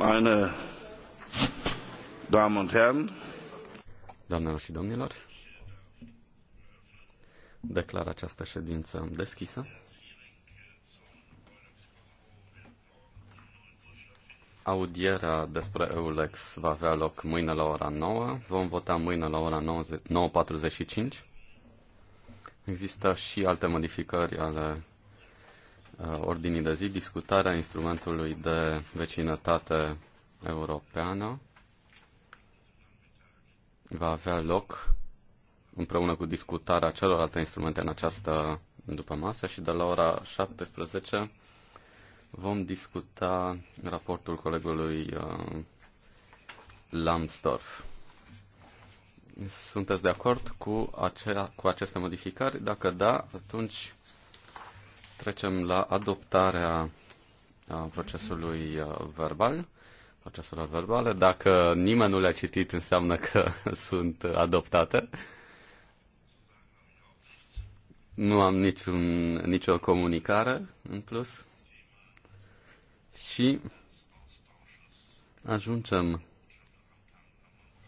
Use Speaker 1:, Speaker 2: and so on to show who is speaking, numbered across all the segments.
Speaker 1: meine Damen und Herren. Doamnelor și domnilor, declar această ședință deschisă. Audierea despre EULEX va avea loc mâine la ora 9. Vom vota mâine la ora 9.45. Există și alte modificări ale Uh, ordinii de zi discutarea instrumentului de vecinătate europeană va avea loc împreună cu discutarea celorlalte instrumente în această după masă și de la ora 17 vom discuta raportul colegului uh, Lambsdorff. Sunteți de acord cu, acea, cu aceste modificări? Dacă da, atunci Trecem la adoptarea procesului verbal, proceselor verbale. Dacă nimeni nu le-a citit, înseamnă că sunt adoptate. Nu am niciun, nicio comunicare în plus. Și ajungem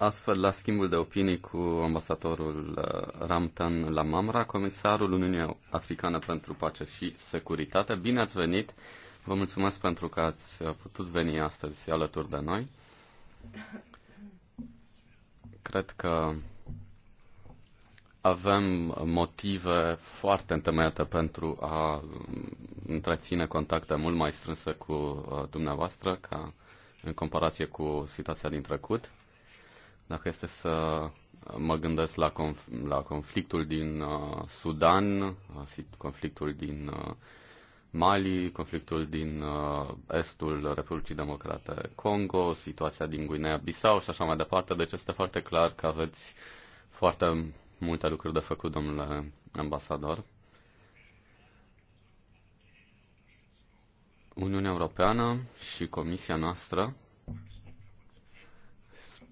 Speaker 1: Astfel, la schimbul de opinii cu ambasadorul uh, Ramtan Lamamra, comisarul Uniunii Africane pentru Pace și Securitate, bine ați venit! Vă mulțumesc pentru că ați uh, putut veni astăzi alături de noi. Cred că avem motive foarte întemeiate pentru a um, întreține contacte mult mai strânse cu uh, dumneavoastră ca în comparație cu situația din trecut. Dacă este să mă gândesc la, conf- la conflictul din uh, Sudan, uh, conflictul din uh, Mali, conflictul din uh, estul Republicii Democrate Congo, situația din Guinea-Bissau și așa mai departe. Deci este foarte clar că aveți foarte multe lucruri de făcut, domnule ambasador. Uniunea Europeană și Comisia noastră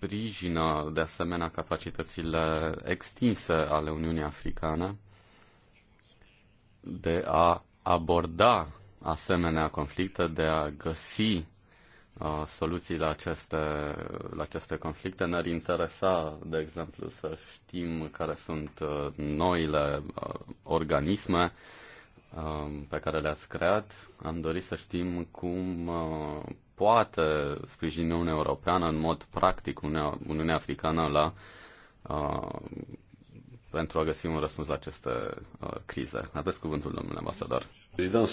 Speaker 1: sprijină de asemenea capacitățile extinse ale Uniunii Africane de a aborda asemenea conflicte, de a găsi uh, soluții la aceste, la aceste conflicte. Ne-ar interesa, de exemplu, să știm care sunt uh, noile uh, organisme pe care le-ați creat. Am dorit să știm cum poate sprijini Uniunea Europeană în mod practic Uniunea, Uniunea Africană la, uh, pentru a găsi un răspuns la această uh, criză. Aveți cuvântul, domnule ambasador. Euh,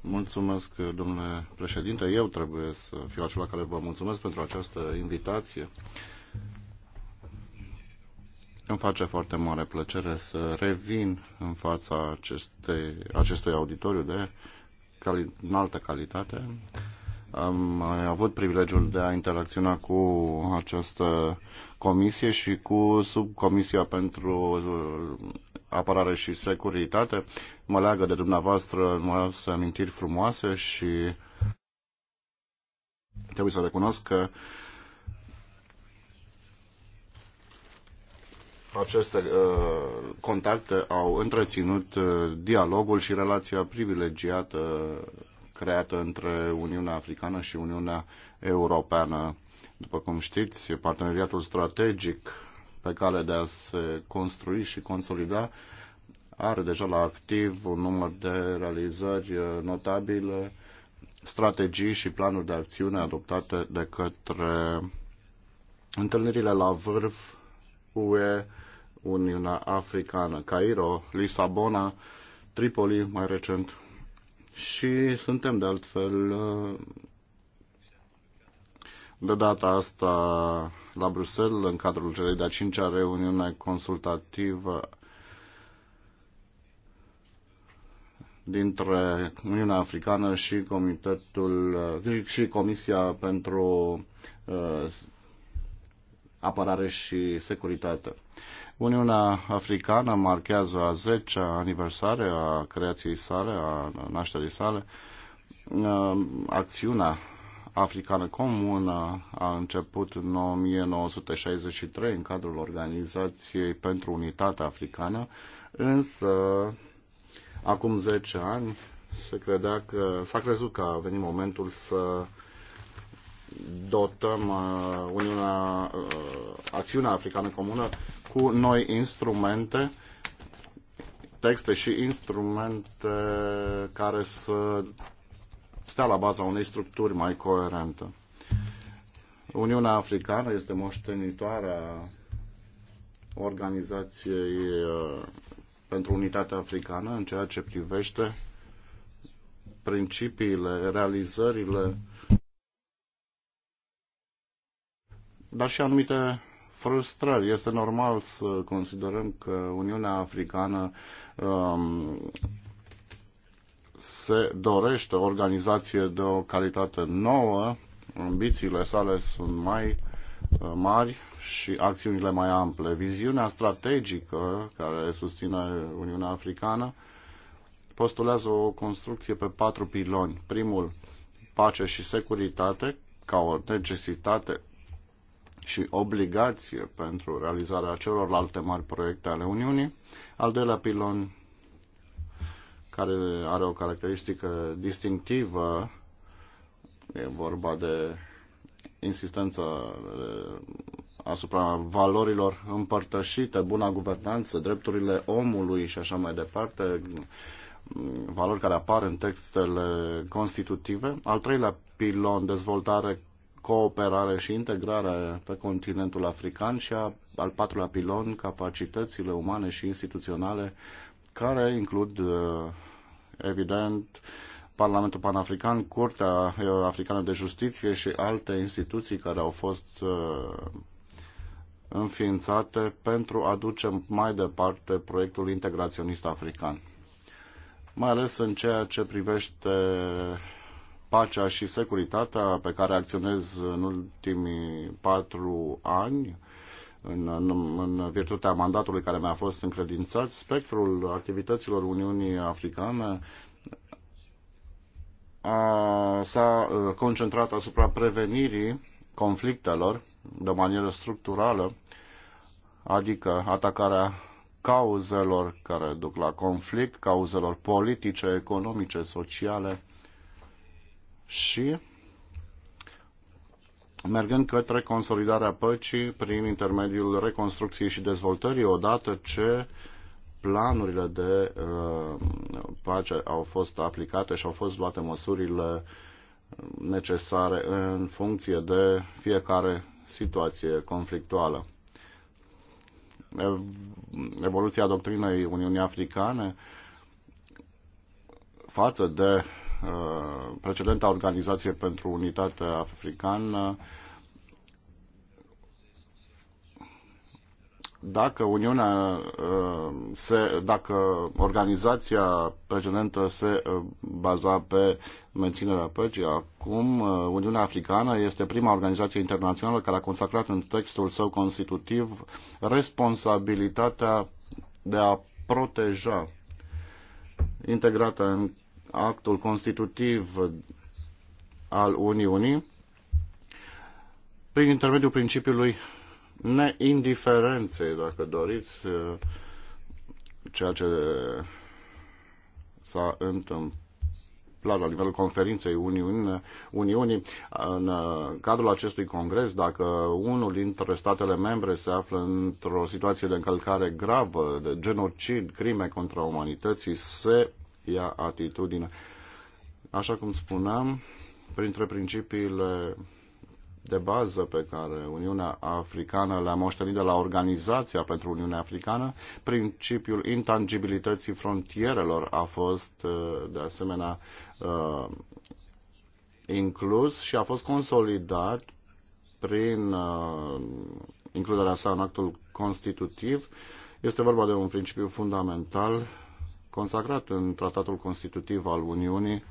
Speaker 1: mulțumesc, domnule președinte. Eu
Speaker 2: trebuie să fiu acela care vă mulțumesc pentru această invitație. Îmi face foarte mare plăcere să revin în fața acestei, acestui auditoriu de cali- înaltă calitate. Am avut privilegiul de a interacționa cu această comisie și cu subcomisia pentru uh, apărare și securitate. Mă leagă de dumneavoastră numeroase amintiri frumoase și trebuie să recunosc că aceste uh, contacte au întreținut uh, dialogul și relația privilegiată creată între Uniunea Africană și Uniunea Europeană. După cum știți, parteneriatul strategic pe cale de a se construi și consolida are deja la activ un număr de realizări uh, notabile, strategii și planuri de acțiune adoptate de către întâlnirile la vârf UE, Uniunea Africană, Cairo, Lisabona, Tripoli mai recent. Și suntem de altfel de data asta la Bruxelles, în cadrul celei de-a cincea reuniune consultativă dintre Uniunea Africană și Comitetul și Comisia pentru uh, apărare și securitate. Uniunea Africană marchează a 10-a aniversare a creației sale, a nașterii sale. Ehm, acțiunea africană comună a început în 1963 în cadrul Organizației pentru Unitatea Africană, însă acum 10 ani se credea că s-a crezut că a venit momentul să dotăm uh, Uniunea, uh, Acțiunea Africană Comună cu noi instrumente, texte și instrumente care să stea la baza unei structuri mai coerente. Uniunea Africană este moștenitoarea Organizației uh, pentru Unitatea Africană în ceea ce privește principiile, realizările dar și anumite frustrări. Este normal să considerăm că Uniunea Africană um, se dorește o organizație de o calitate nouă, ambițiile sale sunt mai uh, mari și acțiunile mai ample. Viziunea strategică care susține Uniunea Africană postulează o construcție pe patru piloni. Primul, pace și securitate ca o necesitate și obligație pentru realizarea celorlalte mari proiecte ale Uniunii. Al doilea pilon, care are o caracteristică distinctivă, e vorba de insistența asupra valorilor împărtășite, buna guvernanță, drepturile omului și așa mai departe, valori care apar în textele constitutive. Al treilea pilon, dezvoltare cooperare și integrare pe continentul african și a, al patrulea pilon, capacitățile umane și instituționale, care includ, uh, evident, Parlamentul Panafrican, Curtea uh, Africană de Justiție și alte instituții care au fost uh, înființate pentru a duce mai departe proiectul integraționist african. Mai ales în ceea ce privește pacea și securitatea pe care acționez în ultimii patru ani în, în, în virtutea mandatului care mi-a fost încredințat, spectrul activităților Uniunii Africane s-a uh, concentrat asupra prevenirii conflictelor de o manieră structurală, adică atacarea cauzelor care duc la conflict, cauzelor politice, economice, sociale și mergând către consolidarea păcii prin intermediul reconstrucției și dezvoltării, odată ce planurile de uh, pace au fost aplicate și au fost luate măsurile uh, necesare în funcție de fiecare situație conflictuală. Evoluția doctrinei Uniunii Africane față de Uh, precedenta organizație pentru unitatea africană, dacă Uniunea uh, se, dacă organizația precedentă se uh, baza pe menținerea păcii, acum Uniunea Africană este prima organizație internațională care a consacrat în textul său constitutiv responsabilitatea de a proteja integrată în actul constitutiv al Uniunii prin intermediul principiului neindiferenței, dacă doriți, ceea ce s-a întâmplat la nivelul conferinței Uniunii, Uniunii în cadrul acestui congres, dacă unul dintre statele membre se află într-o situație de încălcare gravă, de genocid, crime contra umanității, se ia atitudine. Așa cum spuneam, printre principiile de bază pe care Uniunea Africană le-a moștenit de la Organizația pentru Uniunea Africană, principiul intangibilității frontierelor a fost uh, de asemenea uh, inclus și a fost consolidat prin uh, includerea sa în actul constitutiv. Este vorba de un principiu fundamental consacrat în Tratatul Constitutiv al Uniunii.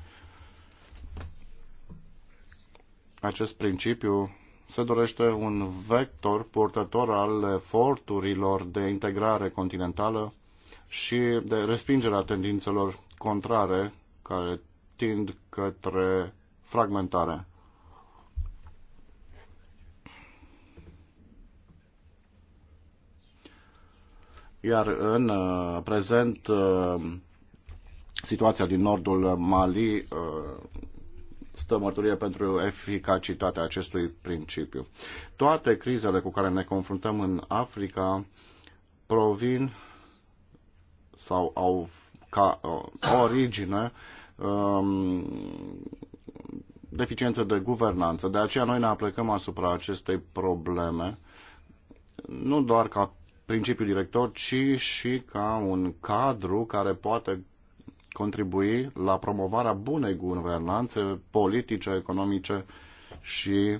Speaker 2: Acest principiu se dorește un vector purtător al eforturilor de integrare continentală și de respingerea tendințelor contrare care tind către fragmentare. Iar în uh, prezent, uh, situația din nordul Mali uh, stă mărturie pentru eficacitatea acestui principiu. Toate crizele cu care ne confruntăm în Africa provin sau au ca origine um, deficiență de guvernanță. De aceea noi ne aplecăm asupra acestei probleme, nu doar ca principiu director, ci și ca un cadru care poate contribui la promovarea bunei guvernanțe politice, economice și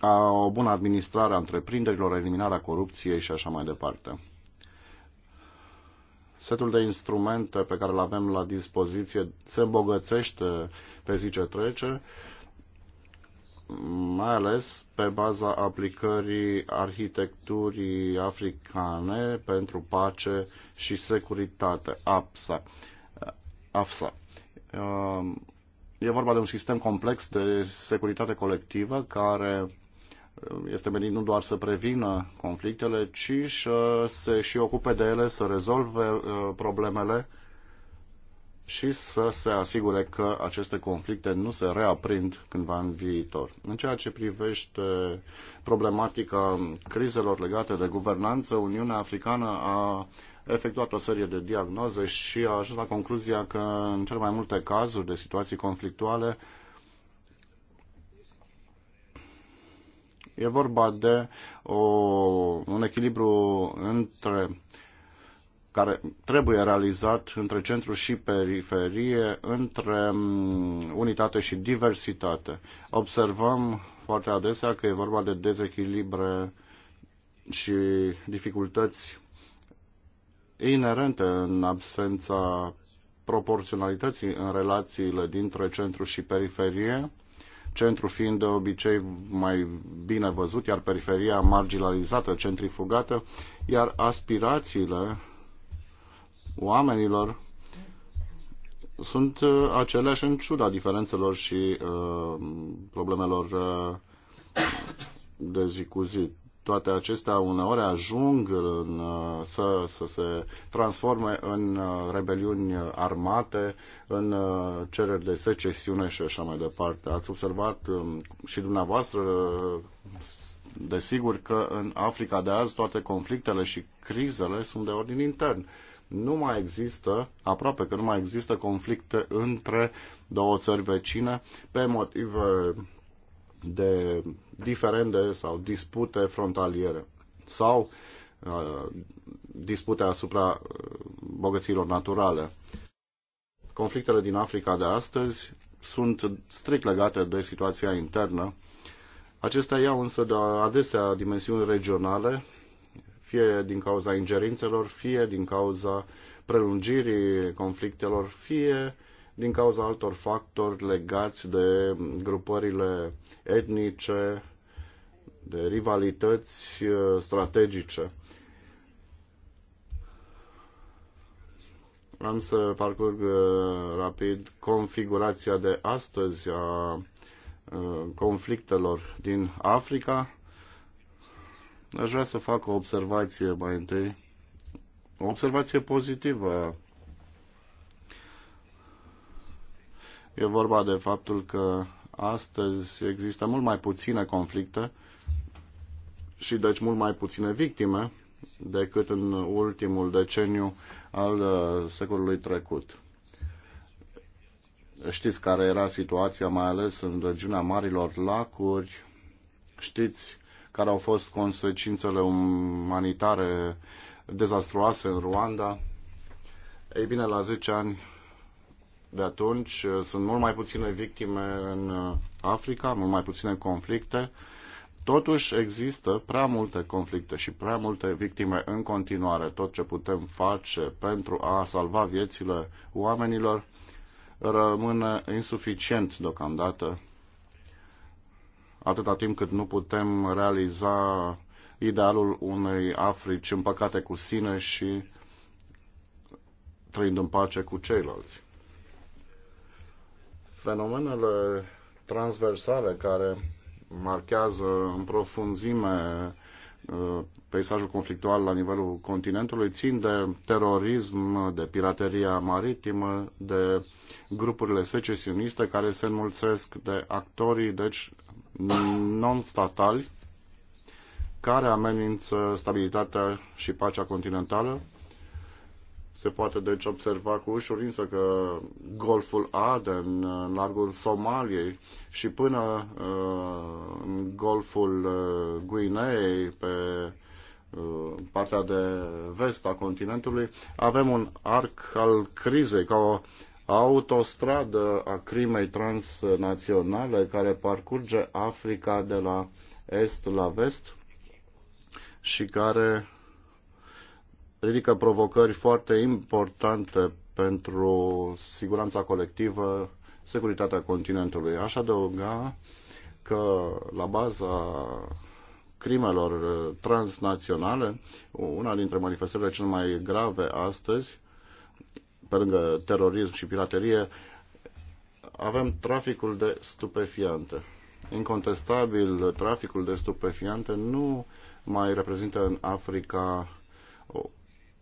Speaker 2: a o bună administrare a întreprinderilor, eliminarea corupției și așa mai departe. Setul de instrumente pe care îl avem la dispoziție se îmbogățește pe zi ce trece mai ales pe baza aplicării arhitecturii africane pentru pace și securitate, APSA. AFSA. Um, e vorba de un sistem complex de securitate colectivă care um, este menit nu doar să prevină conflictele, ci să uh, se și ocupe de ele, să rezolve uh, problemele și să se asigure că aceste conflicte nu se reaprind cândva în viitor. În ceea ce privește problematica crizelor legate de guvernanță, Uniunea Africană a efectuat o serie de diagnoze și a ajuns la concluzia că în cel mai multe cazuri de situații conflictuale e vorba de o, un echilibru între uh, care trebuie realizat între centru și periferie, între mm, unitate și diversitate. Observăm foarte adesea că e vorba de dezechilibre și dificultăți inerente în absența proporționalității în relațiile dintre centru și periferie, centru fiind de obicei mai bine văzut, iar periferia marginalizată, centrifugată, iar aspirațiile oamenilor sunt uh, aceleași în ciuda diferențelor și uh, problemelor uh, de zi cu zi. Toate acestea uneori ajung în, uh, să, să se transforme în uh, rebeliuni armate, în uh, cereri de secesiune și așa mai departe. Ați observat uh, și dumneavoastră, uh, desigur, că în Africa de azi toate conflictele și crizele sunt de ordin intern. Uh, nu mai există, aproape că nu mai există conflicte între două țări vecine pe motive de diferende sau dispute frontaliere sau uh, dispute asupra uh, bogăților naturale. Conflictele din Africa de astăzi sunt strict legate de situația internă. Acestea iau însă de adesea dimensiuni regionale fie din cauza ingerințelor, fie din cauza prelungirii conflictelor, fie din cauza altor factori legați de grupările etnice, de rivalități uh, strategice. Am să parcurg uh, rapid configurația de astăzi a uh, conflictelor din Africa. Aș vrea să fac o observație mai întâi, o observație pozitivă. E vorba de faptul că astăzi există mult mai puține conflicte și deci mult mai puține victime decât în ultimul deceniu al uh, secolului trecut. Știți care era situația, mai ales în regiunea Marilor Lacuri, știți care au fost consecințele umanitare dezastruoase în Ruanda. Ei bine, la 10 ani de atunci uh, sunt mult mai puține victime în uh, Africa, mult mai puține conflicte. Totuși există prea multe conflicte și prea multe victime în continuare. Tot ce putem face pentru a salva viețile oamenilor rămâne insuficient deocamdată atâta timp cât nu putem realiza idealul unei Africi împăcate cu sine și trăind în pace cu ceilalți. Fenomenele transversale care marchează în profunzime uh, peisajul conflictual la nivelul continentului țin de terorism, de pirateria maritimă, de grupurile secesioniste care se înmulțesc de actorii, deci non-statali, care amenință stabilitatea și pacea continentală. Se poate deci observa cu ușurință că Golful Aden, în largul Somaliei și până uh, în Golful uh, Guineei, pe Uh, partea de vest a continentului, avem un arc al crizei, ca o autostradă a crimei transnaționale care parcurge Africa de la est la vest și care ridică provocări foarte importante pentru siguranța colectivă, securitatea continentului. Aș adăuga că la baza crimelor uh, transnaționale, una dintre manifestările cel mai grave astăzi, pe lângă terorism și piraterie, avem traficul de stupefiante. Incontestabil, traficul de stupefiante nu mai reprezintă în Africa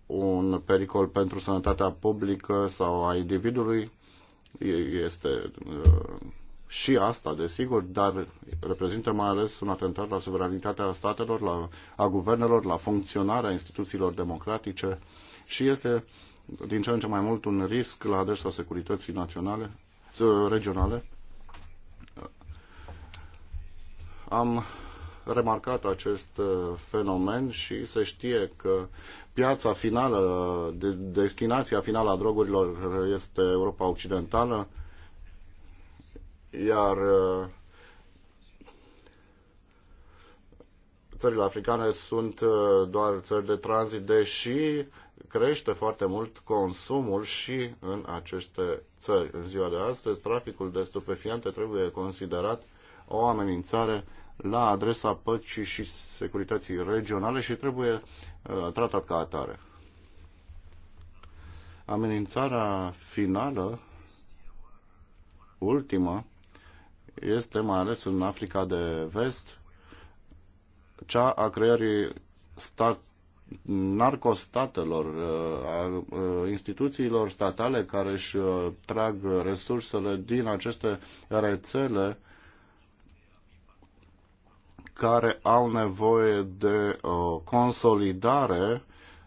Speaker 2: un pericol pentru sănătatea publică sau a individului. Este uh, și asta, desigur, dar reprezintă mai ales un atentat la suveranitatea statelor, la, a guvernelor, la funcționarea instituțiilor democratice și este din ce în ce mai mult un risc la adresa securității naționale, regionale. Am remarcat acest uh, fenomen și se știe că piața finală, de, destinația finală a drogurilor este Europa Occidentală, iar uh, țările africane sunt uh, doar țări de tranzit, deși crește foarte mult consumul și în aceste țări. În ziua de astăzi, traficul de stupefiante trebuie considerat o amenințare la adresa păcii și securității regionale și trebuie uh, tratat ca atare. Amenințarea finală, ultimă, este mai ales în Africa de Vest cea a creării stat, narcostatelor, uh, a uh, instituțiilor statale care își uh, trag resursele din aceste rețele care au nevoie de consolidare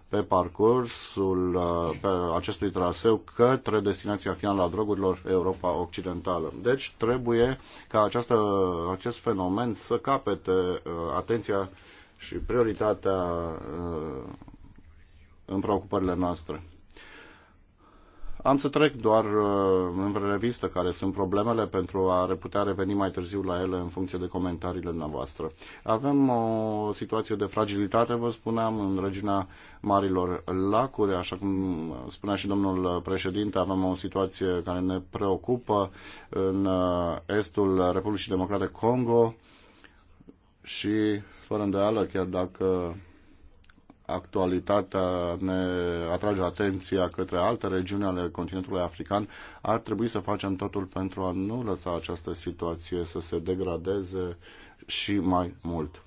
Speaker 2: pe parcursul uh, pe acestui traseu către destinația finală a drogurilor Europa Occidentală. Deci trebuie ca această, acest fenomen să capete uh, atenția și prioritatea uh, în preocupările noastre. Am să trec doar uh, în revistă care sunt problemele pentru a putea reveni mai târziu la ele în funcție de comentariile noastre. Avem o situație de fragilitate, vă spuneam, în regiunea Marilor Lacuri, așa cum spunea și domnul președinte, avem o situație care ne preocupă în uh, estul Republicii Democrate Congo și, fără îndoială, chiar dacă actualitatea ne atrage atenția către alte regiuni ale continentului african, ar trebui să facem totul pentru a nu lăsa această situație să se degradeze și mai mult.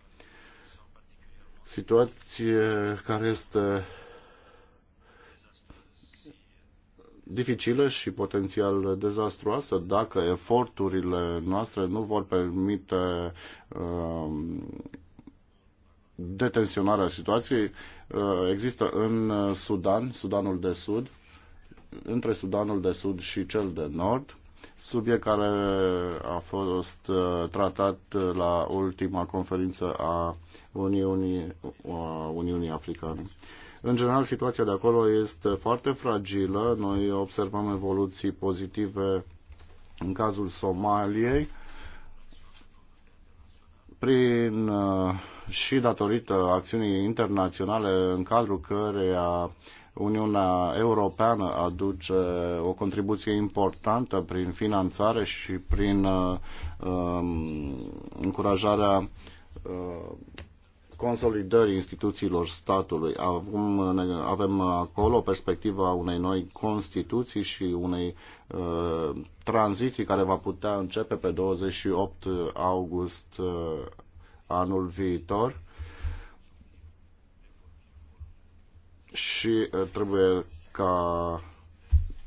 Speaker 2: Situație care este dificilă și potențial dezastruoasă dacă eforturile noastre nu vor permite uh, detensionarea situației uh, există în uh, Sudan, Sudanul de Sud, între Sudanul de Sud și cel de Nord, subiect care a fost uh, tratat la ultima conferință a Uniunii, a Uniunii Africane. În general, situația de acolo este foarte fragilă. Noi observăm evoluții pozitive în cazul Somaliei, prin uh, și datorită acțiunii internaționale în cadrul căreia Uniunea Europeană aduce o contribuție importantă prin finanțare și prin uh, um, încurajarea uh, consolidării instituțiilor statului. Avem, avem acolo perspectiva unei noi Constituții și unei Uh, tranziții care va putea începe pe 28 august uh, anul viitor și uh, trebuie ca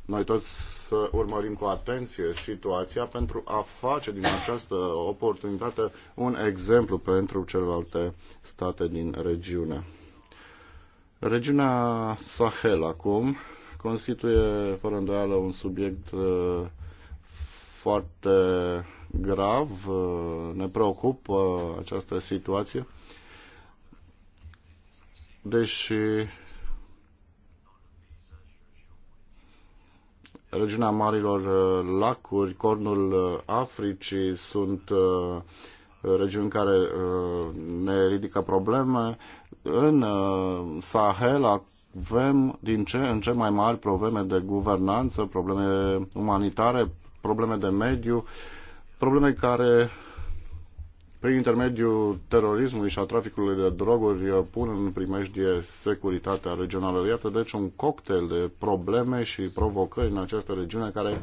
Speaker 2: noi toți să urmărim cu atenție situația pentru a face din această oportunitate un exemplu pentru celelalte state din regiune. Regiunea Sahel acum constituie fără îndoială un subiect uh, foarte grav, uh, ne preocupă această situație, deși regiunea Marilor uh, Lacuri, Cornul Africii sunt regiuni care ne ridică probleme. În Sahel avem din ce în ce mai mari probleme de guvernanță, probleme umanitare, probleme de mediu, probleme care prin intermediul terorismului și a traficului de droguri pun în primejdie securitatea regională. Iată deci un cocktail de probleme și provocări în această regiune care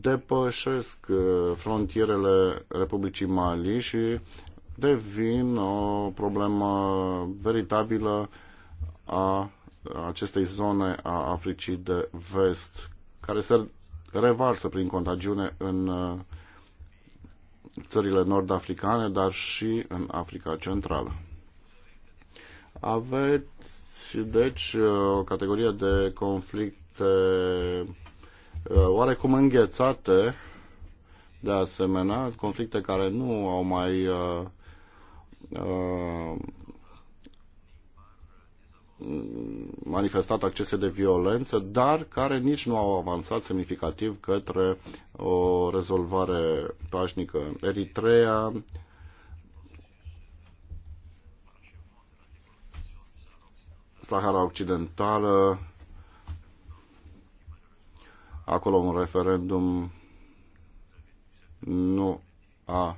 Speaker 2: depășesc uh, frontierele Republicii Mali și devin o problemă veritabilă a acestei zone a Africii de vest, care se revarsă prin contagiune în uh, țările nord-africane, dar și în Africa Centrală. Aveți, deci, uh, o categorie de conflicte uh, oarecum înghețate, de asemenea, conflicte care nu au mai uh, uh, manifestat accese de violență, dar care nici nu au avansat semnificativ către o rezolvare pașnică. Eritrea Sahara Occidentală, acolo un referendum nu a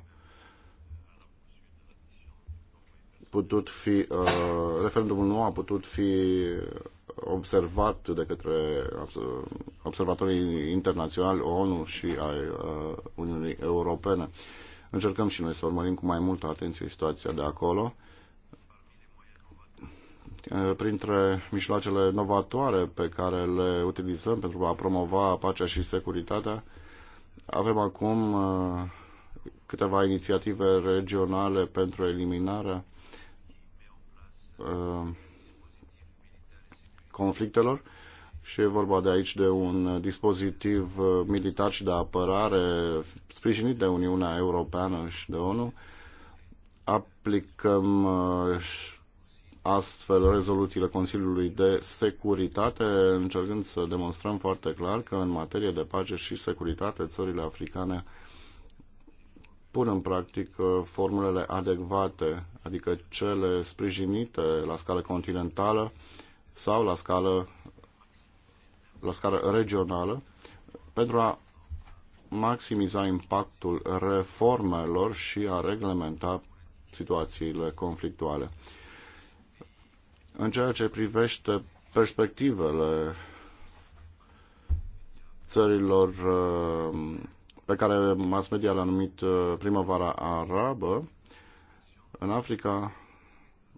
Speaker 2: putut fi, uh, referendumul nu a putut fi observat de către observatorii internaționali ONU și ai uh, Uniunii Europene. Încercăm și noi să urmărim cu mai multă atenție situația de acolo. Uh, printre mijloacele novatoare pe care le utilizăm pentru a promova pacea și securitatea, avem acum câteva inițiative regionale pentru eliminarea Uh, conflictelor și e vorba de aici de un dispozitiv uh, militar și de apărare sprijinit de Uniunea Europeană și de ONU. Aplicăm uh, astfel rezoluțiile Consiliului de Securitate, încercând să demonstrăm foarte clar că în materie de pace și securitate țările africane uh, pun în practică formulele adecvate, adică cele sprijinite la scară continentală sau la scară, la scară regională, pentru a maximiza impactul reformelor și a reglementa situațiile conflictuale. În ceea ce privește perspectivele țărilor uh, pe care mass media l-a numit uh, primăvara arabă, în Africa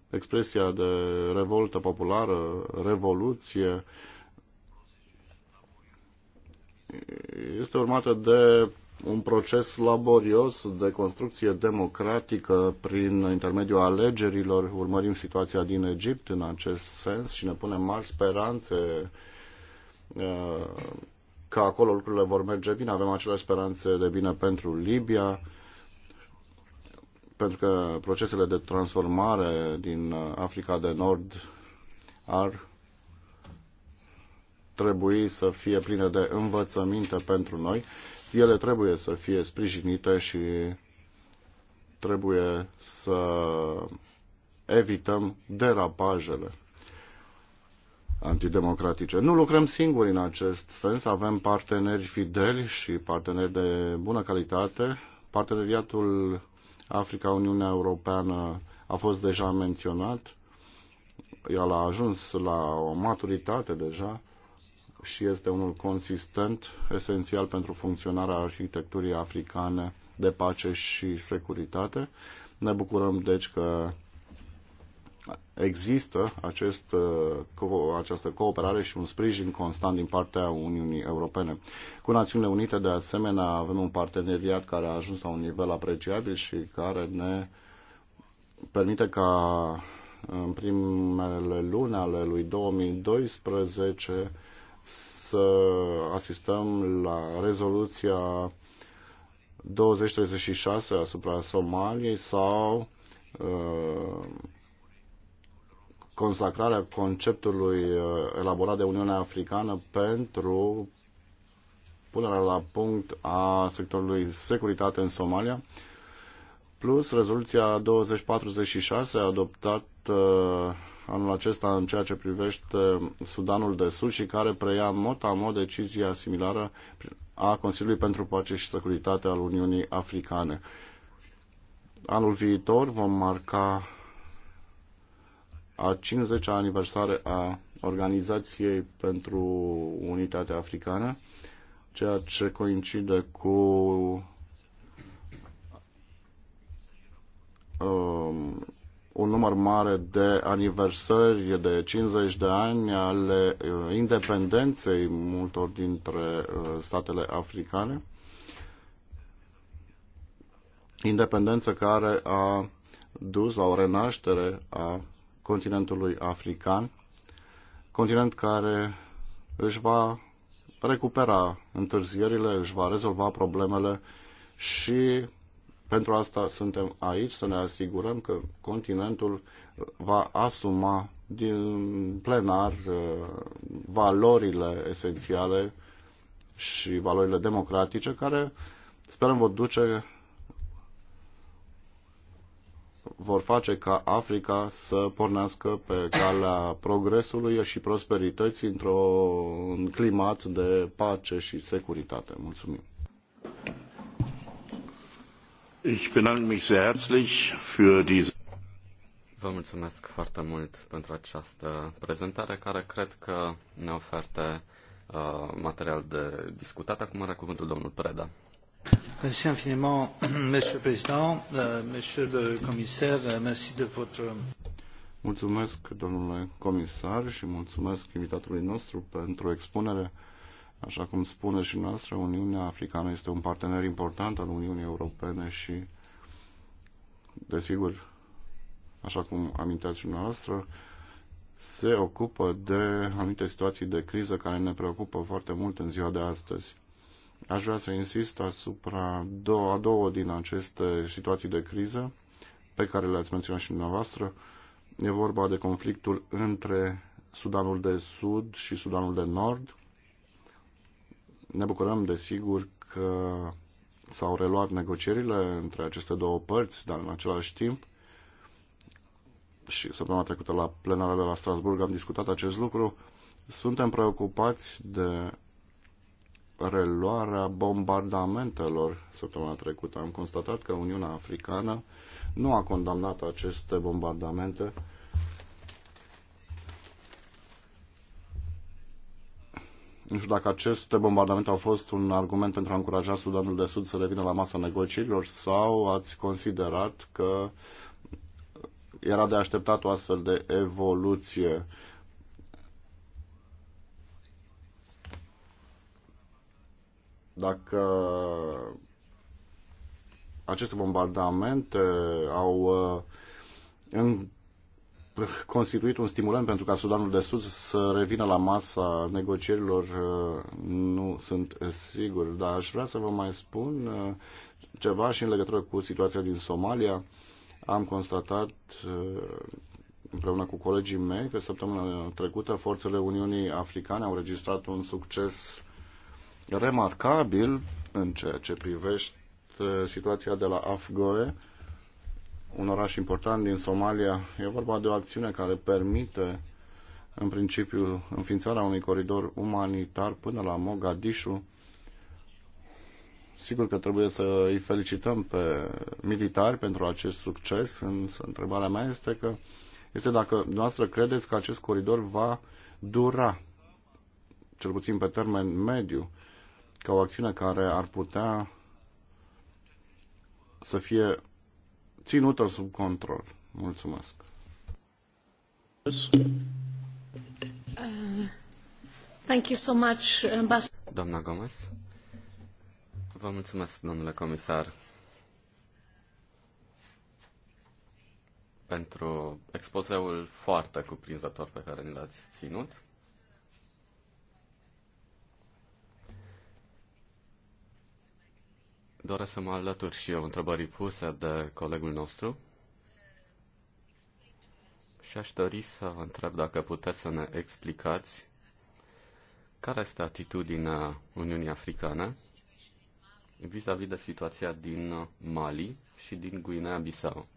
Speaker 2: expresia de revoltă populară, revoluție, este urmată de un proces laborios de construcție democratică prin intermediul alegerilor. Urmărim situația din Egipt în acest sens și ne punem mari speranțe uh, că acolo lucrurile vor merge bine. Avem acele speranțe de bine pentru Libia, pentru că procesele de transformare din Africa de Nord ar trebui să fie pline de învățăminte pentru noi. Ele trebuie să fie sprijinite și trebuie să evităm derapajele antidemocratice. Nu lucrăm singuri în acest sens, avem parteneri fideli și parteneri de bună calitate. Parteneriatul Africa-Uniunea Europeană a fost deja menționat. El a ajuns la o maturitate deja și este unul consistent, esențial pentru funcționarea arhitecturii africane de pace și securitate. Ne bucurăm, deci, că există acest, uh, această cooperare și un sprijin constant din partea Uniunii Europene. Cu Națiunile Unite, de asemenea, avem un parteneriat care a ajuns la un nivel apreciabil și care ne permite ca în primele luni ale lui 2012 să asistăm la rezoluția 2036 asupra Somaliei sau uh, consacrarea conceptului uh, elaborat de Uniunea Africană pentru punerea la punct a sectorului securitate în Somalia, plus rezoluția 2046 adoptată uh, anul acesta în ceea ce privește Sudanul de Sud și care preia mot a mod decizia similară a Consiliului pentru Pace și Securitate al Uniunii Africane. Anul viitor vom marca a 50-a aniversare a Organizației pentru Unitatea Africană, ceea ce coincide cu um, un număr mare de aniversări de 50 de ani ale uh, independenței multor dintre uh, statele africane. Independență care a dus la o renaștere a continentului african, continent care își va recupera întârzierile, își va rezolva problemele și pentru asta suntem aici, să ne asigurăm că continentul va asuma din plenar uh, valorile esențiale și valorile democratice care sperăm vor duce vor face ca Africa să pornească pe calea progresului și prosperității într-un climat de pace și securitate. Mulțumim!
Speaker 1: Ich bedanke mich sehr herzlich
Speaker 2: für diese
Speaker 1: Vă mulțumesc foarte mult pentru această prezentare care cred că ne oferă uh, material de discutat. Acum are cuvântul domnul Preda.
Speaker 3: Merci infiniment, Monsieur le Président, euh, Monsieur le Commissaire, euh, merci de votre...
Speaker 2: Mulțumesc, domnule comisar, și mulțumesc invitatului nostru pentru expunere. Așa cum spune și noastră, Uniunea Africană este un partener important al Uniunii Europene și, desigur, așa cum aminteați și noastră, se ocupă de anumite situații de criză care ne preocupă foarte mult în ziua de astăzi. Aș vrea să insist asupra două, a două din aceste situații de criză pe care le-ați menționat și dumneavoastră. E vorba de conflictul între Sudanul de Sud și Sudanul de Nord. Ne bucurăm, desigur, că s-au reluat negocierile între aceste două părți, dar în același timp și săptămâna trecută la plenarea de la Strasburg am discutat acest lucru, suntem preocupați de reluarea bombardamentelor săptămâna trecută. Am constatat că Uniunea Africană nu a condamnat aceste bombardamente. Nu știu dacă aceste bombardamente au fost un argument pentru a încuraja Sudanul de Sud să revină la masa negocierilor sau ați considerat că era de așteptat o astfel de evoluție Dacă aceste bombardamente au uh, în, constituit un stimulant pentru ca Sudanul de Sud să revină la masa negocierilor, uh, nu sunt sigur, dar aș vrea să vă mai spun uh, ceva și în legătură cu situația din Somalia. Am constatat împreună cu colegii mei că săptămâna trecută forțele Uniunii Africane au registrat un succes remarcabil în ceea ce privește situația de la Afgoe, un oraș important din Somalia. E vorba de o acțiune care permite în principiu înființarea unui coridor umanitar până la Mogadishu. Sigur că trebuie să îi felicităm pe militari pentru acest succes, însă întrebarea mea este că este dacă noastră credeți că acest coridor va dura, cel puțin pe termen mediu, ca o acțiune care ar putea să fie ținută sub control. Mulțumesc.
Speaker 1: Uh, thank
Speaker 2: you
Speaker 4: so much,
Speaker 1: Doamna Gomez. Vă mulțumesc, domnule comisar, pentru expozeul foarte cuprinzător pe care ni l-ați ținut. Doresc să mă alătur și eu întrebării puse de colegul nostru și aș dori să vă întreb dacă puteți să ne explicați care este atitudinea Uniunii Africane vis-a-vis -vis de situația din Mali și din Guinea-Bissau.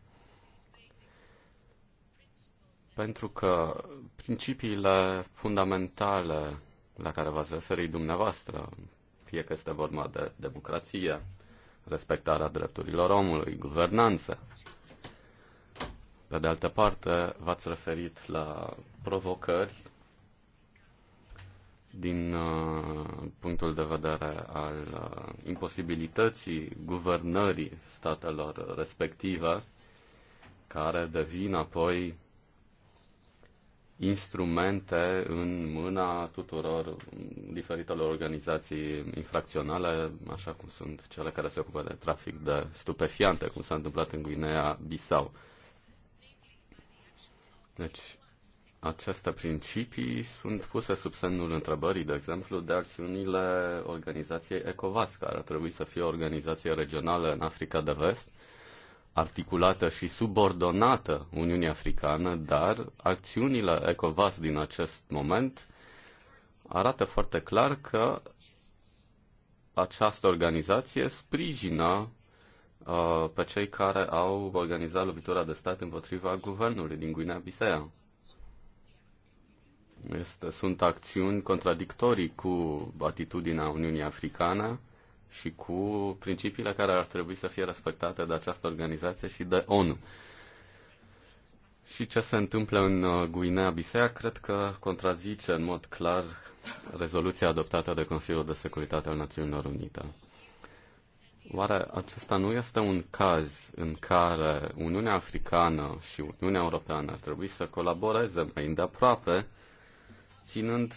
Speaker 1: Pentru că principiile fundamentale la care v-ați referit dumneavoastră, fie că este vorba de democrație, respectarea drepturilor omului, guvernanță. Pe de altă parte, v-ați referit la provocări din uh, punctul de vedere al uh, imposibilității guvernării statelor respective, care devin apoi instrumente în mâna tuturor diferitelor organizații infracționale, așa cum sunt cele care se ocupă de trafic de stupefiante, cum s-a întâmplat în Guinea Bissau. Deci, aceste principii sunt puse sub semnul întrebării, de exemplu, de acțiunile organizației ECOVAS, care ar trebui să fie o organizație regională în Africa de Vest, articulată și subordonată Uniunii Africane, dar acțiunile ECOVAS din acest moment arată foarte clar că această organizație sprijină uh, pe cei care au organizat lovitura de stat împotriva guvernului din Guinea-Bissau. Este, sunt acțiuni contradictorii cu atitudinea Uniunii Africane și cu principiile care ar trebui să fie respectate de această organizație și de ONU. Și ce se întâmplă în uh, Guinea-Bisea cred că contrazice în mod clar rezoluția adoptată de Consiliul de Securitate al Națiunilor Unite. Oare acesta nu este un caz în care Uniunea Africană și Uniunea Europeană ar trebui să colaboreze mai îndeaproape, ținând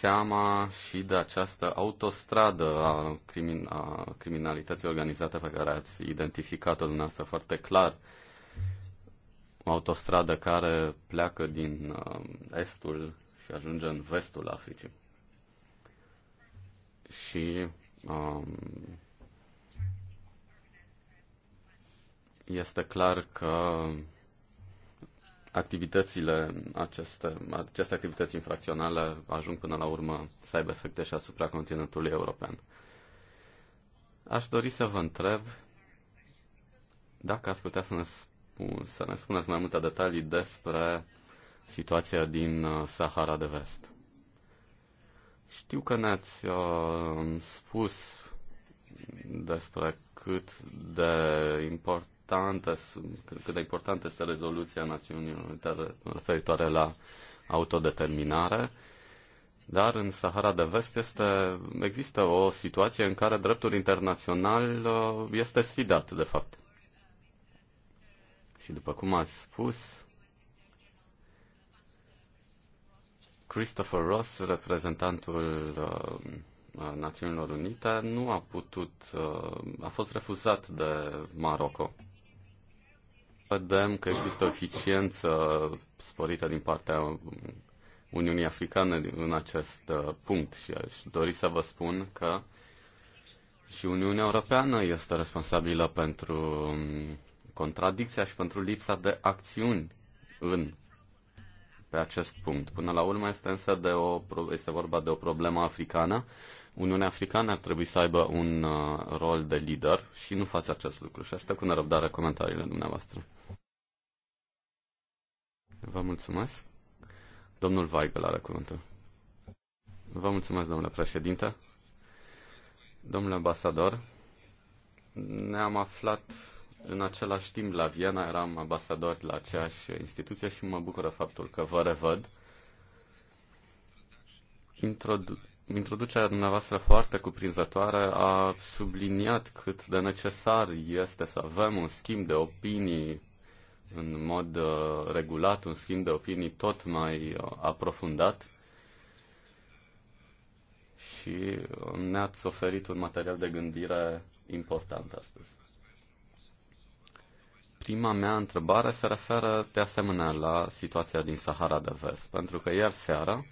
Speaker 1: seama și de această autostradă a, crimin- a criminalității organizate pe care ați identificat-o dumneavoastră foarte clar. O autostradă care pleacă din uh, estul și ajunge în vestul Africii. Și um, este clar că activitățile, aceste, aceste activități infracționale ajung până la urmă să aibă efecte și asupra continentului european. Aș dori să vă întreb dacă ați putea să ne, spun, să ne spuneți mai multe detalii despre situația din uh, Sahara de Vest. Știu că ne-ați uh, spus despre cât de important importantă, cât de importantă este rezoluția Națiunilor Unite referitoare la autodeterminare, dar în Sahara de Vest este, există o situație în care dreptul internațional uh, este sfidat, de fapt. Și după cum ați spus, Christopher Ross, reprezentantul uh, Națiunilor Unite, nu a putut, uh, a fost refuzat de Maroc vedem că există o eficiență sporită din partea Uniunii Africane în acest uh, punct și aș dori să vă spun că și Uniunea Europeană este responsabilă pentru um, contradicția și pentru lipsa de acțiuni în pe acest punct. Până la urmă este însă de o, este vorba de o problemă africană Uniunea Africană ar trebui să aibă un uh, rol de lider și nu face acest lucru și aștept cu nerăbdare comentariile dumneavoastră. Vă mulțumesc. Domnul Weigel are cuvântul. Vă mulțumesc, domnule președinte. Domnule ambasador, ne-am aflat în același timp la Viena, eram ambasador la aceeași instituție și mă bucură faptul că vă revăd. Introdu- Introducerea dumneavoastră foarte cuprinzătoare a subliniat cât de necesar este să avem un schimb de opinii în mod uh, regulat, un schimb de opinii tot mai uh, aprofundat și uh, ne-ați oferit un material de gândire important astăzi. Prima mea întrebare se referă de asemenea la situația din Sahara de Vest, pentru că ieri seara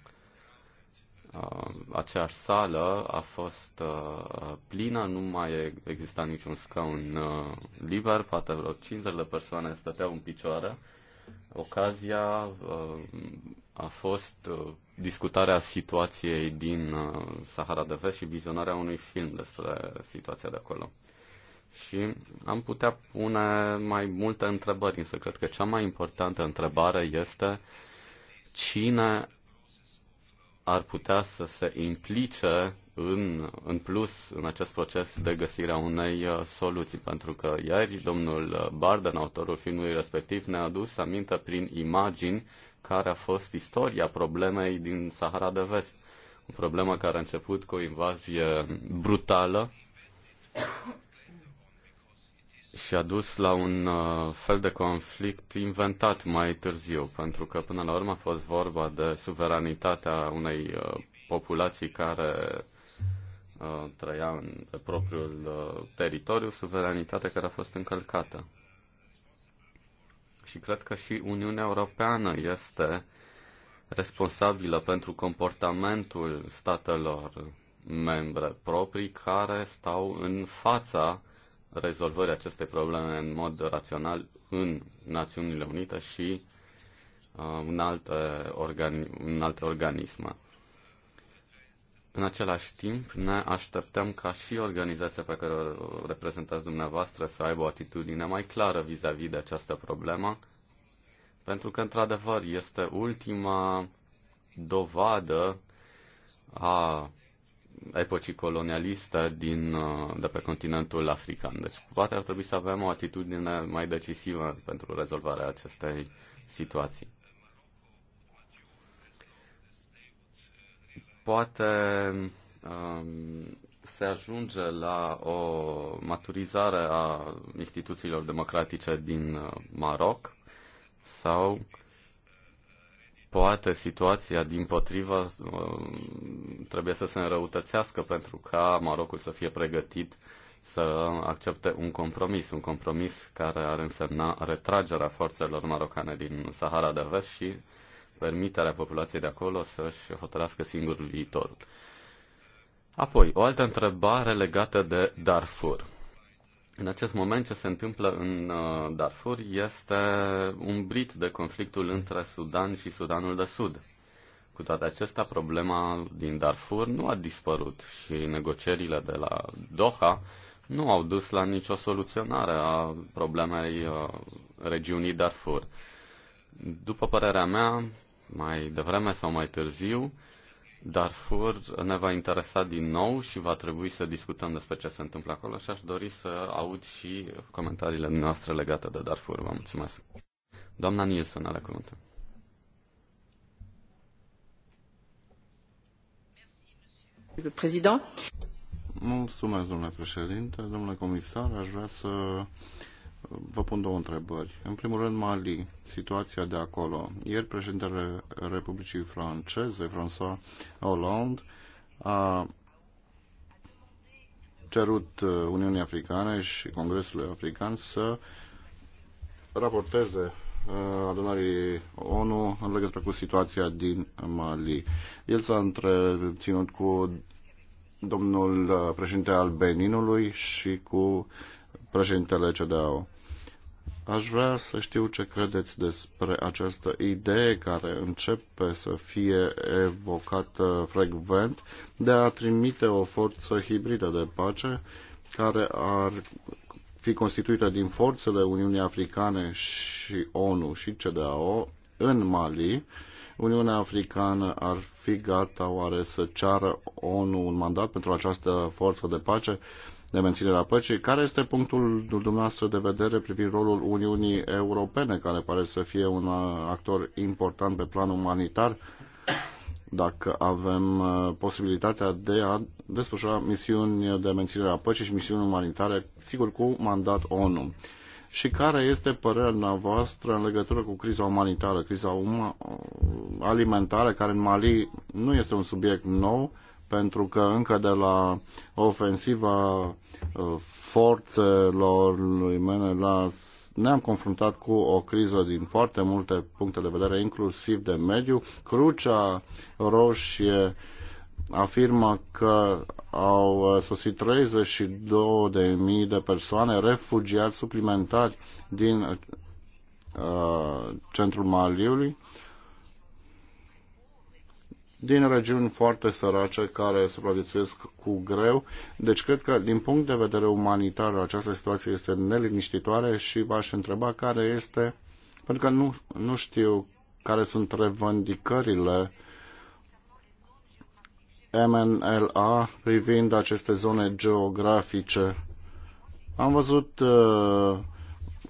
Speaker 1: Uh, aceeași sală a fost uh, plină, nu mai exista niciun scaun uh, liber, poate vreo 50 de persoane stăteau în picioare. Ocazia a fost discutarea situației din Sahara de Vest și vizionarea unui film despre situația de acolo. Și am putea pune mai multe întrebări, însă cred că cea mai importantă întrebare este cine ar putea să se implice în, în plus în acest proces de găsirea unei uh, soluții, pentru că ieri domnul uh, Barden, autorul filmului respectiv, ne-a adus aminte prin imagini care a fost istoria problemei din Sahara de Vest. O problemă care a început cu o invazie brutală și a dus la un uh, fel de conflict inventat mai târziu, pentru că până la urmă a fost vorba de suveranitatea unei uh, populații care uh, trăia în propriul uh, teritoriu, suveranitatea care a fost încălcată. Și cred că și Uniunea Europeană este responsabilă pentru comportamentul statelor membre proprii care stau în fața rezolvării acestei probleme în mod rațional în Națiunile Unite și uh, în, alte organi- în alte organisme. În același timp, ne așteptăm ca și organizația pe care o reprezentați dumneavoastră să aibă o atitudine mai clară vis-a-vis -vis de această problemă, pentru că, într-adevăr, este ultima dovadă a epocii colonialiste din, uh, de pe continentul african. Deci poate ar trebui să avem o atitudine mai decisivă pentru rezolvarea acestei situații. Poate um, se ajunge la o maturizare a instituțiilor democratice din uh, Maroc sau Poate situația, din potrivă, uh, trebuie să se înrăutățească pentru ca Marocul să fie pregătit să accepte un compromis, un compromis care ar însemna retragerea forțelor marocane din Sahara de Vest și permiterea populației de acolo să-și hotărească singurul viitorul. Apoi, o altă întrebare legată de Darfur. În acest moment, ce se întâmplă în uh, Darfur este umbrit de conflictul între Sudan și Sudanul de Sud. Cu toate acestea, problema din Darfur nu a dispărut și negocierile de la Doha nu au dus la nicio soluționare a problemei uh, regiunii Darfur. După părerea mea, mai devreme sau mai târziu, Darfur ne va interesa din nou și va trebui să discutăm despre ce se întâmplă acolo și aș dori să aud și comentariile noastre legate de Darfur. Vă mulțumesc. Doamna Nielsen ale cuvântul.
Speaker 2: Mulțumesc, domnule președinte. Domnule comisar, aș vrea să Vă pun două întrebări. În primul rând, Mali, situația de acolo. Ieri, președintele Republicii Franceze, François Hollande, a cerut uh, Uniunii Africane și Congresului African să raporteze uh, adunării ONU în legătură cu situația din Mali. El s-a întreținut cu domnul uh, președinte al Beninului și cu președintele CDAO. Aș vrea să știu ce credeți despre această idee care începe să fie evocată frecvent de a trimite o forță hibridă de pace care ar fi constituită din forțele Uniunii Africane și ONU și CDAO în Mali. Uniunea Africană ar fi gata oare să ceară ONU un mandat pentru această forță de pace? de menținerea a păcii. Care este punctul dumneavoastră de vedere privind rolul Uniunii Europene, care pare să fie un actor important pe plan umanitar, dacă avem uh, posibilitatea de a desfășura misiuni de menținere a păcii și misiuni umanitare, sigur, cu mandat ONU? și care este părerea noastră în legătură cu criza umanitară, criza um- alimentară, care în Mali nu este un subiect nou, pentru că încă de la ofensiva uh, forțelor lui Menelas ne-am confruntat cu o criză din foarte multe puncte de vedere, inclusiv de mediu. Crucea Roșie afirmă că au uh, sosit 32.000 de persoane refugiați suplimentari din uh, centrul Maliului. Uh, din regiuni foarte sărace care supraviețuiesc cu greu. Deci cred că din punct de vedere umanitar această situație este neliniștitoare și v-aș întreba care este, pentru că nu, nu știu care sunt revendicările MNLA privind aceste zone geografice. Am văzut uh,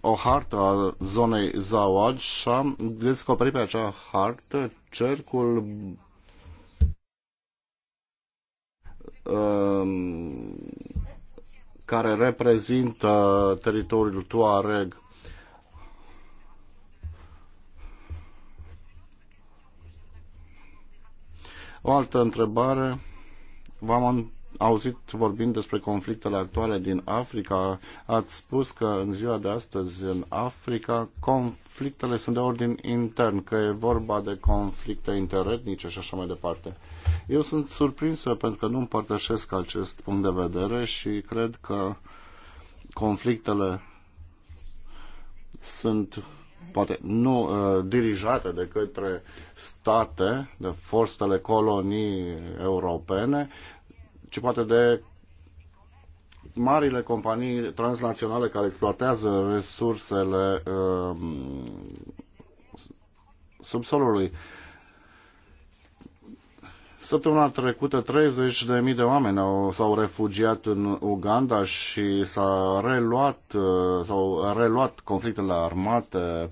Speaker 2: o hartă a zonei Zawad și am descoperit pe acea hartă cercul Um, care reprezintă teritoriul Tuareg. O altă întrebare. V-am auzit vorbind despre conflictele actuale din Africa. Ați spus că în ziua de astăzi în Africa conflictele sunt de ordin intern, că e vorba de conflicte interetnice și așa mai departe. Eu sunt surprinsă pentru că nu împărtășesc acest punct de vedere și cred că conflictele sunt poate nu uh, dirijate de către state, de forțele colonii europene, ci poate de marile companii transnaționale care exploatează resursele uh, subsolului. Uh, Săptămâna trecută 30.000 de oameni au, s-au refugiat în Uganda și s-a reluat, uh, s-au reluat conflictele armate.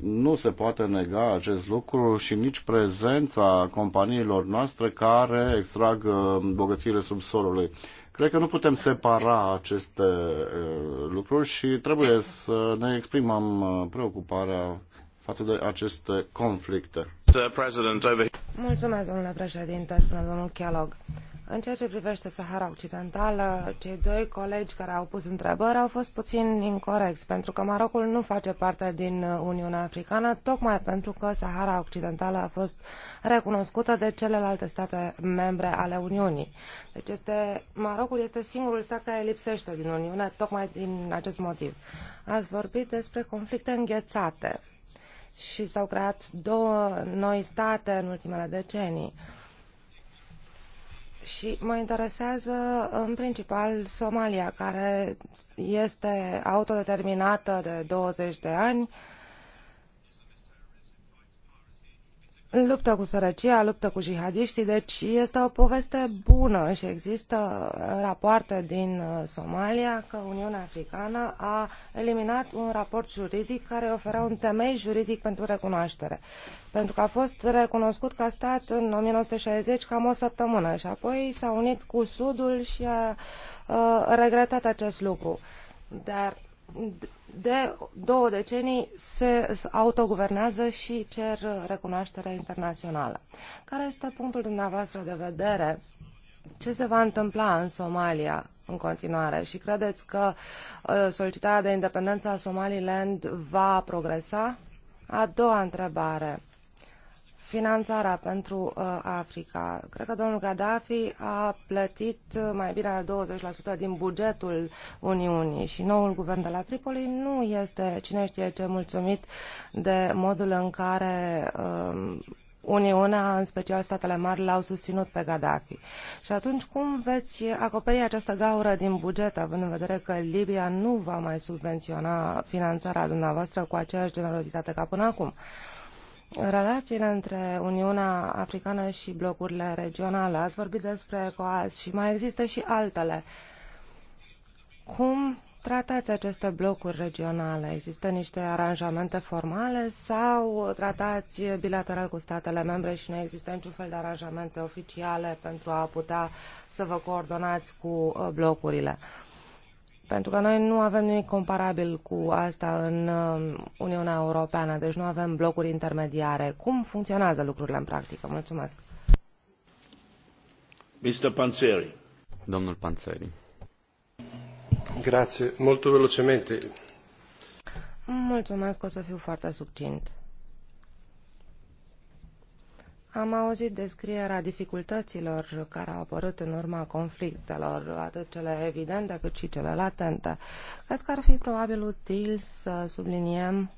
Speaker 2: Nu se poate nega acest lucru și nici prezența companiilor noastre care extrag uh, bogățiile subsolului. Cred că nu putem separa aceste uh, lucruri și trebuie să ne exprimăm preocuparea față de aceste conflicte. Uh,
Speaker 4: Mulțumesc, domnule președinte, În ceea ce privește Sahara Occidentală, cei doi colegi care au pus întrebări au fost puțin incorrecți, pentru că Marocul nu face parte din uh, Uniunea Africană, tocmai pentru că Sahara Occidentală a fost recunoscută de celelalte state membre ale Uniunii. Deci este, Marocul este singurul stat care lipsește din Uniune, tocmai din acest motiv. Ați vorbit despre conflicte înghețate și s-au creat două noi state în ultimele decenii. Și mă interesează în principal Somalia, care este autodeterminată de 20 de ani, uh, luptă cu sărăcia, luptă cu jihadiștii, deci este o poveste bună și există rapoarte din uh, Somalia că Uniunea Africană a eliminat un raport juridic care oferea un temei juridic pentru recunoaștere. Pentru că a fost recunoscut ca stat în 1960 cam o săptămână și apoi s-a unit cu Sudul și a, a uh, regretat acest lucru. Dar de două decenii se autoguvernează și cer recunoaștere internațională. Care este punctul dumneavoastră de vedere? Ce se va întâmpla în Somalia în continuare și credeți că uh, solicitarea de independență a Somaliland va progresa? A doua întrebare finanțarea pentru uh, Africa. Cred că domnul Gaddafi a plătit uh, mai bine de 20% din bugetul Uniunii și noul guvern de la Tripoli nu este cine știe ce mulțumit de modul în care uh, Uniunea, în special statele mari, l-au susținut pe Gaddafi. Și atunci cum veți acoperi această gaură din buget, având în vedere că Libia nu va mai subvenționa finanțarea dumneavoastră cu aceeași generozitate ca până acum? Relațiile între Uniunea Africană și blocurile regionale, ați vorbit despre ECOAS și mai există și altele. Cum tratați aceste blocuri regionale? Există niște aranjamente formale sau tratați bilateral cu statele membre și nu există niciun fel de aranjamente oficiale pentru a putea să vă coordonați cu uh, blocurile? Uh, pentru că noi nu avem nimic comparabil cu asta în uh, Uniunea Europeană, deci nu avem blocuri intermediare. Cum funcționează lucrurile în practică? Mulțumesc.
Speaker 1: Mr. Panzeri. Domnul Panzeri. Grazie. Molto velocemente.
Speaker 4: Mulțumesc, o să fiu foarte succint. Am auzit descrierea dificultăților care au apărut în urma conflictelor, atât cele evidente cât și cele latente. Cred că ar fi probabil util să subliniem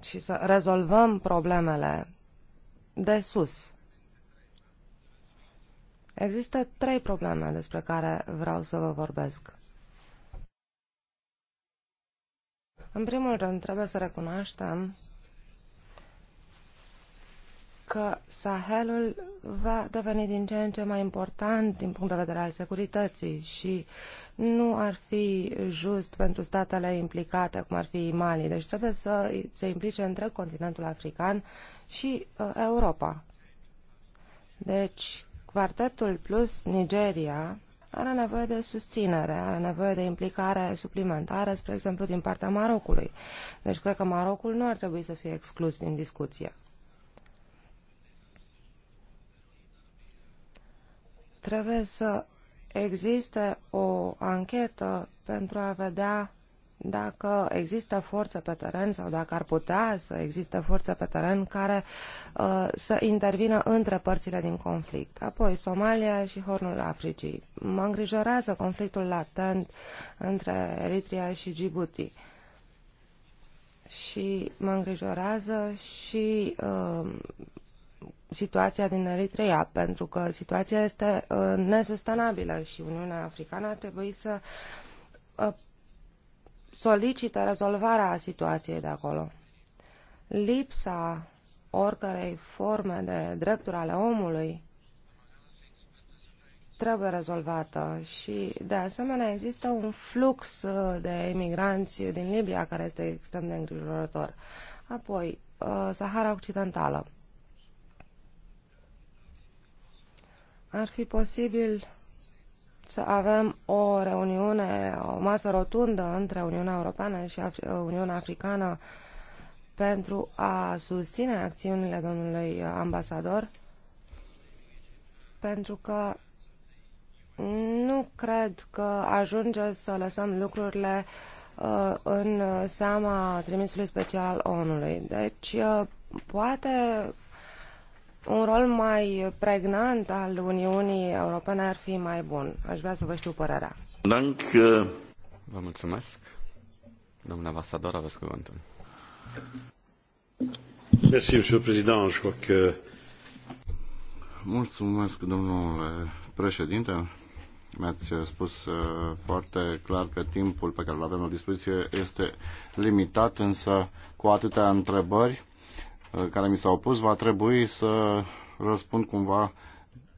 Speaker 4: și să rezolvăm problemele de sus. Există trei probleme despre care vreau să vă vorbesc. În primul rând, trebuie să recunoaștem că Sahelul va deveni din ce în ce mai important din punct de vedere al securității și nu ar fi just pentru statele implicate, cum ar fi Mali. Deci trebuie să se implice întreg continentul african și uh, Europa. Deci, Quartetul plus Nigeria are nevoie de susținere, are nevoie de implicare suplimentară, spre exemplu, din partea Marocului. Deci cred că Marocul nu ar trebui să fie exclus din discuție. Trebuie să existe o anchetă pentru a vedea dacă există forță pe teren sau dacă ar putea să existe forță pe teren care uh, să intervină între părțile din conflict. Apoi, Somalia și Hornul Africii. Mă îngrijorează conflictul latent între Eritrea și Djibouti. Și mă îngrijorează și uh, situația din Eritrea, pentru că situația este uh, nesustenabilă și Uniunea Africană ar trebui să uh, solicite rezolvarea situației de acolo. Lipsa oricărei forme de drepturi ale omului trebuie rezolvată și, de asemenea, există un flux uh, de emigranți din Libia care este extrem de îngrijorător. Apoi, uh, Sahara Occidentală. ar fi posibil să avem o reuniune, o masă rotundă între Uniunea Europeană și Af Uniunea Africană pentru a susține acțiunile domnului ambasador, pentru că nu cred că ajunge să lăsăm lucrurile uh, în seama trimisului special al ONU-ului. Deci, uh, poate un rol mai pregnant al Uniunii Europene ar fi mai bun. Aș vrea să vă știu părerea.
Speaker 1: Uh, vă mulțumesc. Domnule ambasador, aveți cuvântul. Merci, monsieur président. Je crois que...
Speaker 2: Mulțumesc, domnule președinte. Mi-ați spus uh, foarte clar că timpul pe care îl avem la dispoziție este limitat, însă cu atâtea întrebări Uh, care mi s-au pus, va trebui să răspund cumva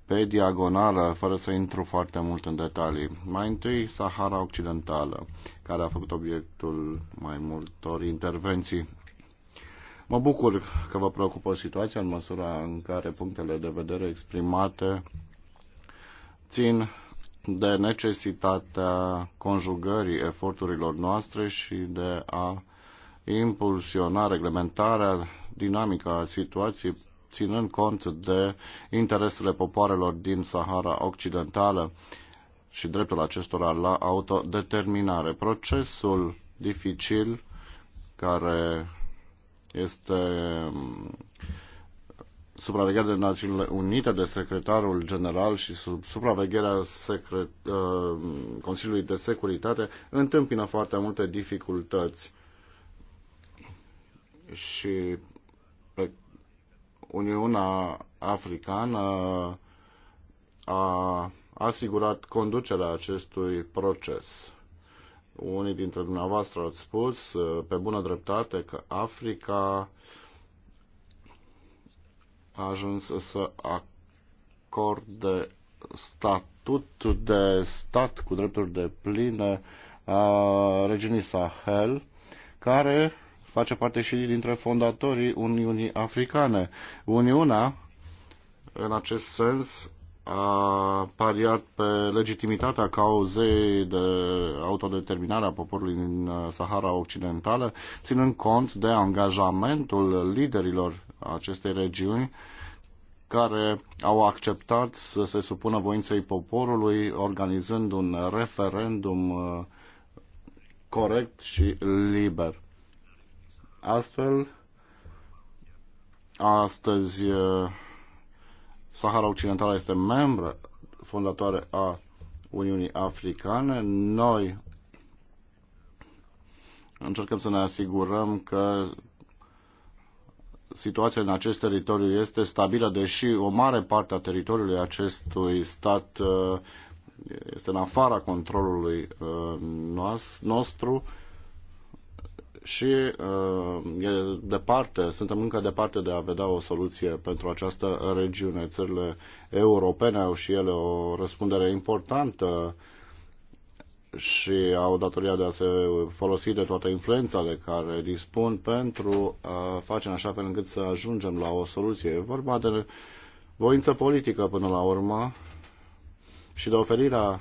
Speaker 2: pe diagonală, fără să intru foarte mult în detalii. Mai întâi, Sahara Occidentală, care a făcut obiectul mai multor intervenții. Mă bucur că vă preocupă situația în măsura în care punctele de vedere exprimate țin de necesitatea conjugării eforturilor noastre și de a impulsiona reglementarea dinamică a situației, ținând cont de interesele popoarelor din Sahara Occidentală și dreptul acestora la autodeterminare. Procesul dificil care este mm, supravegherea de Națiunile Unite de secretarul general și sub supravegherea secret, uh, Consiliului de Securitate întâmpină foarte multe dificultăți și pe Uniunea Africană a asigurat conducerea acestui proces. Unii dintre dumneavoastră ați spus pe bună dreptate că Africa a ajuns să acorde statut de stat cu drepturi de pline a regiunii Sahel, care face parte și dintre fondatorii Uniunii Africane. Uniunea, în acest sens, a pariat pe legitimitatea cauzei de autodeterminare a poporului din uh, Sahara Occidentală, ținând cont de angajamentul liderilor acestei regiuni care au acceptat să se supună voinței poporului, organizând un referendum uh, corect și liber. Astfel, astăzi uh, Sahara Occidentală este membră fondatoare a Uniunii Africane. Noi încercăm să ne asigurăm că situația în acest teritoriu este stabilă, deși o mare parte a teritoriului acestui stat uh, este în afara controlului uh, nostru și uh, e departe, suntem încă departe de a vedea o soluție pentru această regiune. Țările europene au și ele o răspundere importantă și au datoria de a se folosi de toată influența de care dispun pentru a face în așa fel încât să ajungem la o soluție. E vorba de voință politică până la urmă și de oferirea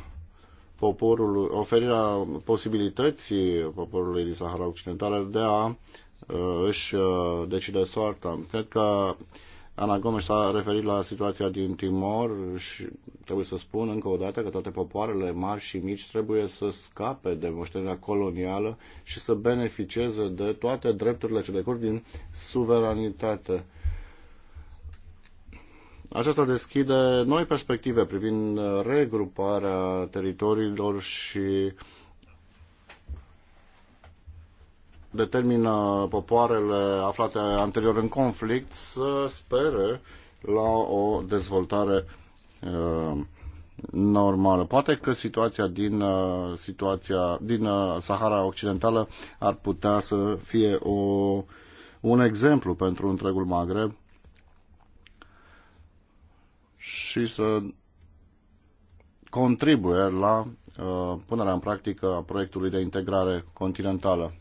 Speaker 2: poporul, oferirea posibilității poporului din Sahara Occidentală de a uh, își uh, decide soarta. Cred că Ana Gomes s-a referit la situația din Timor și trebuie să spun încă o dată că toate popoarele mari și mici trebuie să scape de moștenirea colonială și să beneficieze de toate drepturile ce decurg din suveranitate. Aceasta deschide noi perspective privind regruparea teritoriilor și determină popoarele aflate anterior în conflict să spere la o dezvoltare uh, normală. Poate că situația din, uh, situația din uh, Sahara Occidentală ar putea să fie o, un exemplu pentru întregul Maghreb și să contribuie la uh, punerea în practică a proiectului de integrare continentală.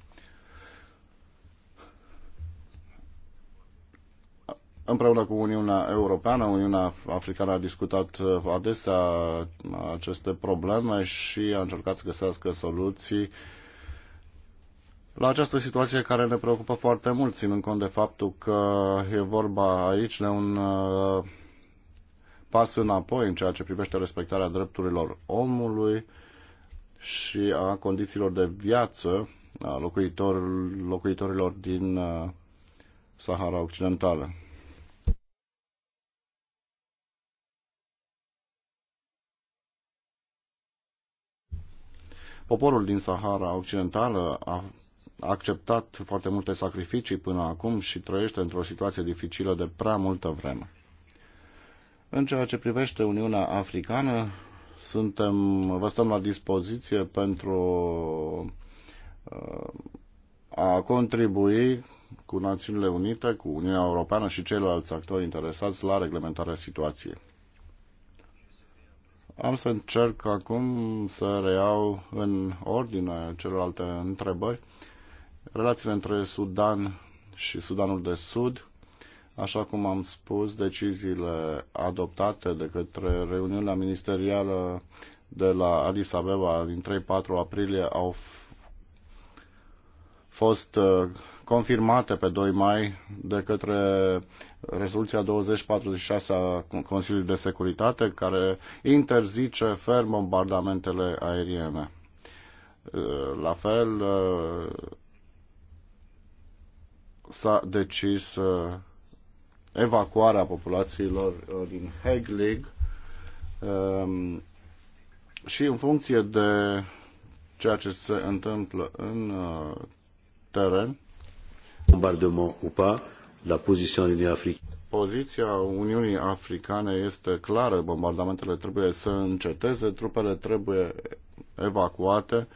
Speaker 2: Împreună cu Uniunea Europeană, Uniunea Africană a discutat uh, adesea uh, aceste probleme și a încercat să găsească soluții la această situație care ne preocupă foarte mult, ținând cont de faptul că e vorba aici de un uh, pas înapoi în ceea ce privește respectarea drepturilor omului și a condițiilor de viață a locuitor, locuitorilor din uh, Sahara Occidentală. Poporul din Sahara Occidentală a acceptat foarte multe sacrificii până acum și trăiește într-o situație dificilă de prea multă vreme. În ceea ce privește Uniunea Africană, suntem, vă stăm la dispoziție pentru uh, a contribui cu Națiunile Unite, cu Uniunea Europeană și ceilalți actori interesați la reglementarea situației. Am să încerc acum să reiau în ordine celelalte întrebări. Relațiile între Sudan și Sudanul de Sud, Așa cum am spus, deciziile adoptate de către reuniunea ministerială de la Addis Abeba din 3-4 aprilie au fost uh, confirmate pe 2 mai de către rezoluția 2046 a Consiliului de Securitate care interzice ferm bombardamentele aeriene. Uh, la fel uh, s-a decis evacuarea populațiilor uh, din Heglig um, și în funcție de ceea ce se întâmplă în uh, teren.
Speaker 3: Bombardement ou pas, la poziția Uniunii Africane.
Speaker 2: Poziția Uniunii Africane este clară, bombardamentele trebuie să înceteze, trupele trebuie evacuate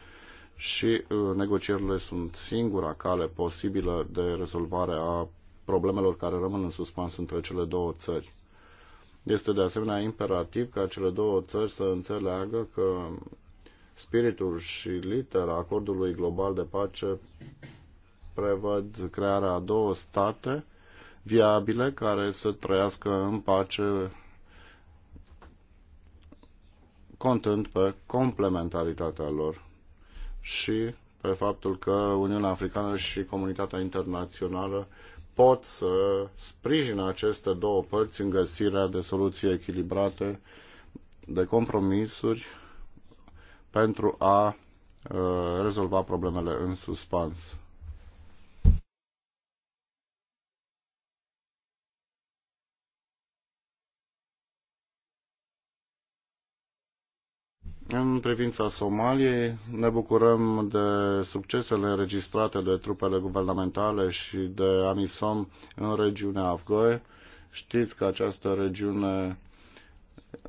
Speaker 2: și uh, negocierile sunt singura cale posibilă de rezolvare a problemelor care rămân în suspans între cele două țări. Este de asemenea imperativ ca cele două țări să înțeleagă că spiritul și litera acordului global de pace prevăd crearea a două state viabile care să trăiască în pace contând pe complementaritatea lor și pe faptul că Uniunea Africană și comunitatea internațională pot să sprijină aceste două părți în găsirea de soluții echilibrate, de compromisuri pentru a uh, rezolva problemele în suspans. În privința Somaliei, ne bucurăm de succesele înregistrate de trupele guvernamentale și de AMISOM în regiunea Afgoe. Știți că această regiune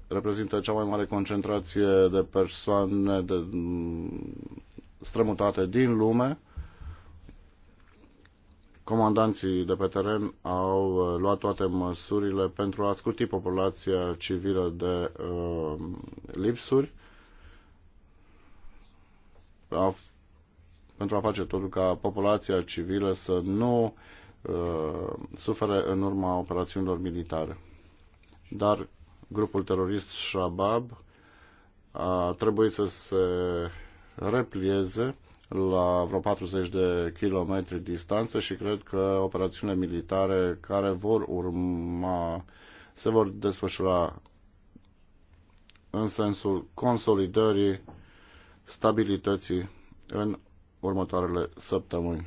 Speaker 2: reprezintă cea mai mare concentrație de persoane de, strămutate din lume. Comandanții de pe teren au luat toate măsurile pentru a scuti populația civilă de uh, lipsuri a, pentru a face totul ca populația civilă să nu uh, sufere în urma operațiunilor militare. Dar grupul terorist Shabab a trebuit să se replieze la vreo 40 de kilometri distanță și cred că operațiunile militare care vor urma se vor desfășura în sensul consolidării stabilității în următoarele săptămâni.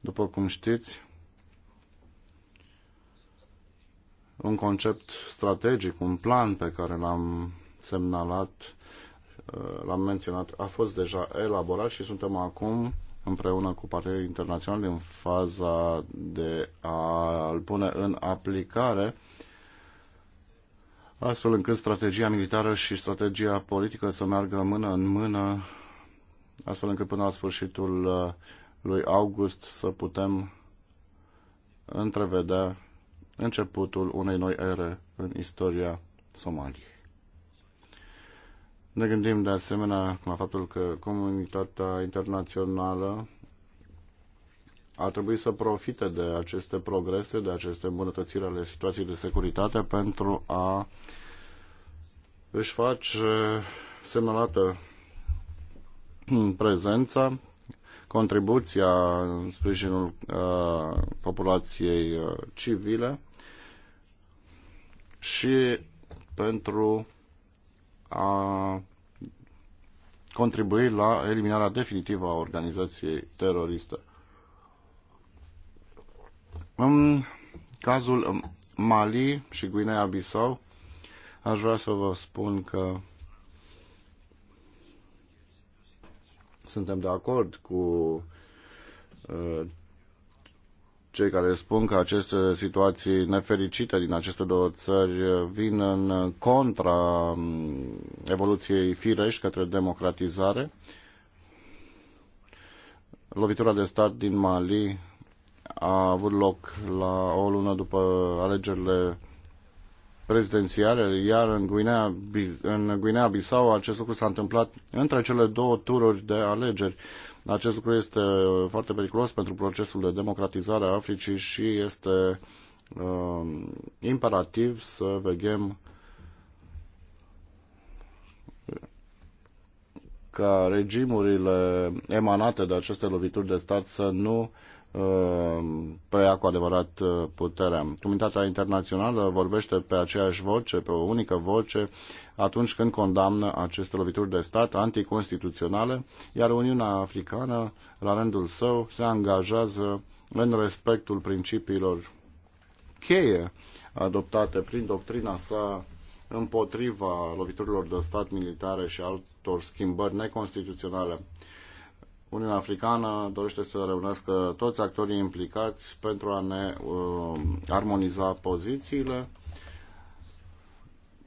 Speaker 2: După cum știți, un concept strategic, un plan pe care l-am semnalat, uh, l-am menționat, a fost deja elaborat și suntem acum împreună cu partenerii internaționali în faza de a-l pune în aplicare astfel încât strategia militară și strategia politică să meargă mână în mână, astfel încât până la sfârșitul uh, lui august să putem întrevedea începutul unei noi ere în istoria Somaliei. Ne gândim de asemenea la faptul că comunitatea internațională ar trebui să profite de aceste progrese, de aceste îmbunătățiri ale situației de securitate pentru a își face semnalată prezența, contribuția în sprijinul uh, populației uh, civile și pentru a contribui la eliminarea definitivă a organizației teroriste. În cazul um, Mali și Guinea-Bissau, aș vrea să vă spun că suntem de acord cu uh, cei care spun că aceste situații nefericite din aceste două țări vin în contra um, evoluției firești către democratizare. Lovitura de stat din Mali a avut loc la o lună după alegerile prezidențiale, iar în Guinea, în Guinea Bissau acest lucru s-a întâmplat între cele două tururi de alegeri. Acest lucru este foarte periculos pentru procesul de democratizare a Africii și este uh, imperativ să vegem ca regimurile emanate de aceste lovituri de stat să nu Uh, preia cu adevărat uh, puterea. Comunitatea internațională vorbește pe aceeași voce, pe o unică voce, atunci când condamnă aceste lovituri de stat anticonstituționale, iar Uniunea Africană, la rândul său, se angajează în respectul principiilor cheie adoptate prin doctrina sa împotriva loviturilor de stat militare și altor schimbări neconstituționale Uniunea Africană dorește să reunească toți actorii implicați pentru a ne uh, armoniza pozițiile.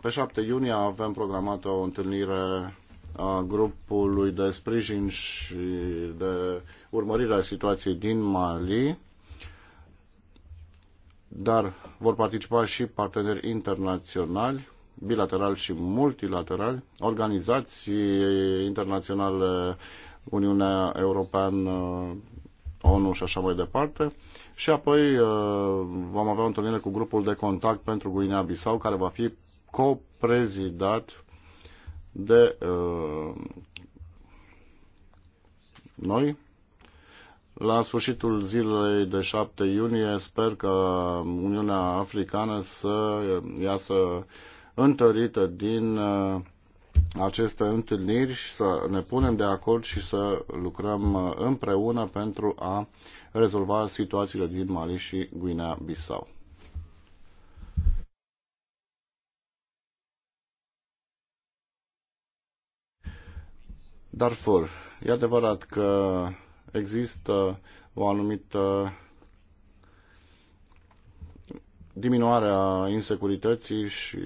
Speaker 2: Pe 7 iunie avem programată o întâlnire a grupului de sprijin și de urmărire a situației din Mali, dar vor participa și parteneri internaționali, bilaterali și multilaterali, organizații internaționale Uniunea Europeană, ONU și așa mai departe. Și apoi uh, vom avea o întâlnire cu grupul de contact pentru Guinea-Bissau, care va fi coprezidat de uh, noi. La sfârșitul zilei de 7 iunie sper că Uniunea Africană să uh, iasă întărită din uh, aceste întâlniri, și să ne punem de acord și să lucrăm uh, împreună pentru a rezolva situațiile din Mali și Guinea-Bissau. Darfur. E adevărat că există o anumită diminuare a insecurității și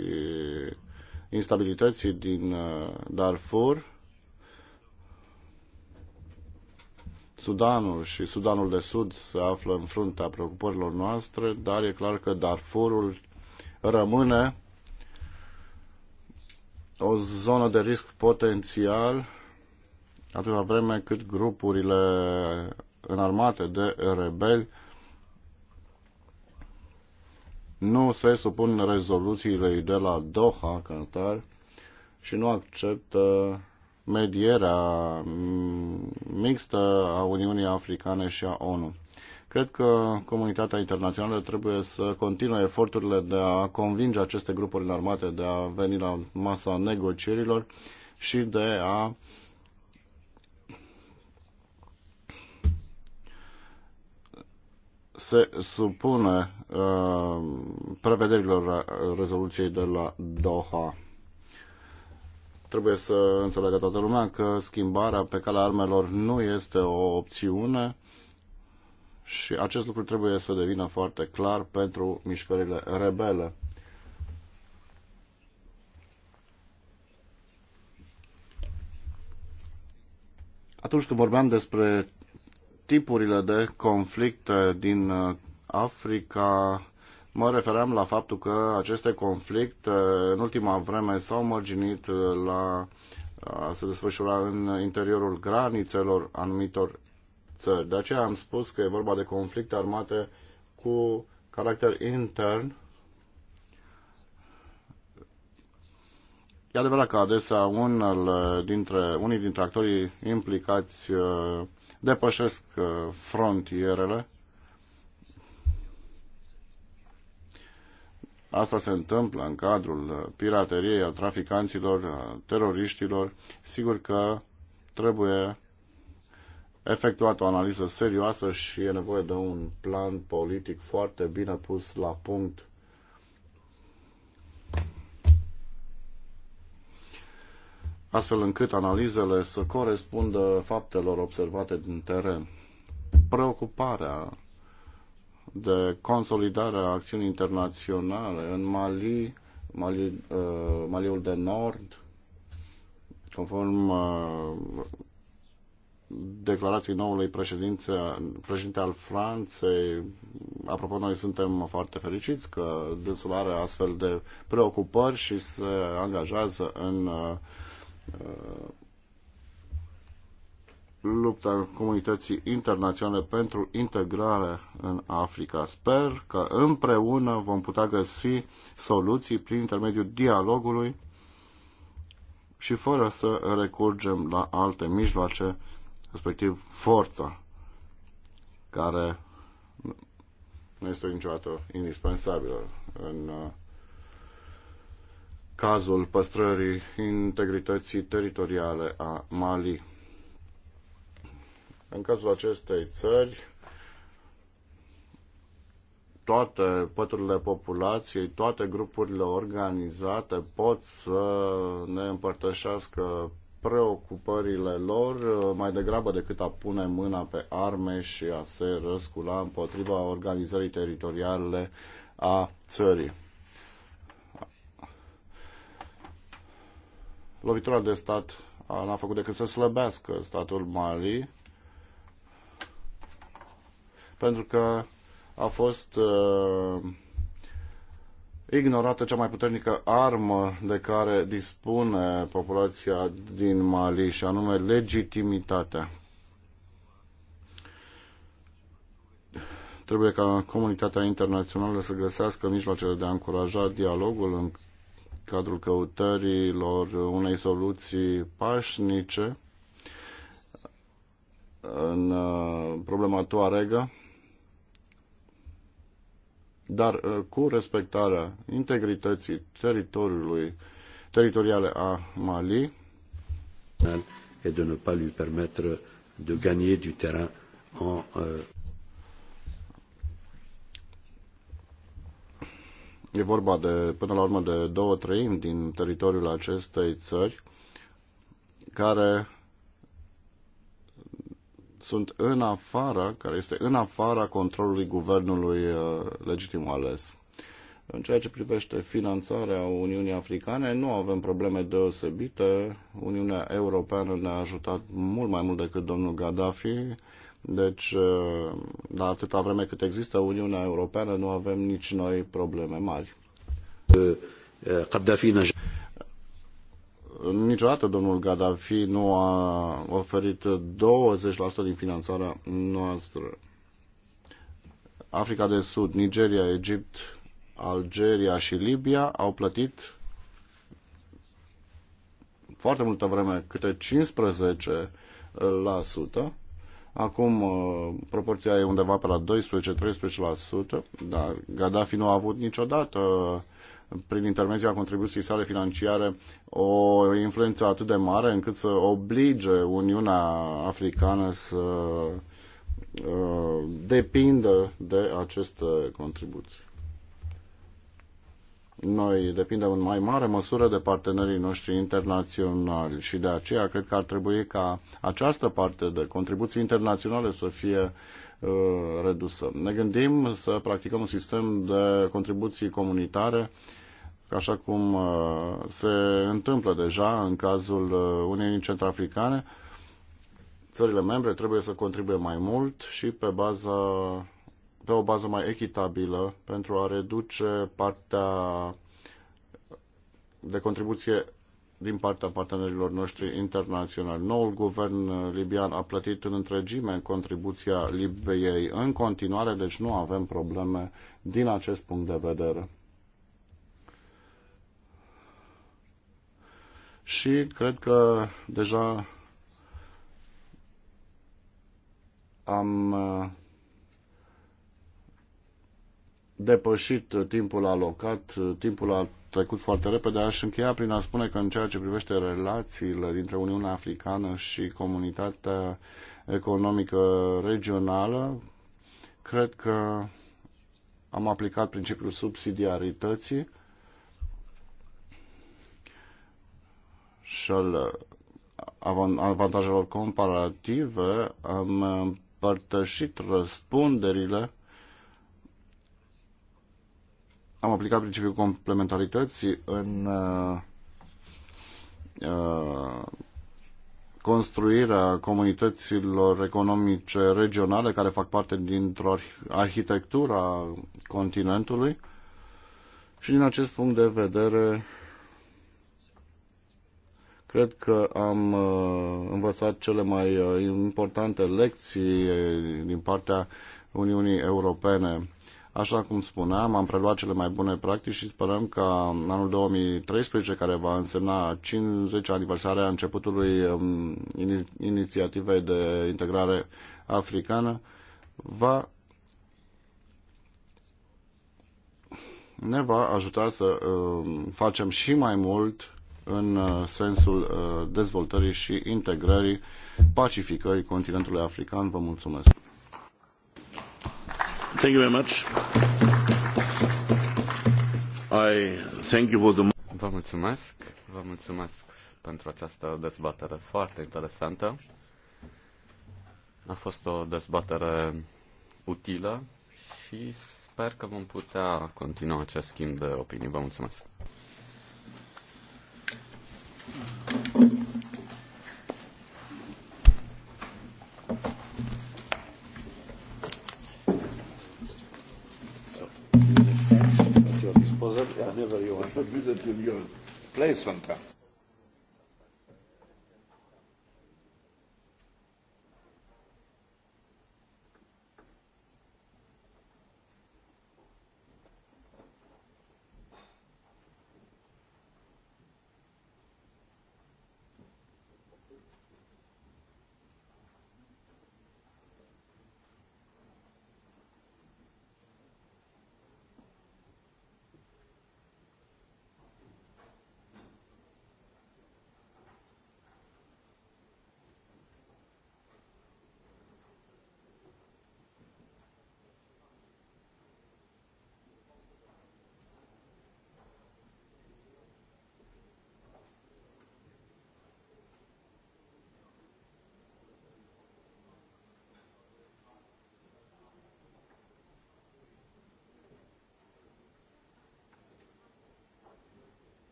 Speaker 2: instabilității din uh, Darfur, Sudanul și Sudanul de Sud se află în fruntea preocupărilor noastre, dar e clar că Darfurul rămâne o zonă de risc potențial atâta vreme cât grupurile înarmate de rebeli nu se supun rezoluțiile de la Doha, Qatar, și nu acceptă medierea mixtă a Uniunii Africane și a ONU. Cred că comunitatea internațională trebuie să continue eforturile de a convinge aceste grupuri armate de a veni la masa negocierilor și de a se supune uh, prevederilor rezoluției de la Doha. Trebuie să înțeleagă toată lumea că schimbarea pe calea armelor nu este o opțiune și acest lucru trebuie să devină foarte clar pentru mișcările rebele. Atunci când vorbeam despre tipurile de conflicte din uh, Africa, mă refeream la faptul că aceste conflicte în ultima vreme s-au mărginit uh, la a uh, se desfășura în interiorul granițelor anumitor țări. De aceea am spus că e vorba de conflicte armate cu caracter intern. E adevărat că adesea unul dintre, unii dintre actorii implicați uh, depășesc uh, frontierele. Asta se întâmplă în cadrul uh, pirateriei, a traficanților, a teroriștilor. Sigur că trebuie efectuat o analiză serioasă și e nevoie de un plan politic foarte bine pus la punct astfel încât analizele să corespundă faptelor observate din teren. Preocuparea de consolidare a acțiunii internaționale în Mali, Mali uh, Maliul de Nord, conform uh, declarației noului președinte, președinte al Franței. Apropo, noi suntem foarte fericiți că dânsul are astfel de preocupări și se angajează în uh, Uh, lupta comunității internaționale pentru integrare în Africa. Sper că împreună vom putea găsi soluții prin intermediul dialogului și fără să recurgem la alte mijloace, respectiv forța, care nu este niciodată indispensabilă în uh, cazul păstrării integrității teritoriale a Mali. În cazul acestei țări, toate păturile populației, toate grupurile organizate pot să ne împărtășească preocupările lor mai degrabă decât a pune mâna pe arme și a se răscula împotriva organizării teritoriale a țării. Lovitura de stat n-a făcut decât să slăbească statul Mali pentru că a fost uh, ignorată cea mai puternică armă de care dispune populația din Mali și anume legitimitatea. Trebuie ca comunitatea internațională să găsească mijloacele de a încuraja dialogul cadrul căutărilor unei soluții pașnice în uh, problema Tuaregă, dar uh, cu respectarea integrității teritoriului teritoriale a Mali et de ne pas lui permettre de gagner du terrain en euh, E vorba de, până la urmă, de două treimi din teritoriul acestei țări care sunt în afara, care este în afara controlului guvernului uh, legitim ales. În ceea ce privește finanțarea Uniunii Africane, nu avem probleme deosebite. Uniunea Europeană ne-a ajutat mult mai mult decât domnul Gaddafi deci, uh, la atâta vreme cât există Uniunea Europeană, nu avem nici noi probleme mari. Niciodată domnul Gaddafi nu a oferit 20% din finanțarea noastră. Africa de Sud, Nigeria, Egipt, Algeria și Libia au plătit foarte multă vreme câte 15%, Acum uh, proporția e undeva pe la 12-13%, dar Gaddafi nu a avut niciodată prin intermediul contribuției sale financiare o influență atât de mare încât să oblige Uniunea Africană să uh, depindă de aceste contribuții. Noi depindem în mai mare măsură de partenerii noștri internaționali și de aceea cred că ar trebui ca această parte de contribuții internaționale să fie uh, redusă. Ne gândim să practicăm un sistem de contribuții comunitare așa cum uh, se întâmplă deja în cazul uh, Uniunii Centrafricane, țările membre trebuie să contribuie mai mult și pe baza pe o bază mai echitabilă pentru a reduce partea de contribuție din partea partenerilor noștri internaționali. Noul guvern libian a plătit în întregime contribuția Libiei în continuare, deci nu avem probleme din acest punct de vedere. Și cred că deja am depășit timpul alocat, timpul a trecut foarte repede. Aș încheia prin a spune că în ceea ce privește relațiile dintre Uniunea Africană și comunitatea economică regională, cred că am aplicat principiul subsidiarității și al avantajelor comparative, am împărtășit răspunderile am aplicat principiul complementarității în uh, uh, construirea comunităților economice regionale care fac parte dintr-o a continentului și din acest punct de vedere cred că am uh, învățat cele mai importante lecții din partea Uniunii Europene Așa cum spuneam, am preluat cele mai bune practici și sperăm că anul 2013, care va însemna 50 aniversarea începutului um, inițiativei de integrare africană, va ne va ajuta să uh, facem și mai mult în uh, sensul uh, dezvoltării și integrării pacificării continentului african. Vă mulțumesc!
Speaker 1: Vă mulțumesc, vă mulțumesc pentru această dezbatere foarte interesantă. A fost o dezbatere utilă și sper că vom putea continua acest schimb de opinii. Vă mulțumesc!
Speaker 3: Yeah, never you want to visit in your place sometime.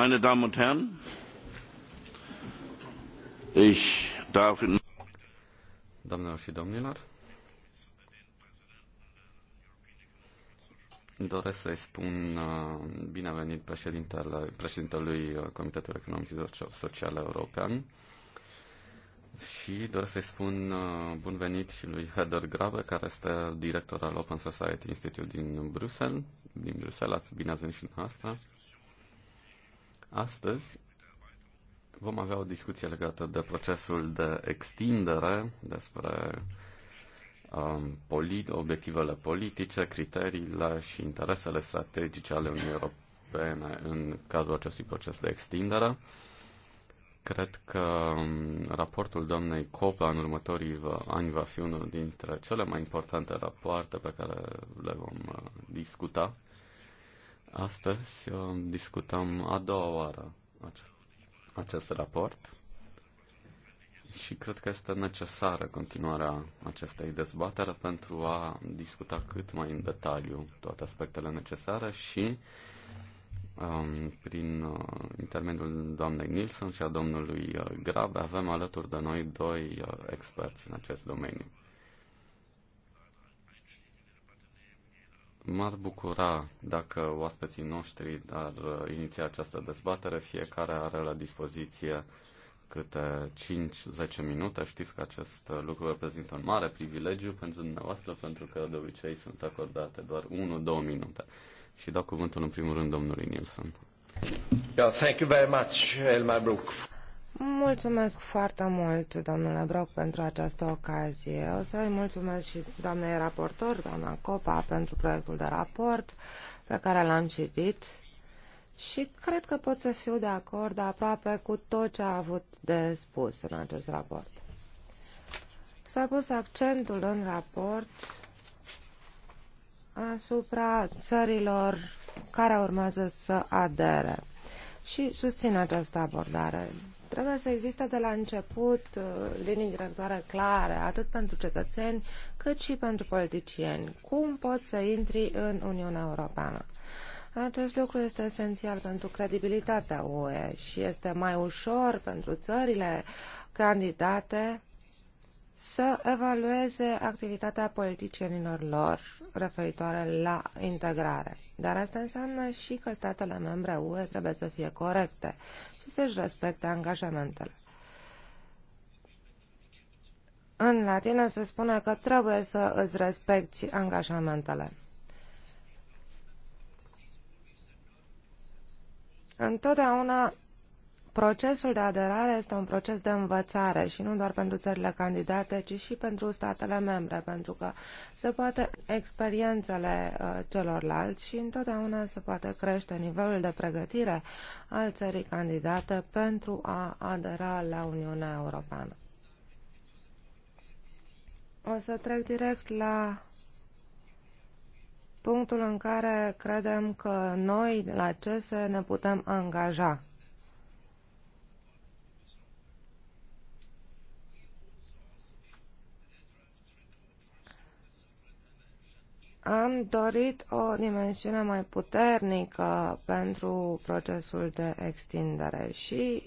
Speaker 2: Meine Damen und Herren,
Speaker 1: ich darf in Doamnelor și domnilor, doresc să-i spun uh, bine venit președintele, președintelui uh, Comitetului Economic și Social European și doresc să-i spun uh, bun venit și lui Heather Grabe, care este director al Open Society Institute din Bruxelles. Din Bruxelles, bine ați venit și dumneavoastră. Astăzi vom avea o discuție legată de procesul de extindere, despre um, polit, obiectivele politice, criteriile și interesele strategice ale Uniunii Europene în cazul acestui proces de extindere. Cred că um, raportul doamnei Copa în următorii ani va fi unul dintre cele mai importante rapoarte pe care le vom uh, discuta Astăzi uh, discutăm a doua oară acest raport și cred că este necesară continuarea acestei dezbatere pentru a discuta cât mai în detaliu toate aspectele necesare și um, prin uh, intermediul doamnei Nilsson și a domnului uh, Grab avem alături de noi doi uh, experți în acest domeniu. M-ar bucura dacă oaspeții noștri ar iniția această dezbatere. Fiecare are la dispoziție câte 5-10 minute. Știți că acest lucru reprezintă un mare privilegiu pentru dumneavoastră, pentru că de obicei sunt acordate doar 1-2 minute. Și dau cuvântul în primul rând domnului Nilsson. Yeah, thank you very much, Elmar Brook.
Speaker 4: Mulțumesc foarte mult, domnule Broc, pentru această ocazie. O să-i mulțumesc și doamnei raportor, doamna Copa, pentru proiectul de raport pe care l-am citit și cred că pot să fiu de acord aproape cu tot ce a avut de spus în acest raport. S-a pus accentul în raport asupra țărilor care urmează să adere și susțin această abordare. Trebuie să existe de la început uh, linii directoare clare, atât pentru cetățeni, cât și pentru politicieni. Cum pot să intri în Uniunea Europeană? Acest lucru este esențial pentru credibilitatea UE și este mai ușor pentru țările candidate să evalueze activitatea politicienilor lor referitoare la integrare. Dar asta înseamnă și că statele membre UE trebuie să fie corecte și să-și respecte angajamentele. În latină se spune că trebuie să îți respecti angajamentele. Întotdeauna Procesul de aderare este un proces de învățare și nu doar pentru țările candidate, ci și pentru statele membre, pentru că se poate experiențele uh, celorlalți și întotdeauna se poate crește nivelul de pregătire al țării candidate pentru a adera la Uniunea Europeană. O să trec direct la punctul în care credem că noi la ce ne putem angaja Am dorit o dimensiune mai puternică pentru procesul de extindere și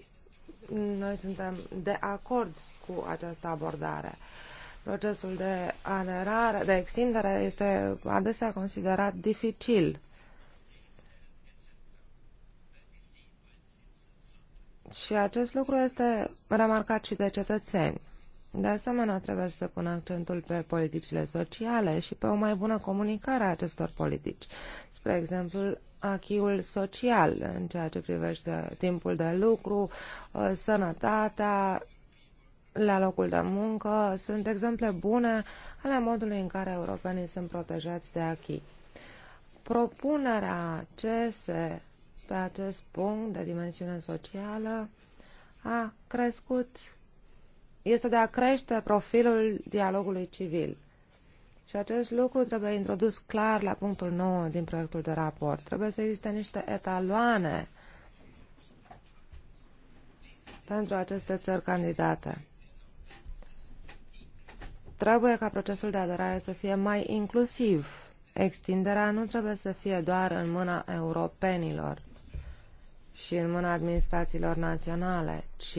Speaker 4: noi suntem de acord cu această abordare. Procesul de aderare, de extindere este adesea considerat dificil și acest lucru este remarcat și de cetățeni. De asemenea, trebuie să pun accentul pe politicile sociale și pe o mai bună comunicare a acestor politici. Spre exemplu, achiul social în ceea ce privește timpul de lucru, ă, sănătatea, la locul de muncă sunt exemple bune ale modului în care europenii sunt protejați de achi. Propunerea CESE pe acest punct de dimensiune socială a crescut este de a crește profilul dialogului civil. Și acest lucru trebuie introdus clar la punctul 9 din proiectul de raport. Trebuie să existe niște etaloane pentru aceste țări candidate. Trebuie ca procesul de aderare să fie mai inclusiv. Extinderea nu trebuie să fie doar în mâna europenilor și în mâna administrațiilor naționale, ci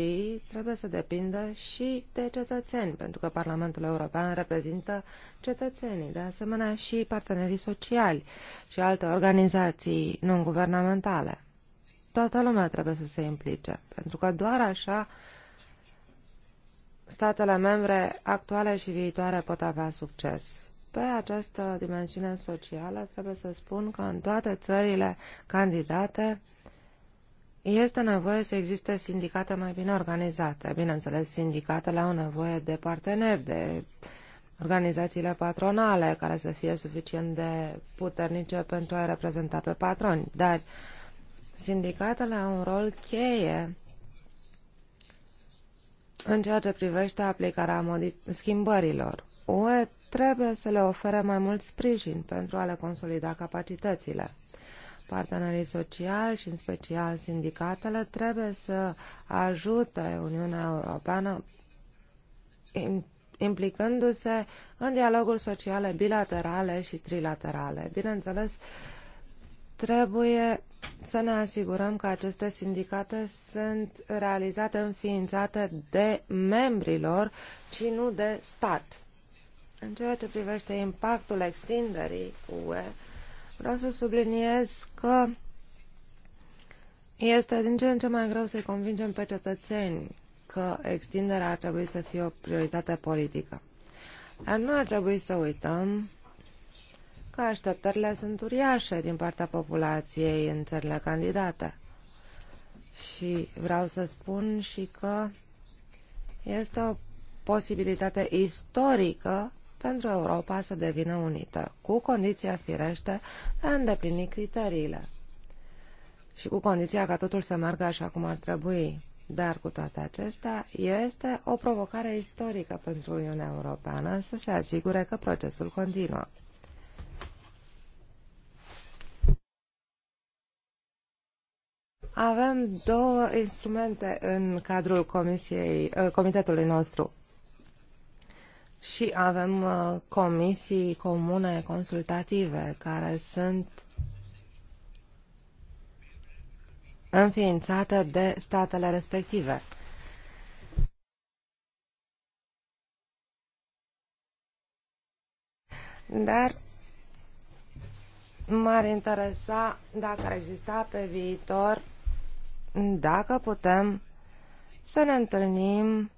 Speaker 4: trebuie să depindă și de cetățeni, pentru că Parlamentul European reprezintă cetățenii, de asemenea și partenerii sociali și alte organizații non-guvernamentale. Toată lumea trebuie să se implice, pentru că doar așa statele membre actuale și viitoare pot avea succes. Pe această dimensiune socială trebuie să spun că în toate țările candidate este nevoie să existe sindicate mai bine organizate. Bineînțeles, sindicatele au nevoie de parteneri, de organizațiile patronale care să fie suficient de puternice pentru a reprezenta pe patroni. Dar sindicatele au un rol cheie în ceea ce privește aplicarea schimbărilor. UE trebuie să le ofere mai mult sprijin pentru a le consolida capacitățile. Partenerii sociali și în special sindicatele trebuie să ajute Uniunea Europeană implicându-se în dialoguri sociale bilaterale și trilaterale. Bineînțeles, trebuie să ne asigurăm că aceste sindicate sunt realizate, înființate de membrilor, ci nu de stat. În ceea ce privește impactul extinderii UE, Vreau să subliniez că este din ce în ce mai greu să-i convingem pe cetățeni că extinderea ar trebui să fie o prioritate politică. Dar nu ar trebui să uităm că așteptările sunt uriașe din partea populației în țările candidate. Și vreau să spun și că este o posibilitate istorică pentru Europa să devină unită, cu condiția firește de a îndeplini criteriile și cu condiția ca totul să meargă așa cum ar trebui. Dar cu toate acestea, este o provocare istorică pentru Uniunea Europeană să se asigure că procesul continuă. Avem două instrumente în cadrul comisiei, ă, comitetului nostru și avem uh, comisii comune consultative care sunt înființate de statele respective. Dar m-ar interesa dacă ar exista pe viitor, dacă putem să ne întâlnim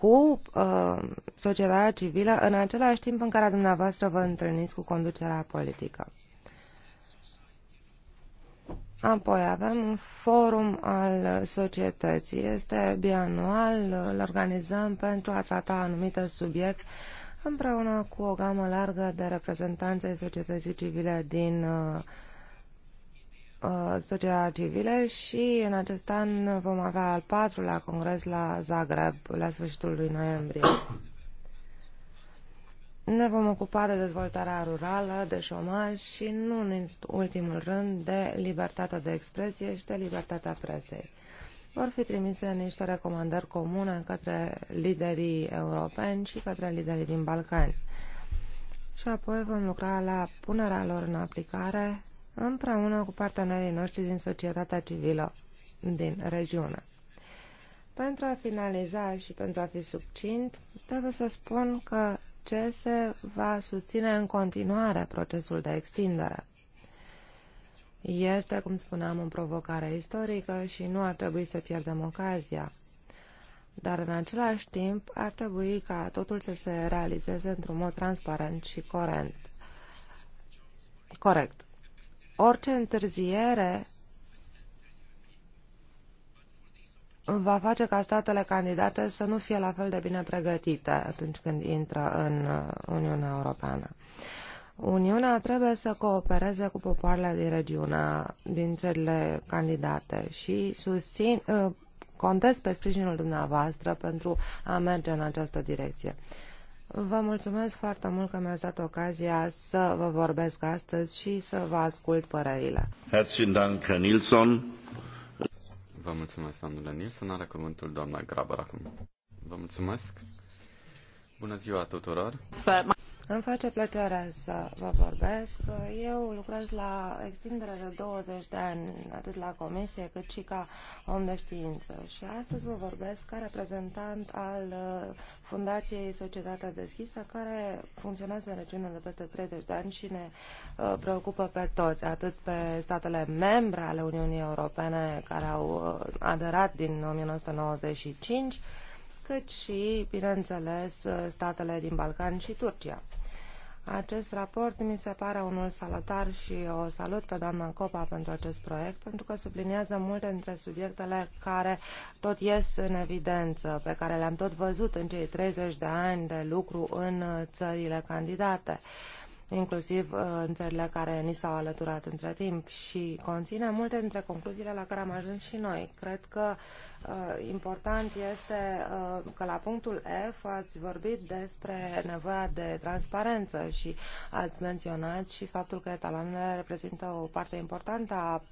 Speaker 4: cu uh, societatea civilă în același timp în care dumneavoastră vă întâlniți cu conducerea politică. Apoi avem un forum al societății. Este bianual, îl organizăm pentru a trata anumite subiect împreună cu o gamă largă de reprezentanțe societății civile din uh, Uh, societatea civile și în acest an vom avea al patrulea congres la Zagreb la sfârșitul lui noiembrie. Ne vom ocupa de dezvoltarea rurală, de șomaj și, nu în ultimul rând, de libertatea de expresie și de libertatea presei. Vor fi trimise niște recomandări comune către liderii europeni și către liderii din Balcani. Și apoi vom lucra la punerea lor în aplicare împreună cu partenerii noștri din societatea civilă din regiune. Pentru a finaliza și pentru a fi subcint, trebuie să spun că CESE va susține în continuare procesul de extindere. Este, cum spuneam, o provocare istorică și nu ar trebui să pierdem ocazia. Dar în același timp ar trebui ca totul să se realizeze într-un mod transparent și corent. corect orice întârziere va face ca statele candidate să nu fie la fel de bine pregătite atunci când intră în uh, Uniunea Europeană. Uniunea trebuie să coopereze cu popoarele din regiunea, din țările candidate și susțin, uh, contez pe sprijinul dumneavoastră pentru a merge în această direcție. Vă mulțumesc foarte mult că mi-ați dat ocazia să vă vorbesc astăzi și să vă ascult părerile.
Speaker 1: Herzlichen Dank, Herr Nilsson. Vă mulțumesc, domnule Nilsson. Are cuvântul doamna Grabar acum. Vă mulțumesc. Bună ziua tuturor.
Speaker 4: Îmi face plăcere să vă vorbesc. Eu lucrez la extindere de 20 de ani, atât la comisie cât și ca om de știință. Și astăzi vă vorbesc ca reprezentant al uh, Fundației Societatea Deschisă, care funcționează în regiune de peste 30 de ani și ne uh, preocupă pe toți, atât pe statele membre ale Uniunii Europene care au uh, aderat din 1995, cât și, bineînțeles, statele din Balcan și Turcia. Acest raport mi se pare unul salutar și o salut pe doamna Copa pentru acest proiect, pentru că subliniază multe dintre subiectele care tot ies în evidență, pe care le-am tot văzut în cei 30 de ani de lucru în țările candidate. Uh, inclusiv uh, în țările care ni s-au alăturat între timp și conține multe dintre concluziile la care am ajuns și noi. Cred că uh, important este uh, că la punctul F ați vorbit despre nevoia de transparență și ați menționat și faptul că etalanele reprezintă o parte importantă a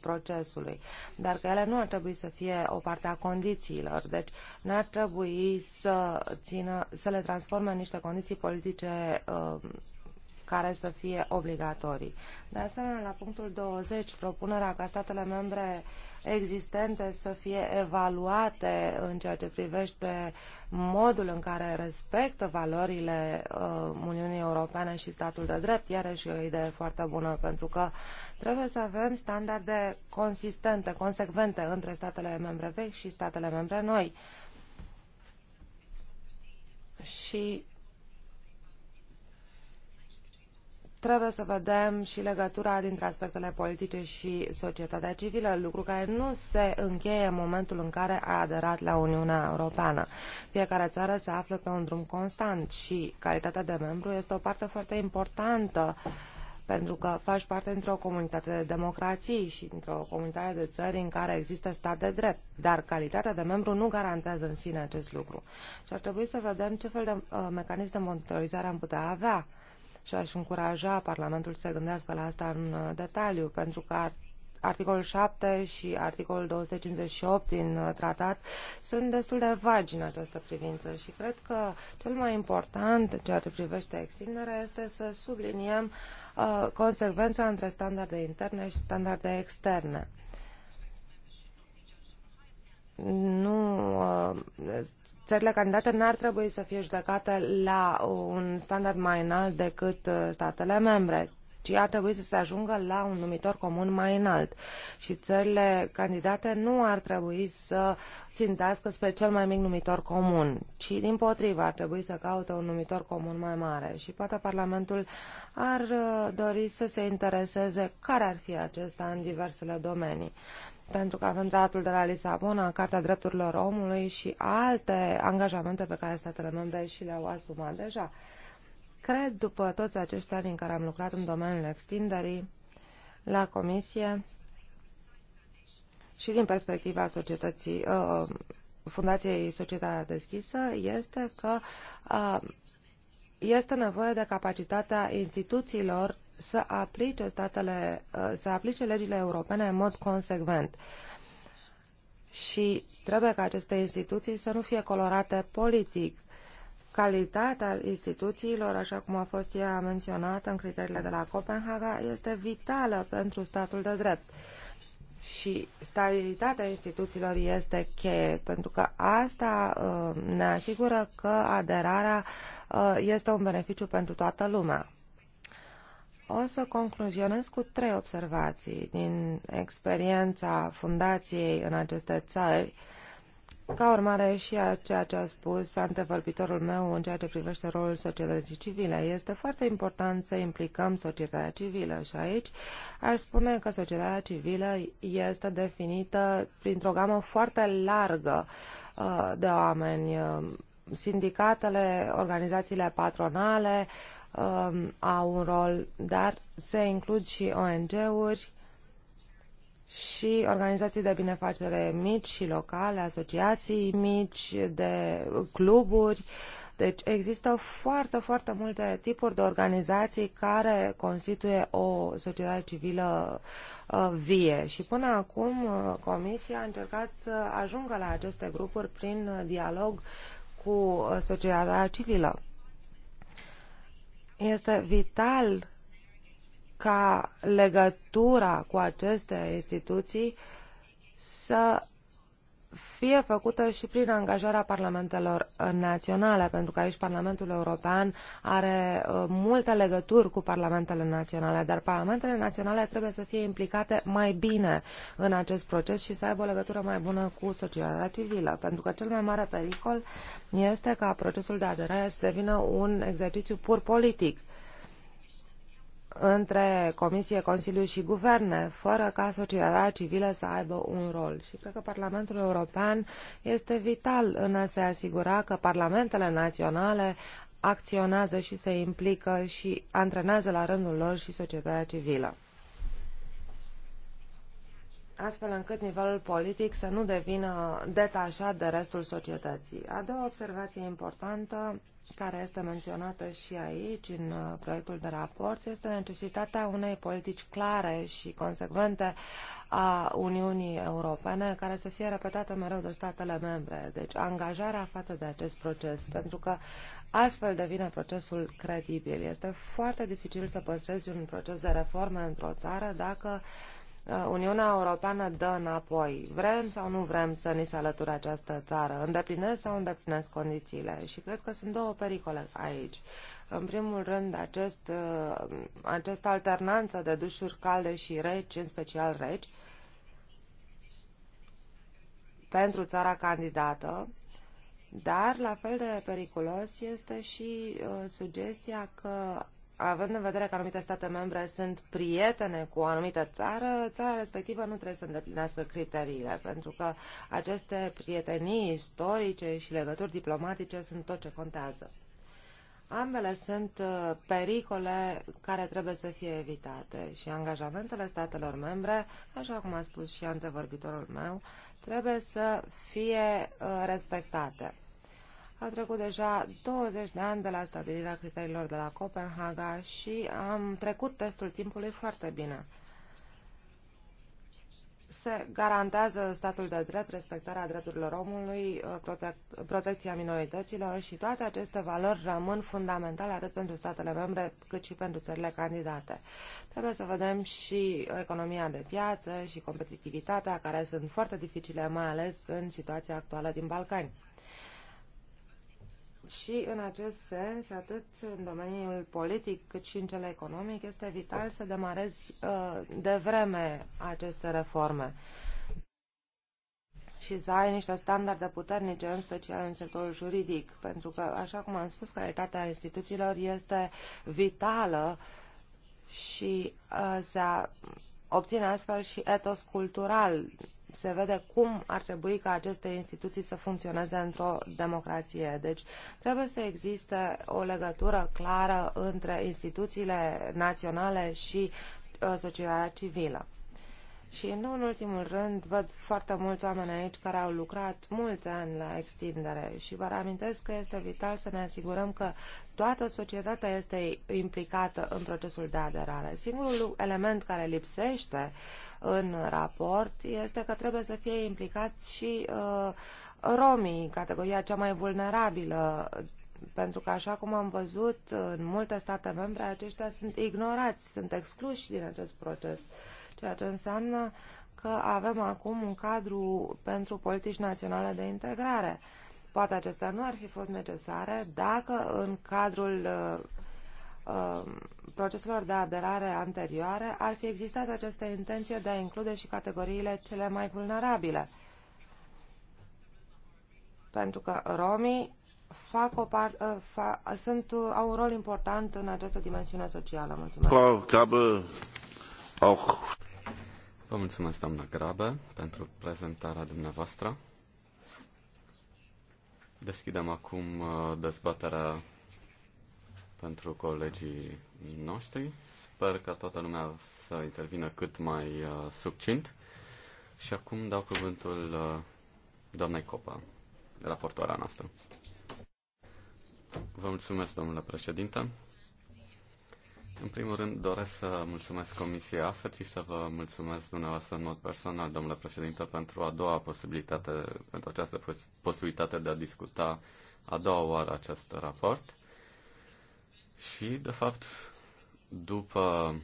Speaker 4: procesului, dar că ele nu ar trebui să fie o parte a condițiilor. Deci n-ar trebui să, țină, să le transforme în niște condiții politice care să fie obligatorii. De asemenea, la punctul 20, propunerea ca statele membre existente să fie evaluate în ceea ce privește modul în care respectă valorile uh, Uniunii Europene și statul de drept, iarăși o idee foarte bună, pentru că trebuie să avem standarde consistente, consecvente între statele membre vechi și statele membre noi. Și trebuie să vedem și legătura dintre aspectele politice și societatea civilă, lucru care nu se încheie în momentul în care a aderat la Uniunea Europeană. Fiecare țară se află pe un drum constant și calitatea de membru este o parte foarte importantă pentru că faci parte dintr-o comunitate de democrații și dintr-o comunitate de țări în care există stat de drept, dar calitatea de membru nu garantează în sine acest lucru. Și ar trebui să vedem ce fel de uh, mecanism de monitorizare am putea avea și aș încuraja Parlamentul să se gândească la asta în uh, detaliu, pentru că ar articolul 7 și articolul 258 din uh, tratat sunt destul de vagi în această privință și cred că cel mai important în ceea ce privește extinderea este să subliniem uh, consecvența între standarde interne și standarde externe nu, uh, țările candidate n-ar trebui să fie judecate la un standard mai înalt decât uh, statele membre ci ar trebui să se ajungă la un numitor comun mai înalt. Și țările candidate nu ar trebui să țintească spre cel mai mic numitor comun, ci din potrivă ar trebui să caute un numitor comun mai mare. Și poate Parlamentul ar uh, dori să se intereseze care ar fi acesta în diversele domenii pentru că avem tratatul de la Lisabona, Carta Drepturilor Omului și alte angajamente pe care statele membre și le-au asumat deja. Cred, după toți acești ani în care am lucrat în domeniul extinderii, la Comisie și din perspectiva societății, uh, Fundației Societatea Deschisă, este că uh, este nevoie de capacitatea instituțiilor să aplice, statele, uh, să aplice legile europene în mod consecvent. Și trebuie ca aceste instituții să nu fie colorate politic. Calitatea instituțiilor, așa cum a fost ea menționată în criteriile de la Copenhaga, este vitală pentru statul de drept. Și stabilitatea instituțiilor este cheie, pentru că asta uh, ne asigură că aderarea uh, este un beneficiu pentru toată lumea. O să concluzionez cu trei observații din experiența fundației în aceste țări, ca urmare și a ceea ce a spus antevorbitorul meu în ceea ce privește rolul societății civile, este foarte important să implicăm societatea civilă și aici aș spune că societatea civilă este definită printr-o gamă foarte largă uh, de oameni, uh, sindicatele, organizațiile patronale, uh, au un rol, dar se includ și ONG-uri și organizații de binefacere mici și locale, asociații mici, de cluburi. Deci există foarte, foarte multe tipuri de organizații care constituie o societate civilă uh, vie și până acum uh, Comisia a încercat să ajungă la aceste grupuri prin uh, dialog cu societatea civilă. Este vital ca legătura cu aceste instituții să fie făcută și prin angajarea parlamentelor naționale, pentru că aici Parlamentul European are uh, multe legături cu parlamentele naționale, dar parlamentele naționale trebuie să fie implicate mai bine în acest proces și să aibă o legătură mai bună cu societatea civilă, pentru că cel mai mare pericol este ca procesul de aderare să devină un exercițiu pur politic între Comisie, Consiliu și Guverne, fără ca societatea civilă să aibă un rol. Și cred că Parlamentul European este vital în a se asigura că parlamentele naționale acționează și se implică și antrenează la rândul lor și societatea civilă astfel încât nivelul politic să nu devină detașat de restul societății. A doua observație importantă care este menționată și aici în uh, proiectul de raport este necesitatea unei politici clare și consecvente a Uniunii Europene care să fie repetată mereu de statele membre. Deci angajarea față de acest proces, pentru că astfel devine procesul credibil. Este foarte dificil să păstrezi un proces de reforme într-o țară dacă uh, Uh, Uniunea Europeană dă înapoi. Vrem sau nu vrem să ni se alăture această țară? Îndeplinesc sau îndeplinesc condițiile? Și cred că sunt două pericole aici. În primul rând, acest, uh, această alternanță de dușuri calde și reci, în special reci, pentru țara candidată, dar la fel de periculos este și uh, sugestia că având în vedere că anumite state membre sunt prietene cu o anumită țară, țara respectivă nu trebuie să îndeplinească criteriile, pentru că aceste prietenii istorice și legături diplomatice sunt tot ce contează. Ambele sunt uh, pericole care trebuie să fie evitate și angajamentele statelor membre, așa cum a spus și antevorbitorul meu, trebuie să fie uh, respectate. Au trecut deja 20 de ani de la stabilirea criteriilor de la Copenhaga și am trecut testul timpului foarte bine. Se garantează statul de drept, respectarea drepturilor omului, protec protecția minorităților și toate aceste valori rămân fundamentale atât pentru statele membre cât și pentru țările candidate. Trebuie să vedem și economia de piață și competitivitatea, care sunt foarte dificile, mai ales în situația actuală din Balcani. Și în acest sens, atât în domeniul politic cât și în cel economic, este vital să demarezi uh, de vreme aceste reforme și să ai niște standarde puternice, în special în sectorul juridic, pentru că, așa cum am spus, calitatea instituțiilor este vitală și uh, se obține astfel și etos cultural se vede cum ar trebui ca aceste instituții să funcționeze într-o democrație. Deci trebuie să existe o legătură clară între instituțiile naționale și uh, societatea civilă. Și nu în ultimul rând, văd foarte mulți oameni aici care au lucrat mulți ani la extindere și vă reamintesc că este vital să ne asigurăm că toată societatea este implicată în procesul de aderare. Singurul element care lipsește în raport este că trebuie să fie implicați și uh, romii, categoria cea mai vulnerabilă pentru că, așa cum am văzut în multe state membre, aceștia sunt ignorați, sunt excluși din acest proces. Uh, ceea ce înseamnă că avem acum un cadru pentru politici naționale de integrare. Poate acestea nu ar fi fost necesare dacă în cadrul uh, uh, proceselor de aderare anterioare ar fi existat această intenție de a include și categoriile cele mai vulnerabile. Pentru că romii fac o part, uh, fa, sunt, au un rol important în această dimensiune socială. Mulțumesc.
Speaker 1: Vă mulțumesc, doamna Grabe, pentru prezentarea dumneavoastră. Deschidem acum uh, dezbaterea pentru colegii noștri. Sper ca toată lumea să intervină cât mai uh, succint. Și acum dau cuvântul uh, doamnei Copa, raportoarea noastră. Vă mulțumesc, domnule președinte. În primul rând, doresc să mulțumesc Comisiei AFET și să vă mulțumesc dumneavoastră în mod personal, domnule președinte, pentru a doua posibilitate, pentru această posibilitate de a discuta a doua oară acest raport. Și, de fapt, după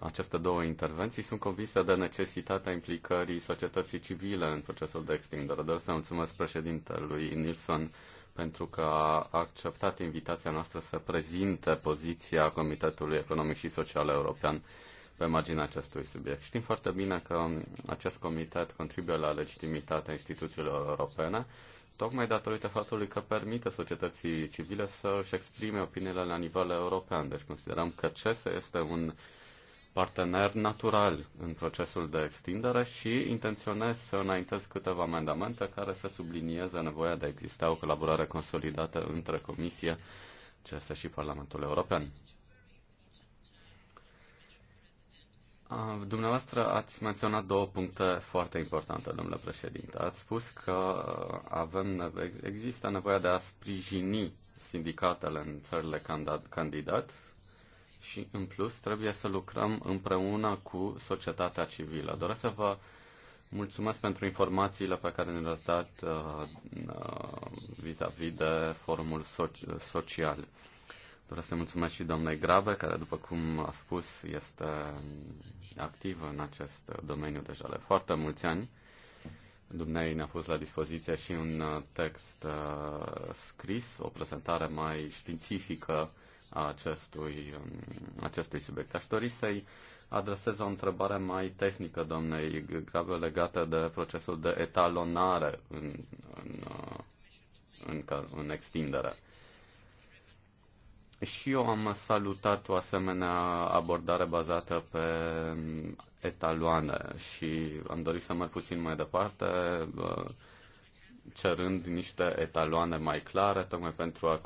Speaker 1: aceste două intervenții, sunt convinsă de necesitatea implicării societății civile în procesul de extindere. Doresc să mulțumesc președintelui Nilsson pentru că a acceptat invitația noastră să prezinte poziția Comitetului Economic și Social European pe marginea acestui subiect. Știm foarte bine că acest comitet contribuie la legitimitatea instituțiilor europene, tocmai datorită faptului că permite societății civile să își exprime opiniile la nivel european. Deci considerăm că CESE este un uh, partener natural în procesul de extindere și intenționez să înaintez câteva amendamente care să sublinieze nevoia de a exista o colaborare consolidată între Comisie, CS și Parlamentul European. Dumneavoastră ați menționat două puncte foarte importante, domnule președinte. Ați spus că avem, există nevoia de a sprijini sindicatele în țările candidat, și, în plus, trebuie să lucrăm împreună cu societatea civilă. Doresc să vă mulțumesc pentru informațiile pe care ne le-ați dat uh, uh, vis-a-vis uh, -vis de forumul so- social. Doresc să mulțumesc și doamnei Grabe, care, după cum a spus, este activă în acest domeniu deja de foarte mulți ani. Dumnezeu ne-a pus la dispoziție și un uh, text uh, scris, o prezentare mai științifică a acestui, um, acestui subiect. Aș dori să-i adresez o întrebare mai tehnică doamnei Grave legată de procesul de etalonare în, în, uh, în, în extindere. Și eu am salutat o asemenea abordare bazată pe um, etaloane și am dorit să merg puțin mai departe uh, cerând niște etaloane mai clare, tocmai pentru a,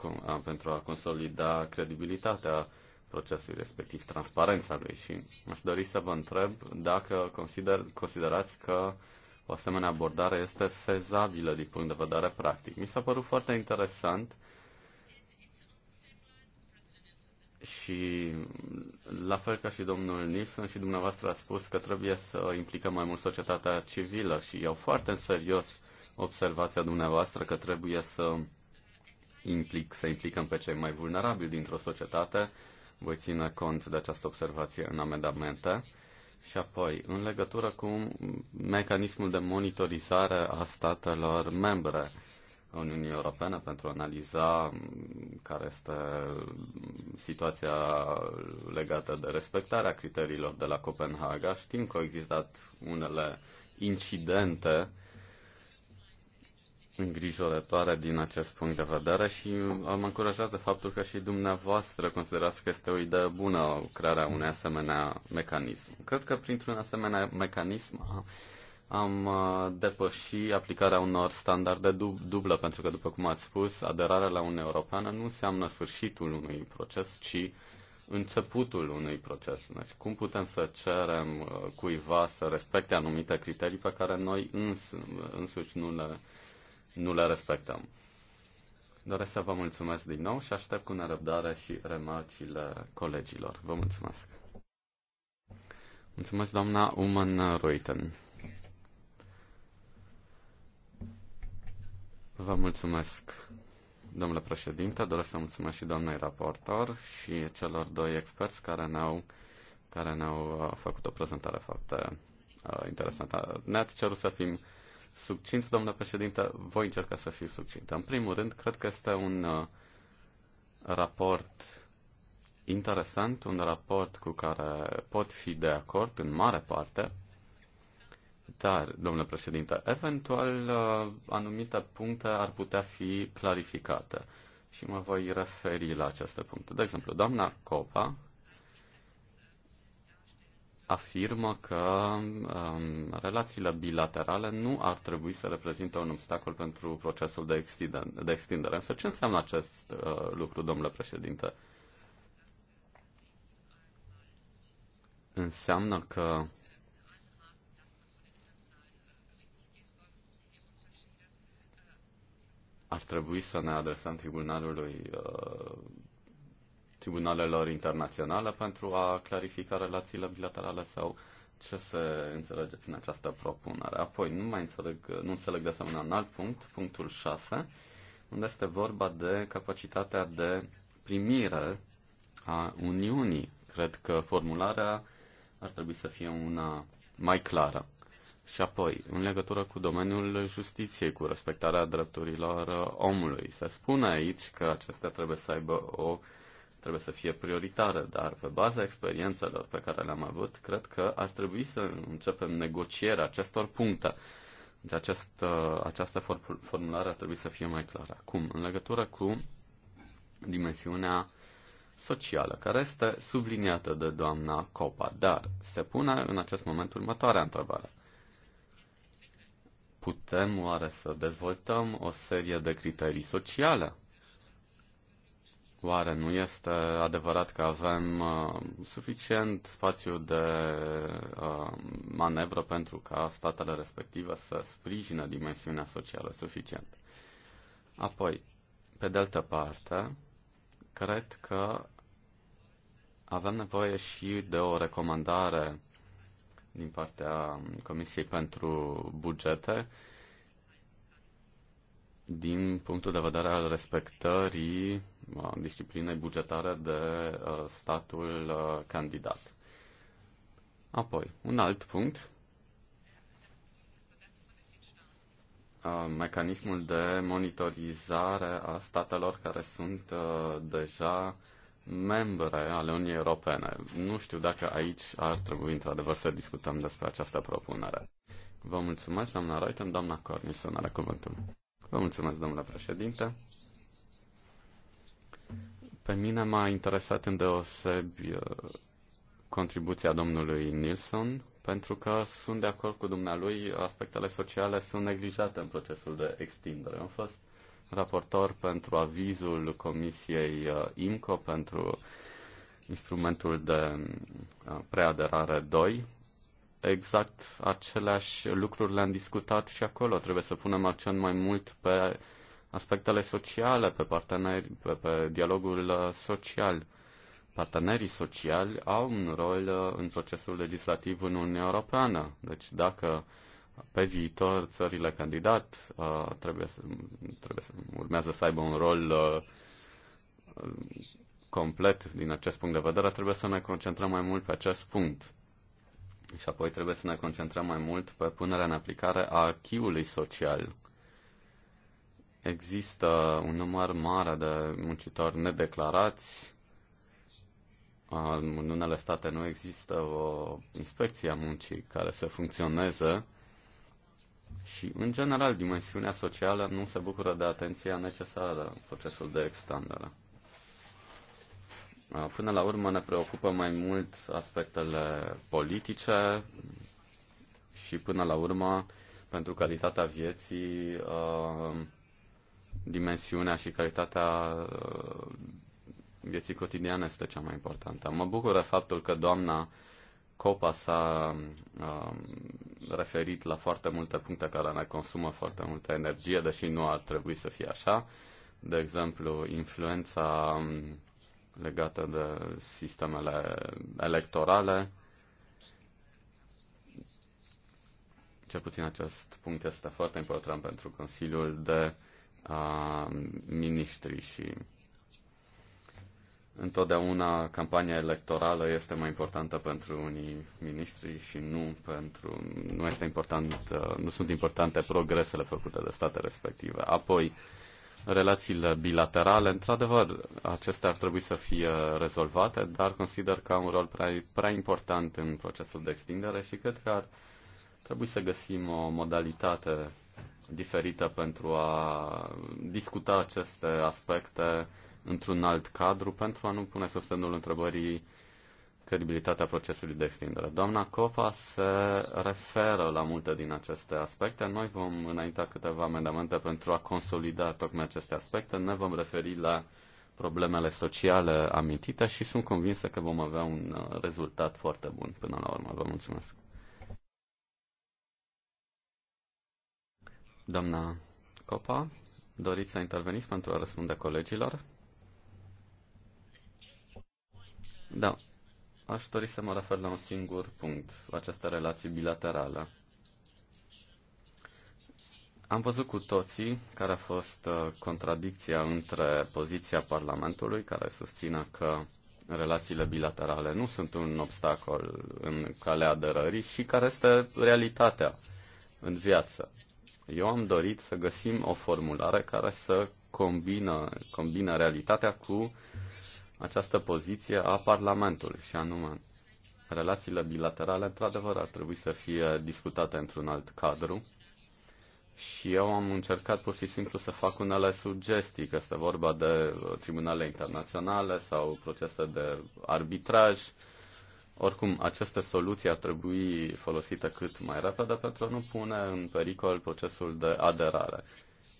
Speaker 1: pentru a consolida credibilitatea procesului respectiv, transparența lui. Și aș dori să vă întreb dacă consider, considerați că o asemenea abordare este fezabilă din punct de vedere practic. Mi s-a părut foarte interesant și la fel ca și domnul Nilsson și dumneavoastră a spus că trebuie să implicăm mai mult societatea civilă și iau foarte în serios observația dumneavoastră că trebuie să, implic, să implicăm pe cei mai vulnerabili dintr-o societate. Voi ține cont de această observație în amendamente. Și apoi, în legătură cu mecanismul de monitorizare a statelor membre a Uniunii Europene pentru a analiza care este situația legată de respectarea criteriilor de la Copenhaga, știm că au existat unele incidente îngrijorătoare din acest punct de vedere și mă încurajează faptul că și dumneavoastră considerați că este o idee bună crearea unui asemenea mecanism. Cred că printr-un asemenea mecanism am uh, depăși aplicarea unor standarde dub- dublă, pentru că, după cum ați spus, aderarea la Uniunea Europeană nu înseamnă sfârșitul unui proces, ci începutul unui proces. Deci, cum putem să cerem uh, cuiva să respecte anumite criterii pe care noi îns- însuși nu le nu le respectăm. Doresc să vă mulțumesc din nou și aștept cu nerăbdare și remarcile colegilor. Vă mulțumesc. Mulțumesc, doamna Uman Reuten. Vă mulțumesc, domnule președinte. Doresc să mulțumesc și doamnei raportor și celor doi experți care ne-au, care ne-au uh, făcut o prezentare foarte uh, interesantă. Ne-ați cerut să fim succint, domnule președinte, voi încerca să fiu succint. În primul rând, cred că este un uh, raport interesant, un raport cu care pot fi de acord în mare parte, dar, domnule președinte, eventual uh, anumite puncte ar putea fi clarificate. Și mă voi referi la aceste puncte. De exemplu, doamna Copa afirmă că um, relațiile bilaterale nu ar trebui să reprezinte un obstacol pentru procesul de, extindere, de extindere. Însă ce înseamnă acest uh, lucru, domnule președinte? Înseamnă că ar trebui să ne adresăm tribunalului uh, tribunalelor internaționale pentru a clarifica relațiile bilaterale sau ce se înțelege prin această propunere. Apoi, nu mai înțeleg, nu înțeleg de asemenea un alt punct, punctul 6, unde este vorba de capacitatea de primire a Uniunii. Cred că formularea ar trebui să fie una mai clară. Și apoi, în legătură cu domeniul justiției, cu respectarea drepturilor omului, se spune aici că acestea trebuie să aibă o uh, trebuie să fie prioritară, dar pe baza experiențelor pe care le-am avut, cred că ar trebui să începem negocierea acestor puncte. Deci acest, uh, această formulare ar trebui să fie mai clară. Acum, în legătură cu dimensiunea socială, care este subliniată de doamna Copa, dar se pune în acest moment următoarea întrebare. Putem oare să dezvoltăm o serie de criterii sociale Oare nu este adevărat că avem uh, suficient spațiu de uh, manevră pentru ca statele respective să sprijină dimensiunea socială suficient? Apoi, pe de altă parte, cred că avem nevoie și de o recomandare din partea Comisiei pentru Bugete din punctul de vedere al respectării Uh, disciplinei bugetare de uh, statul uh, candidat. Apoi, un alt punct, mecanismul de monitorizare a statelor care sunt deja membre ale Uniunii Europene. Nu știu dacă aici ar trebui într-adevăr să discutăm despre această propunere. Vă mulțumesc, doamna Reuten, doamna Cornison are cuvântul. Vă mulțumesc, domnule președinte. Pe mine m-a interesat îndeosebi uh, contribuția domnului Nilsson, pentru că sunt de acord cu dumnealui, aspectele sociale sunt neglijate în procesul de extindere. Am fost raportor pentru avizul Comisiei uh, IMCO pentru instrumentul de uh, preaderare 2. Exact aceleași lucruri le-am discutat și acolo. Trebuie să punem accent mai mult pe aspectele sociale, pe, parteneri, pe, pe dialogul uh, social. Partenerii sociali au un rol uh, în procesul legislativ în Uniunea Europeană. Deci dacă pe viitor țările candidat uh, trebuie să, trebuie să, urmează să aibă un rol complet din acest punct de vedere, trebuie să ne concentrăm mai mult pe acest punct. Și apoi trebuie să ne concentrăm mai mult pe punerea în aplicare a acquis social Există un număr mare de muncitori nedeclarați. În unele state nu există o inspecție a muncii care să funcționeze și, în general, dimensiunea socială nu se bucură de atenția necesară în procesul de extindere. Până la urmă ne preocupă mai mult aspectele politice și, până la urmă, pentru calitatea vieții uh, dimensiunea și calitatea uh, vieții cotidiane este cea mai importantă. Mă bucură faptul că doamna Copa s-a uh, referit la foarte multe puncte care ne consumă foarte multă energie, deși nu ar trebui să fie așa. De exemplu, influența um, legată de sistemele electorale. Cel puțin acest punct este foarte important pentru Consiliul de uh, a ministrii și întotdeauna campania electorală este mai importantă pentru unii ministri și nu pentru nu este important uh, nu sunt importante progresele făcute de state respective. Apoi relațiile bilaterale, într-adevăr, acestea ar trebui să fie rezolvate, dar consider că au un rol prea, prea important în procesul de extindere și cred că ar trebui să găsim o modalitate diferite pentru a discuta aceste aspecte într-un alt cadru, pentru a nu pune sub semnul întrebării credibilitatea procesului de extindere. Doamna Cofa se referă la multe din aceste aspecte. Noi vom înainta câteva amendamente pentru a consolida tocmai aceste aspecte. Ne vom referi la problemele sociale amintite și sunt convinsă că vom avea un uh, rezultat foarte bun până la urmă. Vă mulțumesc! Doamna Copa, doriți să interveniți pentru a răspunde colegilor? Da. Aș dori să mă refer la un singur punct, această relație bilaterală. Am văzut cu toții care a fost uh, contradicția între poziția Parlamentului, care susține că relațiile bilaterale nu sunt un obstacol în calea aderării și care este realitatea în viață. Eu am dorit să găsim o formulare care să combină, combină realitatea cu această poziție a Parlamentului, și anume relațiile bilaterale, într-adevăr, ar trebui să fie discutate într-un alt cadru. Și eu am încercat pur și simplu să fac unele sugestii, că este vorba de uh, tribunale internaționale sau procese de arbitraj, oricum, această soluție ar trebui folosită cât mai repede pentru a nu pune în pericol procesul de aderare,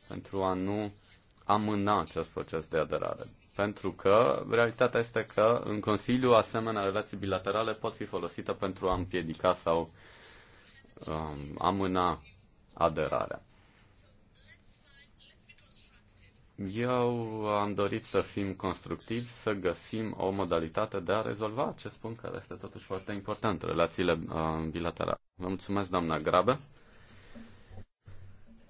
Speaker 1: pentru a nu amâna acest proces de aderare. Pentru că realitatea este că în Consiliu asemenea relații bilaterale pot fi folosite pentru a împiedica sau um, amâna aderarea. Eu am dorit să fim constructivi, să găsim o modalitate de a rezolva acest punct care este totuși foarte important, relațiile uh, bilaterale. Vă mulțumesc, doamna Grabe.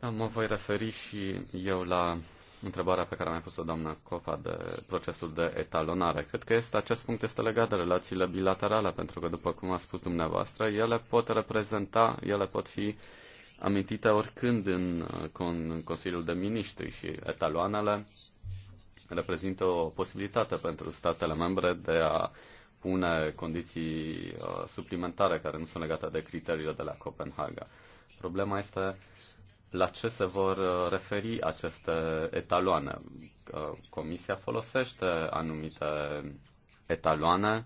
Speaker 1: Da, mă voi referi și eu la întrebarea pe care mi-a pus-o doamna Copa de procesul de etalonare. Cred că este, acest punct este legat de relațiile bilaterale, pentru că, după cum a spus dumneavoastră, ele pot reprezenta, ele pot fi uh, amintită oricând în, uh, în Consiliul de Miniștri și etaloanele reprezintă o posibilitate pentru statele membre de a pune condiții uh, suplimentare care nu sunt legate de criteriile de la Copenhaga. Problema este la ce se vor uh, referi aceste etaloane. Uh, Comisia folosește anumite etaloane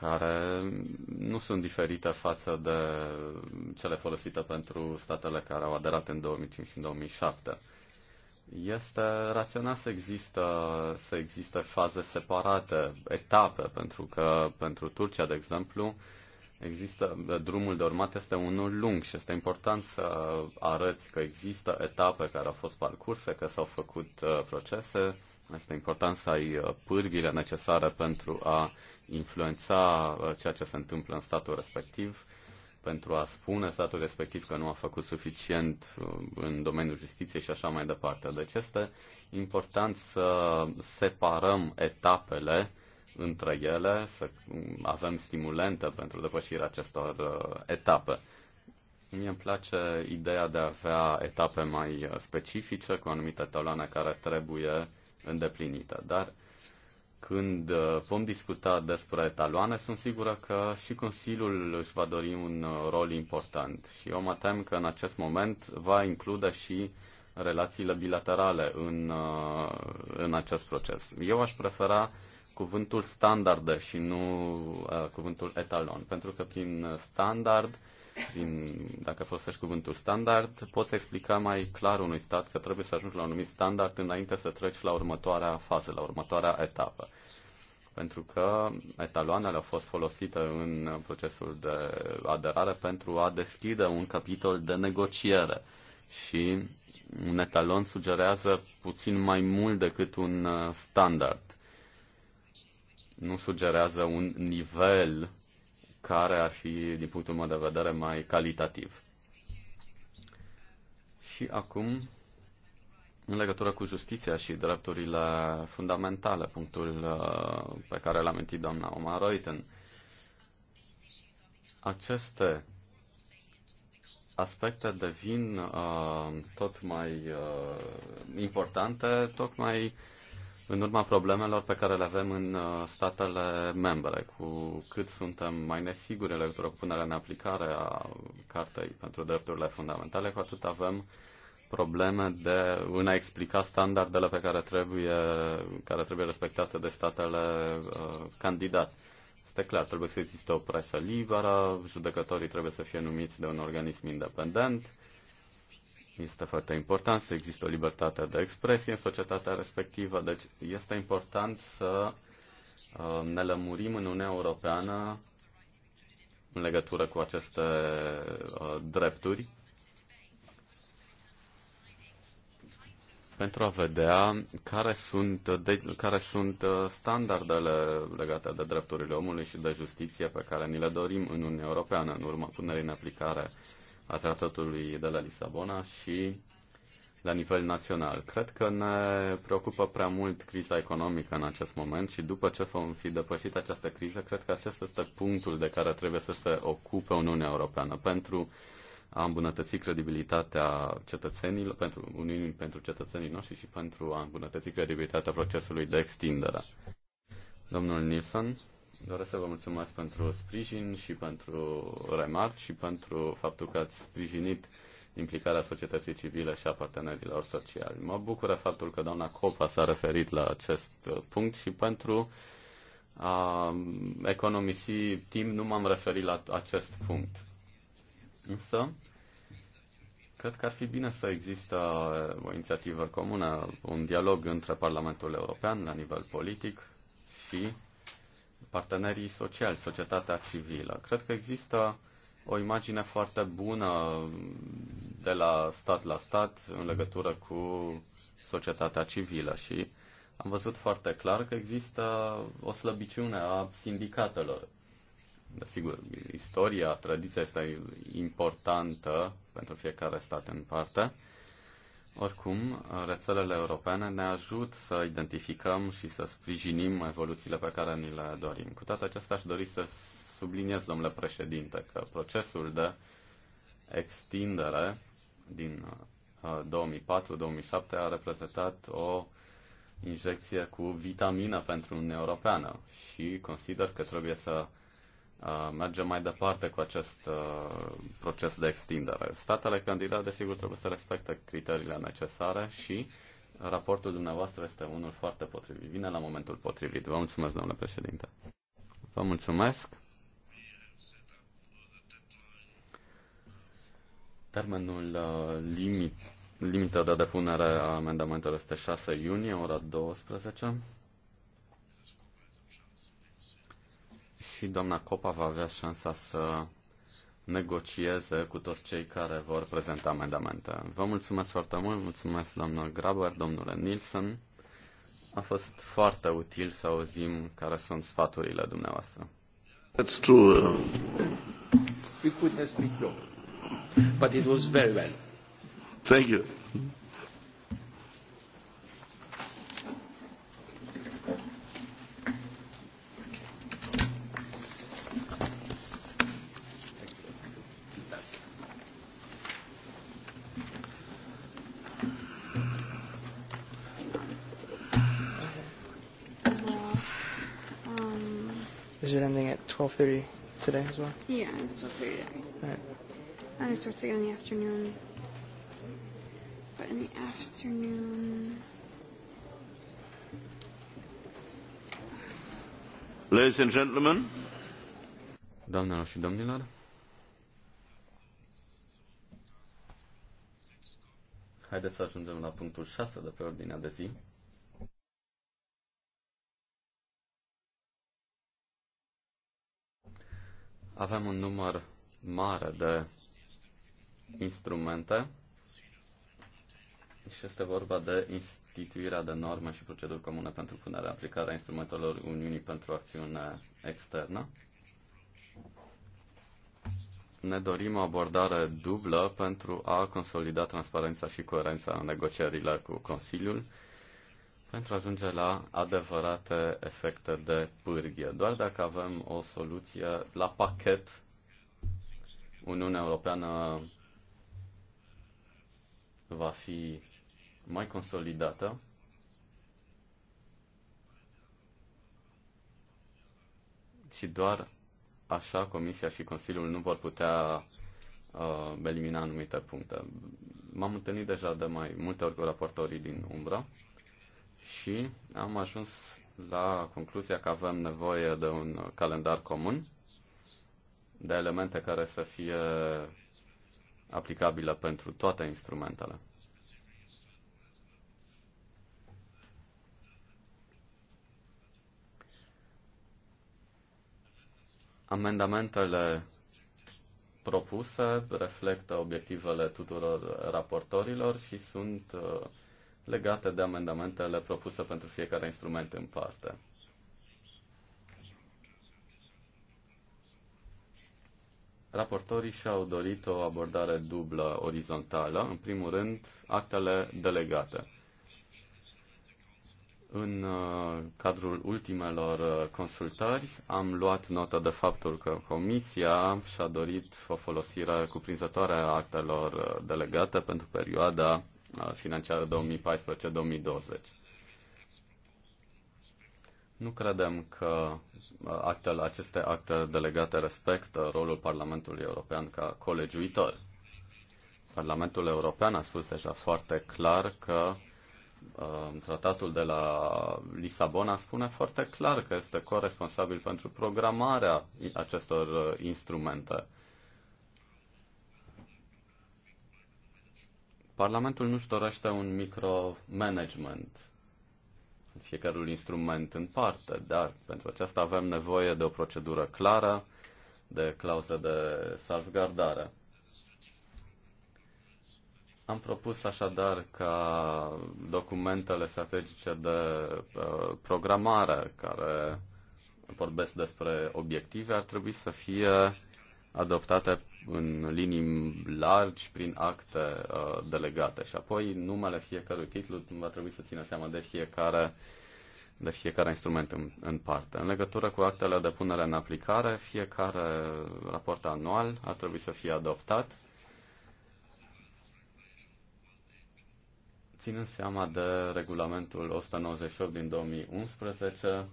Speaker 1: care nu sunt diferite față de cele folosite pentru statele care au aderat în 2005 și în 2007. Este rațional să există, să existe faze separate, etape, pentru că pentru Turcia, de exemplu, există, drumul de urmat este unul lung și este important să arăți că există etape care au fost parcurse, că s-au făcut uh, procese, este important să ai uh, pârghile necesare pentru a influența uh, ceea ce se întâmplă în statul respectiv, pentru a spune statul respectiv că nu a făcut suficient uh, în domeniul justiției și așa mai departe. Deci este important să separăm etapele între ele, să avem stimulente pentru depășirea acestor uh, etape. Mie îmi place ideea de a avea etape mai specifice cu anumite taloane care trebuie îndeplinite, dar când uh, vom discuta despre taloane, sunt sigură că și Consiliul își va dori un uh, rol important și eu mă tem că în acest moment va include și relațiile bilaterale în, uh, în acest proces. Eu aș prefera cuvântul standarde și nu uh, cuvântul etalon, pentru că prin standard prin, dacă folosești cuvântul standard, poți explica mai clar unui stat că trebuie să ajungi la un anumit standard înainte să treci la următoarea fază, la următoarea etapă. Pentru că etaloanele au fost folosite în procesul de aderare pentru a deschide un capitol de negociere și un etalon sugerează puțin mai mult decât un standard. Nu sugerează un nivel care ar fi, din punctul meu de vedere, mai calitativ. Și acum, în legătură cu justiția și drepturile fundamentale, punctul uh, pe care l-a amintit doamna Omar Reuten, aceste aspecte devin uh, tot mai uh, importante, tocmai în urma problemelor pe care le avem în uh, statele membre, cu cât suntem mai nesiguri în legătură cu punerea în aplicare a Cartei pentru Drepturile Fundamentale, cu atât avem probleme de, în a explica standardele pe care trebuie, care trebuie respectate de statele uh, candidat. Este clar, trebuie să existe o presă liberă, judecătorii trebuie să fie numiți de un organism independent, uh, este foarte important să există o libertate de expresie în societatea respectivă, deci este important să uh, ne lămurim în Uniunea Europeană în legătură cu aceste uh, drepturi pentru a vedea care sunt, de, care sunt uh, standardele legate de drepturile omului și de justiție pe care ni le dorim în Uniunea Europeană în urma punerii în aplicare a tratatului de la Lisabona și la nivel național. Cred că ne preocupă prea mult criza economică în acest moment și după ce vom fi depășit această criză, cred că acesta este punctul de care trebuie să se ocupe Uniunea Europeană pentru a îmbunătăți credibilitatea cetățenilor, pentru Uniunii, pentru cetățenii noștri și pentru a îmbunătăți credibilitatea procesului de extindere. Domnul Nilsson, Doresc să vă mulțumesc pentru sprijin și pentru remarci și pentru faptul că ați sprijinit implicarea societății civile și a partenerilor sociali. Mă bucură faptul că doamna Copa s-a referit la acest punct și pentru a economisi timp nu m-am referit la acest punct. Însă, cred că ar fi bine să există o inițiativă comună, un dialog între Parlamentul European la nivel politic și partenerii sociali, societatea civilă. Cred că există o imagine foarte bună de la stat la stat în legătură cu societatea civilă și am văzut foarte clar că există o slăbiciune a sindicatelor. Desigur, istoria, tradiția este importantă pentru fiecare stat în parte, oricum, rețelele europene ne ajut să identificăm și să sprijinim evoluțiile pe care ni le dorim. Cu toate acestea, aș dori să subliniez, domnule președinte, că procesul de extindere din 2004-2007 uh, a reprezentat o injecție cu vitamină pentru Uniunea Europeană și consider că trebuie să Uh, merge mai departe cu acest uh, proces de extindere. Statele candidate, desigur, trebuie să respecte criteriile necesare și raportul dumneavoastră este unul foarte potrivit. Vine la momentul potrivit. Vă mulțumesc, domnule președinte. Vă mulțumesc. Termenul uh, limit, limită de depunere a amendamentelor este 6 iunie, ora 12. și doamna Copa va avea șansa să negocieze cu toți cei care vor prezenta amendamente. Vă mulțumesc foarte mult, mulțumesc domnul Graber, domnule Nilsson. A fost foarte util să auzim care sunt sfaturile dumneavoastră. That's true. We couldn't speak long, but it was very well. Thank you.
Speaker 3: 12.30 today as
Speaker 4: well? Yeah, it's 12.30 today. All right. And it starts again in the afternoon.
Speaker 2: But in the afternoon...
Speaker 1: Ladies and gentlemen. Doamnelor și domnilor. Haideți să ajungem la punctul 6 de pe ordinea de zi. Avem un număr mare de instrumente și este vorba de instituirea de norme și proceduri comune pentru punerea aplicarea aplicare a instrumentelor Uniunii pentru acțiune externă. Ne dorim o abordare dublă pentru a consolida transparența și coerența în negocierile cu Consiliul pentru a ajunge la adevărate efecte de pârghie. Doar dacă avem o soluție la pachet, Uniunea Europeană va fi mai consolidată și doar așa Comisia și Consiliul nu vor putea uh, elimina anumite puncte. M-am întâlnit deja de mai multe ori cu raportorii din umbră și am ajuns la concluzia că avem nevoie de un calendar comun, de elemente care să fie aplicabile pentru toate instrumentele. Amendamentele propuse reflectă obiectivele tuturor raportorilor și sunt uh, legate de amendamentele propuse pentru fiecare instrument în parte. Raportorii și-au dorit o abordare dublă orizontală, în primul rând actele delegate. În uh, cadrul ultimelor uh, consultări am luat notă de faptul că Comisia și-a dorit o folosire cuprinzătoare a actelor uh, delegate pentru perioada Uh, financiară 2014-2020. Nu credem că uh, actele, aceste acte delegate respectă rolul Parlamentului European ca colegiuitor. Parlamentul European a spus deja foarte clar că uh, tratatul de la Lisabona spune foarte clar că este corresponsabil pentru programarea acestor instrumente. Parlamentul nu-și dorește un micromanagement fiecărui instrument în parte, dar pentru aceasta avem nevoie de o procedură clară, de clauze de salvgardare. Am propus așadar ca documentele strategice de uh, programare care vorbesc despre obiective ar trebui să fie adoptate în linii largi prin acte uh, delegate și apoi numele fiecărui titlu va trebui să țină seama de fiecare de fiecare instrument în, în parte. În legătură cu actele de punere în aplicare, fiecare raport anual ar trebui să fie adoptat ținând seama de regulamentul 198 din 2011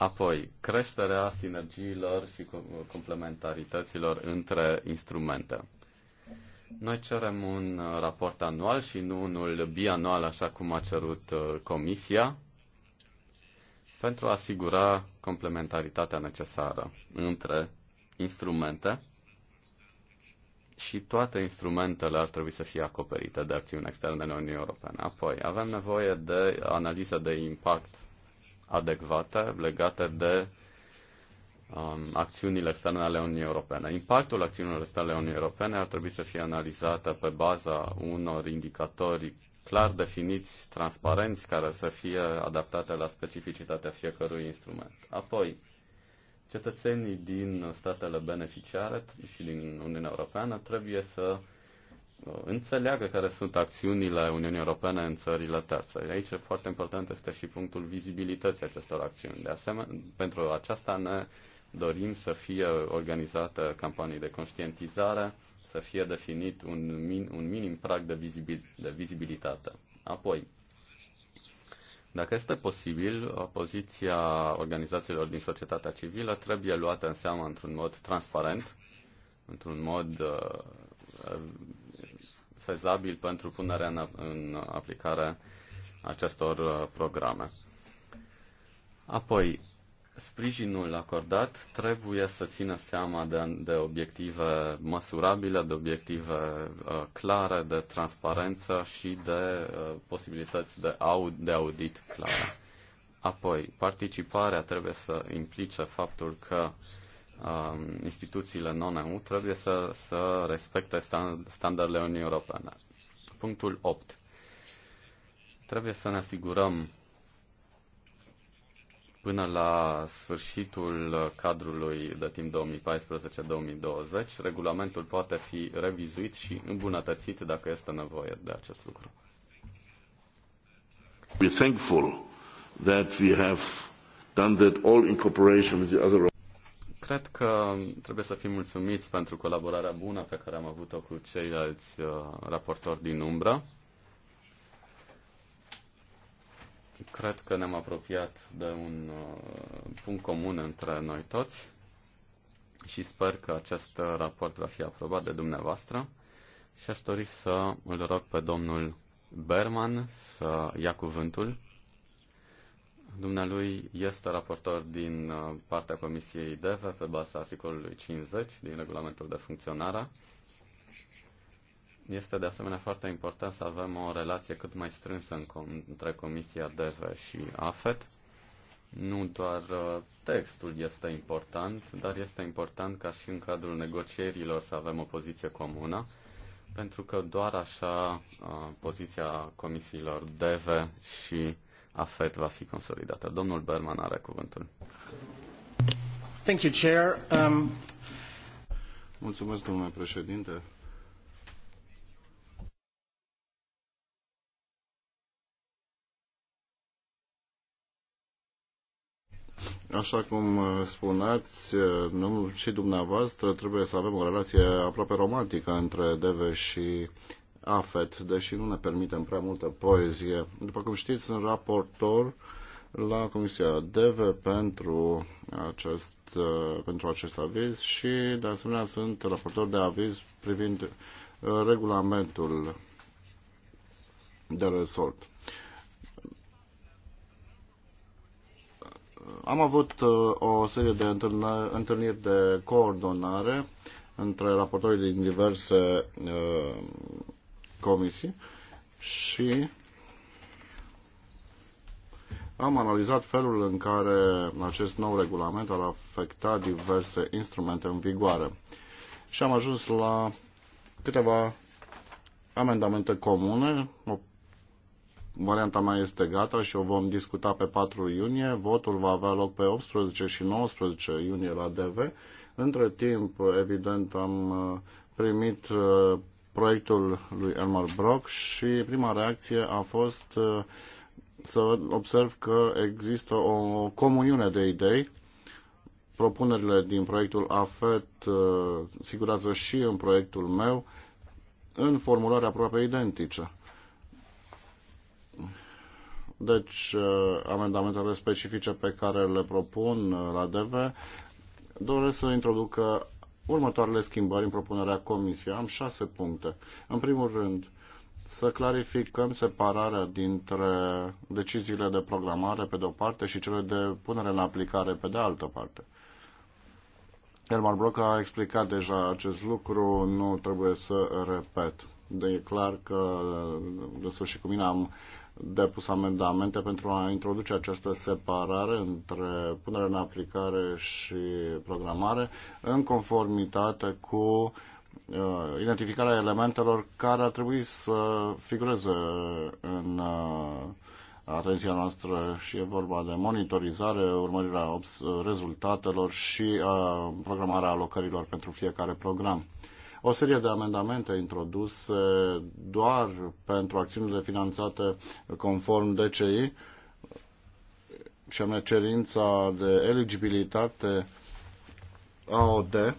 Speaker 1: Apoi, creșterea sinergiilor și complementarităților între instrumente. Noi cerem un uh, raport anual și nu unul bianual, așa cum a cerut uh, Comisia, pentru a asigura complementaritatea necesară între instrumente și toate instrumentele ar trebui să fie acoperite de acțiuni externe ale Uniunii Europene. Apoi, avem nevoie de analiză de impact adecvate legate de um, acțiunile externe ale Uniunii Europene. Impactul acțiunilor externe ale Uniunii Europene ar trebui să fie analizată pe baza unor indicatori clar definiți, transparenți, care să fie adaptate la specificitatea fiecărui instrument. Apoi, cetățenii din statele beneficiare și din Uniunea Europeană trebuie să înțeleagă care sunt acțiunile Uniunii Europene în țările terțe. Aici foarte important este și punctul vizibilității acestor acțiuni. De asemenea, pentru aceasta ne dorim să fie organizată campanii de conștientizare, să fie definit un, min, un minim prag de, vizibil, de vizibilitate. Apoi, dacă este posibil, poziția organizațiilor din societatea civilă trebuie luată în seamă într-un mod transparent, într-un mod uh, fezabil pentru punerea în, în aplicare acestor uh, programe. Apoi, sprijinul acordat trebuie să țină seama de, de obiective măsurabile, de obiective uh, clare, de transparență și de uh, posibilități de, aud, de audit clare. Apoi, participarea trebuie să implice faptul că uh, Um, instituțiile non-EU trebuie să, să respecte standardele Uniunii Europene. Punctul 8. Trebuie să ne asigurăm până la sfârșitul cadrului de timp 2014-2020, regulamentul poate fi revizuit și îmbunătățit dacă este nevoie de acest lucru.
Speaker 2: We're thankful that we have done that all in cooperation with the other
Speaker 1: Cred că trebuie să fim mulțumiți pentru colaborarea bună pe care am avut-o cu ceilalți uh, raportori din umbră. Cred că ne-am apropiat de un uh, punct comun între noi toți și sper că acest raport va fi aprobat de dumneavoastră și aș dori să îl rog pe domnul Berman să ia cuvântul Dumnealui este raportor din uh, partea Comisiei DEVE pe baza articolului 50 din regulamentul de funcționare. Este de asemenea foarte important să avem o relație cât mai strânsă între Comisia DEVE și AFET. Nu doar uh, textul este important, dar este important ca și în cadrul negocierilor să avem o poziție comună, pentru că doar așa uh, poziția comisiilor DEVE și AFET va fi consolidată. Domnul Berman are cuvântul.
Speaker 4: Thank you, Chair. Um...
Speaker 2: Mulțumesc, domnule președinte. Așa cum uh, spuneați uh, și dumneavoastră, trebuie să avem o relație aproape romantică între DEVE și AFET, deși nu ne permitem prea multă poezie. După cum știți, sunt raportor la Comisia DV pentru acest, pentru acest aviz și, de asemenea, sunt raportor de aviz privind regulamentul de resort. Am avut uh, o serie de întâlniri de coordonare între raportorii din diverse uh, comisii și am analizat felul în care acest nou regulament ar afecta diverse instrumente în vigoare și am ajuns la câteva amendamente comune. O varianta mai este gata și o vom discuta pe 4 iunie. Votul va avea loc pe 18 și 19 iunie la DV. Între timp, evident, am uh, primit uh, proiectul lui Elmar Brock și prima reacție a fost uh, să observ că există o comuniune de idei. Propunerile din proiectul AFET uh, figurează și în proiectul meu în formulări aproape identice. Deci, uh, amendamentele specifice pe care le propun la DV doresc să introducă următoarele schimbări în propunerea Comisiei. Am șase puncte. În primul rând, să clarificăm separarea dintre deciziile de programare pe de o parte și cele de punere în aplicare pe de altă parte. Elmar Broc a explicat deja acest lucru, nu trebuie să repet. De e clar că, de și cu mine, am depus amendamente pentru a introduce această separare între punere în aplicare și programare în conformitate cu uh, identificarea elementelor care ar trebui să figureze în uh, atenția noastră și e vorba de monitorizare, urmărirea rezultatelor și uh, programarea alocărilor pentru fiecare program o serie de amendamente introduse doar pentru acțiunile finanțate conform DCI și anume cerința de eligibilitate AOD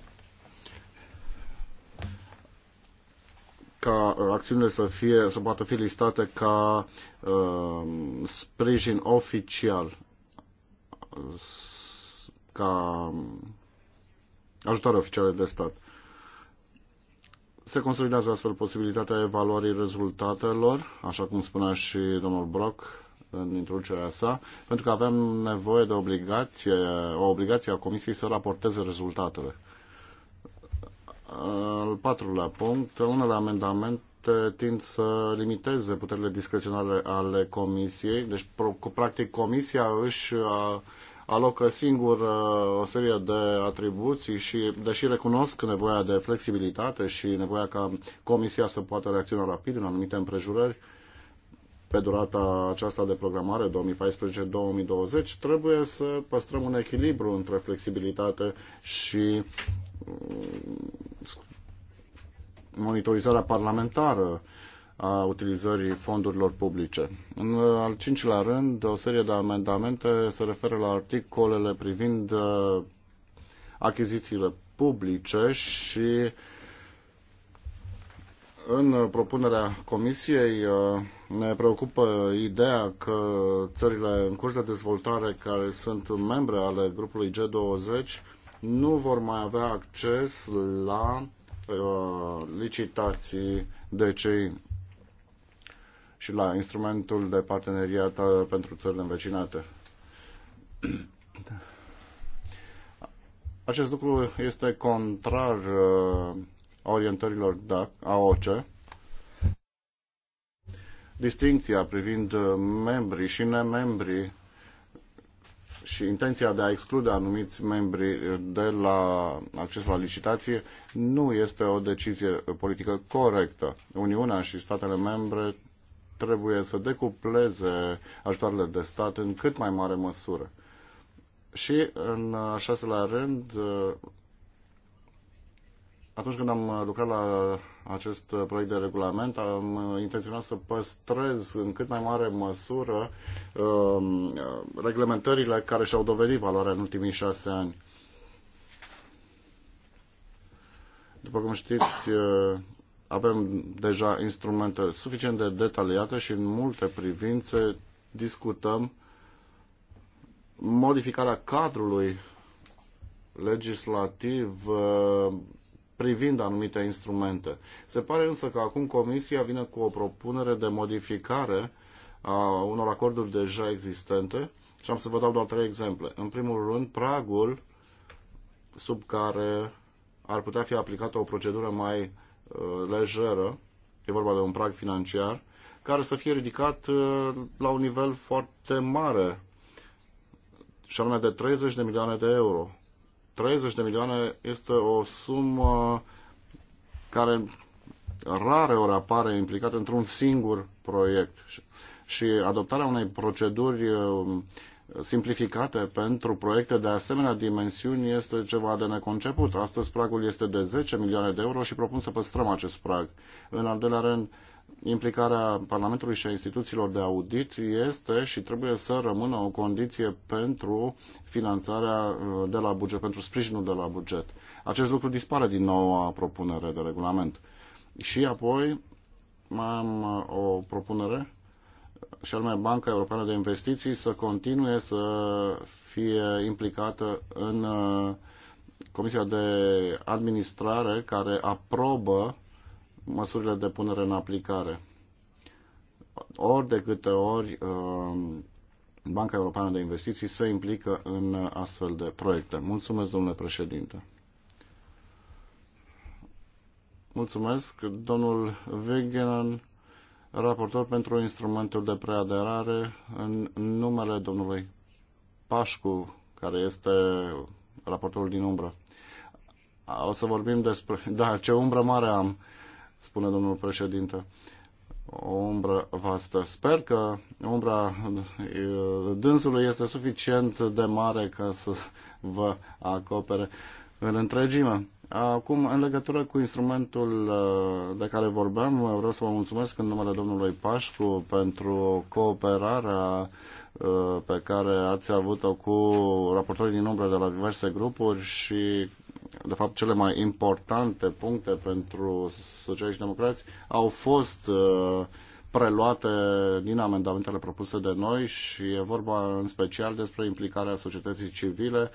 Speaker 2: ca uh, acțiunile să, fie, să poată fi listate ca uh, sprijin oficial, uh, ca um, ajutoare oficiale de stat se consolidează astfel posibilitatea evaluării rezultatelor, așa cum spunea și domnul Brock în introducerea sa, pentru că avem nevoie de obligație, o obligație a Comisiei să raporteze rezultatele. Al patrulea punct, unele amendamente tind să limiteze puterile discreționale ale Comisiei, deci practic Comisia își alocă singur uh, o serie de atribuții și, deși recunosc nevoia de flexibilitate și nevoia ca Comisia să poată reacționa rapid în anumite împrejurări, pe durata aceasta de programare 2014-2020, trebuie să păstrăm un echilibru între flexibilitate și mm, monitorizarea parlamentară a utilizării fondurilor publice. În uh, al cincilea rând, o serie de amendamente se referă la articolele privind uh, achizițiile publice și în propunerea Comisiei uh, ne preocupă ideea că țările în curs de dezvoltare care sunt membre ale grupului G20 nu vor mai avea acces la uh, licitații DCI și la instrumentul de parteneriat uh, pentru țările învecinate. Da. Acest lucru este contrar uh, orientărilor AOC. Distinția privind uh, membrii și nemembrii și intenția de a exclude anumiți membri de la acces la licitație nu este o decizie politică corectă. Uniunea și statele membre trebuie să decupleze ajutoarele de stat în cât mai mare măsură. Și în a șaselea rând, atunci când am lucrat la acest proiect de regulament, am intenționat să păstrez în cât mai mare măsură um, reglementările care și-au dovedit valoarea în ultimii șase ani. După cum știți, avem deja instrumente suficient de detaliate și în multe privințe discutăm modificarea cadrului legislativ uh, privind anumite instrumente. Se pare însă că acum Comisia vine cu o propunere de modificare a unor acorduri deja existente și am să vă dau doar trei exemple. În primul rând, pragul sub care ar putea fi aplicată o procedură mai Uh, lejeră, e vorba de un prag financiar, care să fie ridicat uh, la un nivel foarte mare, și anume de 30 de milioane de euro. 30 de milioane este o sumă care rare ori apare implicată într-un singur proiect. Și adoptarea unei proceduri uh, simplificate pentru proiecte de asemenea dimensiuni este ceva de neconceput. Astăzi pragul este de 10 milioane de euro și propun să păstrăm acest prag. În al doilea rând, implicarea Parlamentului și a instituțiilor de audit este și trebuie să rămână o condiție pentru finanțarea uh, de la buget, pentru sprijinul de la buget. Acest lucru dispare din noua propunere de regulament. Și apoi mai am uh, o propunere și anume Banca Europeană de Investiții să continue să fie implicată în uh, Comisia de Administrare care aprobă măsurile de punere în aplicare. Ori de câte ori uh, Banca Europeană de Investiții se implică în astfel de proiecte. Mulțumesc, domnule președinte. Mulțumesc, domnul Wegener raportor pentru instrumentul de preaderare în numele domnului Pașcu, care este raportorul din umbră. O să vorbim despre... Da, ce umbră mare am, spune domnul președinte. O umbră vastă. Sper că umbra uh, dânsului este suficient de mare ca să vă acopere în întregime. Acum, în legătură cu instrumentul uh, de care vorbeam, vreau să vă mulțumesc în numele domnului Pașcu pentru cooperarea uh, pe care ați avut-o cu raportorii din umbră de la diverse grupuri și, de fapt, cele mai importante puncte pentru socialiști democrați au fost uh, preluate din amendamentele propuse de noi și e vorba în special despre implicarea societății civile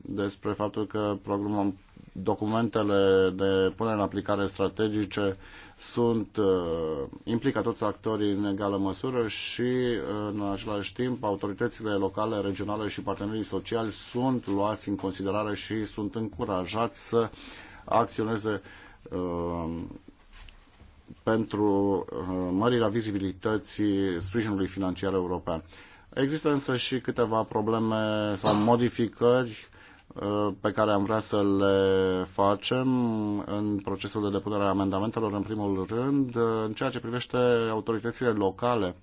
Speaker 2: despre faptul că programul, documentele de punere în aplicare strategice sunt uh, implică toți actorii în egală măsură și uh, în același timp autoritățile locale, regionale și partenerii sociali sunt luați în considerare și sunt încurajați să acționeze uh, pentru uh, mărirea vizibilității sprijinului financiar european. Există însă și câteva probleme sau modificări Uh, pe care am vrea să le facem în procesul de depunere a amendamentelor, în primul rând, uh, în ceea ce privește autoritățile locale.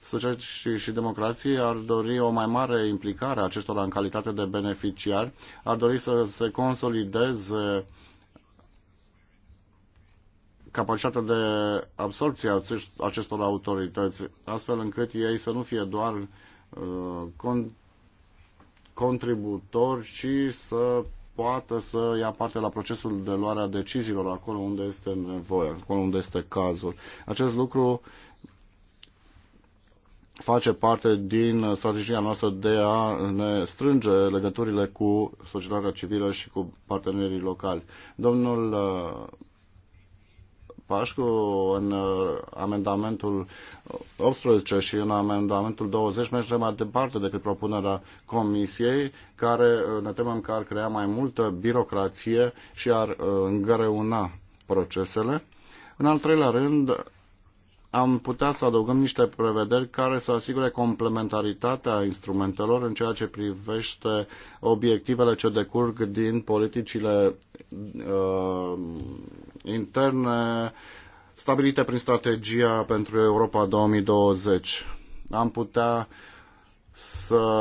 Speaker 2: societății și democrații ar dori o mai mare implicare a acestora în calitate de beneficiari, ar dori să se consolideze capacitatea de absorpție a acestor autorități, astfel încât ei să nu fie doar uh, contributori și să poată să ia parte la procesul de luare a deciziilor acolo unde este nevoie, acolo unde este cazul. Acest lucru face parte din strategia noastră de a ne strânge legăturile cu societatea civilă și cu partenerii locali. Domnul Pașcu în uh, amendamentul 18 și în amendamentul 20 mergem mai departe decât propunerea Comisiei, care uh, ne temem că ar crea mai multă birocrație și ar uh, îngreuna procesele. În al treilea rând, am putea să adăugăm niște prevederi care să asigure complementaritatea instrumentelor în ceea ce privește obiectivele ce decurg din politicile uh, interne stabilite prin strategia pentru Europa 2020. Am putea să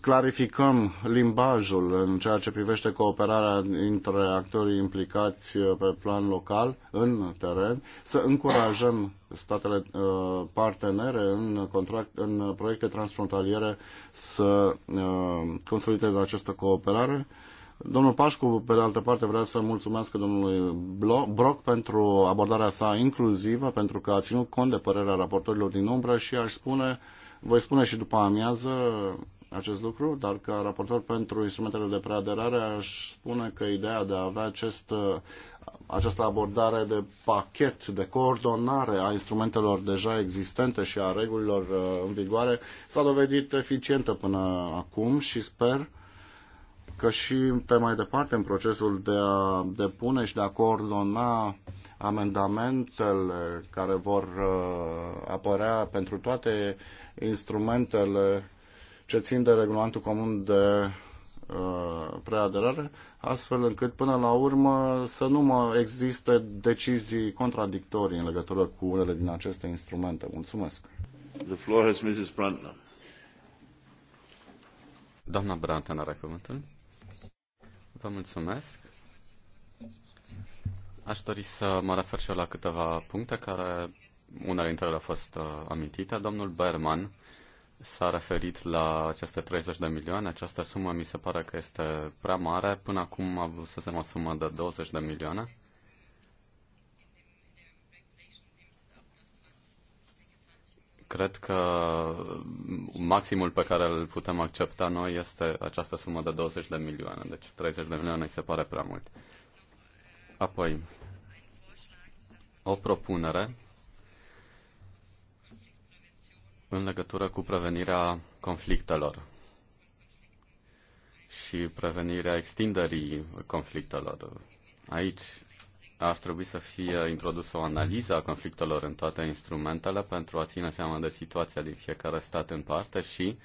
Speaker 2: clarificăm limbajul în ceea ce privește cooperarea dintre actorii implicați uh, pe plan local, în teren, să încurajăm statele uh, partenere în, contract, în proiecte transfrontaliere să uh, consolideze această cooperare. Domnul Pașcu, pe de altă parte, vrea să mulțumesc domnului Broc pentru abordarea sa inclusivă, pentru că a ținut cont de părerea raportorilor din umbră și aș spune, voi spune și după amiază, acest lucru, dar ca raportor pentru instrumentele de preaderare aș spune că ideea de a avea acest, această abordare de pachet, de coordonare a instrumentelor deja existente și a regulilor uh, în vigoare s-a dovedit eficientă până acum și sper că și pe mai departe în procesul de a depune și de a coordona amendamentele care vor uh, apărea pentru toate instrumentele ce țin de regulamentul comun de uh, preaderare, astfel încât până la urmă să nu mai existe decizii contradictorii în legătură cu unele din aceste instrumente. Mulțumesc.
Speaker 1: The floor has Mrs. Brantner. Doamna Brantner are cuvântul. Vă mulțumesc. Aș dori să mă refer și eu la câteva puncte care unele dintre ele au fost uh, amintite. Domnul Berman s-a referit la aceste 30 de milioane. Această sumă mi se pare că este prea mare. Până acum se o sumă de 20 de milioane. Cred că maximul pe care îl putem accepta noi este această sumă de 20 de milioane. Deci 30 de milioane îi se pare prea mult. Apoi, o propunere în legătură cu prevenirea conflictelor și prevenirea extinderii conflictelor. Aici ar trebui să fie introdusă o analiză a conflictelor în toate instrumentele pentru a ține seama de situația din fiecare stat în parte și,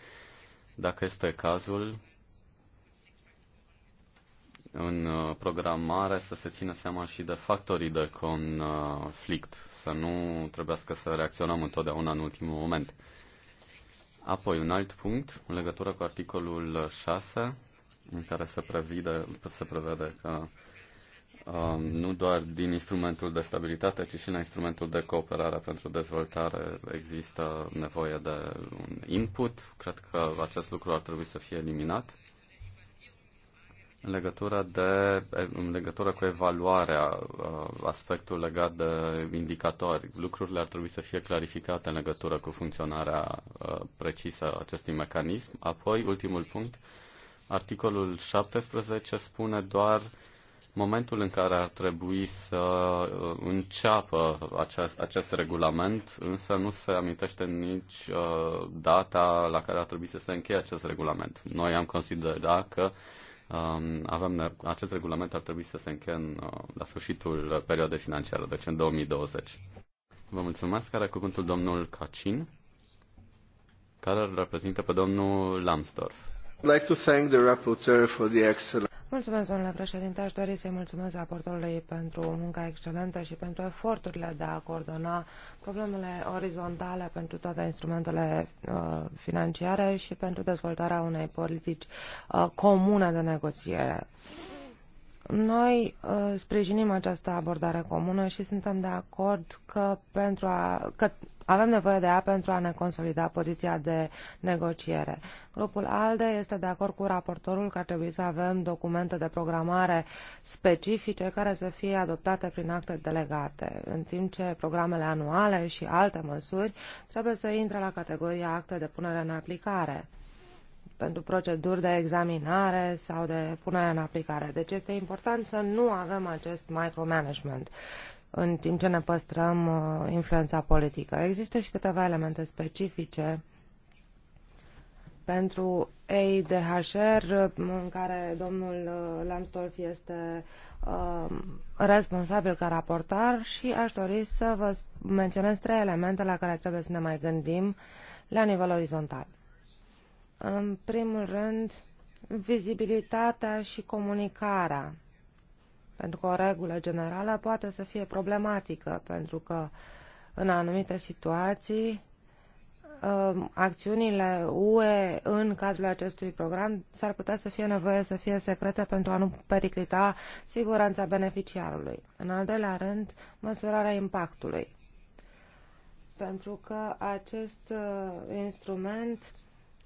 Speaker 1: dacă este cazul, în uh, programare să se țină seama și de factorii de conflict, să nu trebuiască să reacționăm întotdeauna în ultimul moment. Apoi, un alt punct, în legătură cu articolul 6, în care se previde, se prevede că um, nu doar din instrumentul de stabilitate, ci și la instrumentul de cooperare pentru dezvoltare există nevoie de un input. Cred că acest lucru ar trebui să fie eliminat în legătură, de, în legătură cu evaluarea, uh, aspectul legat de indicatori, lucrurile ar trebui să fie clarificate în legătură cu funcționarea uh, precisă a acestui mecanism. Apoi, ultimul punct, articolul 17 spune doar momentul în care ar trebui să uh, înceapă acest, acest regulament, însă nu se amintește nici data la care ar trebui să se încheie acest regulament. Noi am considerat că Um, avem, acest regulament ar trebui să se încheie în, uh, la sfârșitul perioadei financiare, deci în 2020. Vă mulțumesc. Care cuvântul domnul Cacin, care îl reprezintă pe domnul Lambsdorff. I'd like to thank the rapporteur for the excellent
Speaker 4: Mulțumesc, domnule președinte. Aș dori să-i mulțumesc raportorului pentru munca excelentă și pentru eforturile de a coordona problemele orizontale pentru toate instrumentele uh, financiare și pentru dezvoltarea unei politici uh, comune de negociere. Noi uh, sprijinim această abordare comună și suntem de acord că pentru a, că avem nevoie de ea pentru a ne consolida poziția de negociere. Grupul ALDE este de acord cu raportorul că ar trebui să avem documente de programare specifice care să fie adoptate prin acte delegate, în timp ce programele anuale și alte măsuri trebuie să intre la categoria acte de punere în aplicare pentru proceduri de examinare sau de punere în aplicare. Deci este important să nu avem acest micromanagement în timp ce ne păstrăm uh, influența politică. Există și câteva elemente specifice pentru EIDHR, uh, în care domnul uh, Lambsdorff este responsabil ca raportar și aș dori să vă menționez trei elemente la care trebuie să ne mai gândim la nivel orizontal. În primul rând, vizibilitatea și comunicarea pentru că o regulă generală poate să fie problematică, pentru că în anumite situații um, acțiunile UE în cadrul acestui program s-ar putea să fie nevoie să fie secrete pentru a nu periclita siguranța beneficiarului. În al doilea rând, măsurarea impactului. Pentru că acest uh, instrument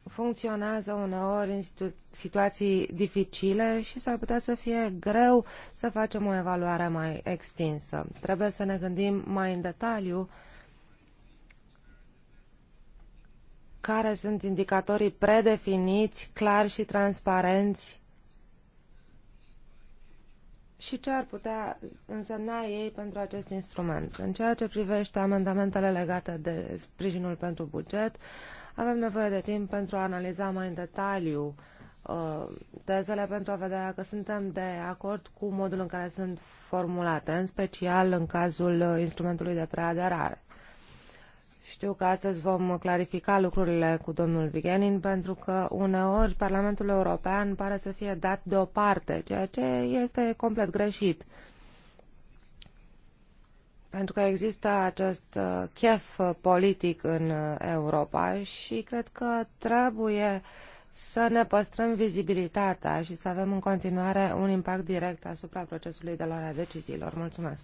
Speaker 4: funcționează uneori în situații dificile și s-ar putea să fie greu să facem o evaluare mai extinsă. Trebuie să ne gândim mai în detaliu care sunt indicatorii predefiniți, clari și transparenți și ce ar putea însemna ei pentru acest instrument. În ceea ce privește amendamentele legate de sprijinul pentru buget, uh, avem nevoie de timp pentru a analiza mai în detaliu uh, tezele pentru a vedea că suntem de acord cu modul în care sunt formulate, în special în cazul uh, instrumentului de preaderare. Știu că astăzi vom clarifica lucrurile cu domnul Vigenin pentru că uneori Parlamentul European pare să fie dat deoparte, ceea ce este complet greșit. Uh, pentru că există acest uh, chef politic în uh, Europa și cred că trebuie să ne păstrăm vizibilitatea și să avem în continuare un impact direct asupra procesului de luare a deciziilor. Mulțumesc.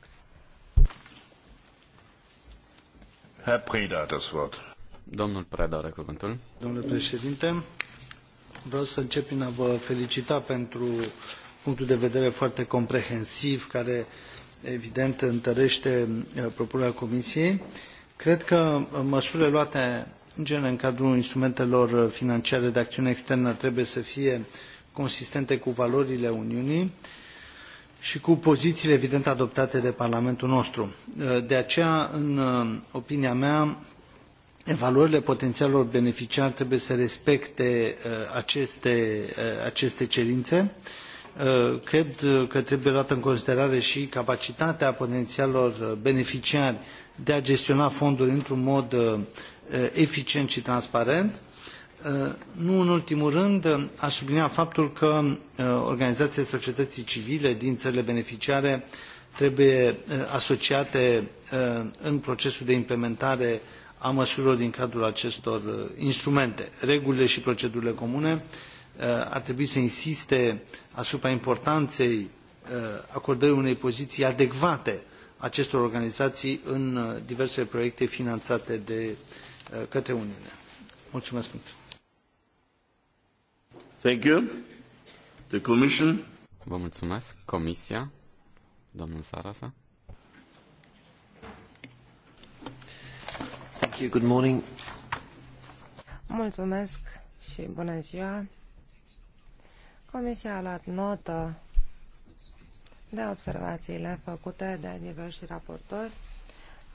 Speaker 1: Herr Preda, das Wort. Domnul Preda are cuvântul.
Speaker 3: Domnule președinte, vreau să încep prin a vă felicita pentru punctul de vedere foarte comprehensiv care uh, evident întărește uh, propunerea Comisiei. Cred că uh, măsurile luate în general în cadrul instrumentelor uh, financiare de acțiune externă trebuie să fie consistente cu valorile Uniunii și cu pozițiile evident adoptate de Parlamentul nostru. De aceea, în opinia mea, evaluările potențialilor beneficiari trebuie să respecte aceste, aceste cerințe. Uh, cred uh, că trebuie luată în considerare și capacitatea potenialilor uh, beneficiari de a gestiona fonduri într-un mod eficient și transparent. Nu în ultimul rând, a sublinia faptul că organizaiile societăii civile din ările beneficiare trebuie asociate în procesul de implementare a măsurilor din cadrul acestor instrumente. Regulile și procedurile comune Uh, ar trebui să insiste asupra importanței uh, acordării unei poziții adecvate acestor organizații în uh, diverse proiecte finanțate de către Uniune. Mulțumesc mult!
Speaker 1: Thank you. The Commission. Vă mulțumesc. Comisia, domnul Sarasa. Thank you. Good morning.
Speaker 4: Mulțumesc și bună ziua. Comisia a luat notă de observațiile făcute de diversi raportori.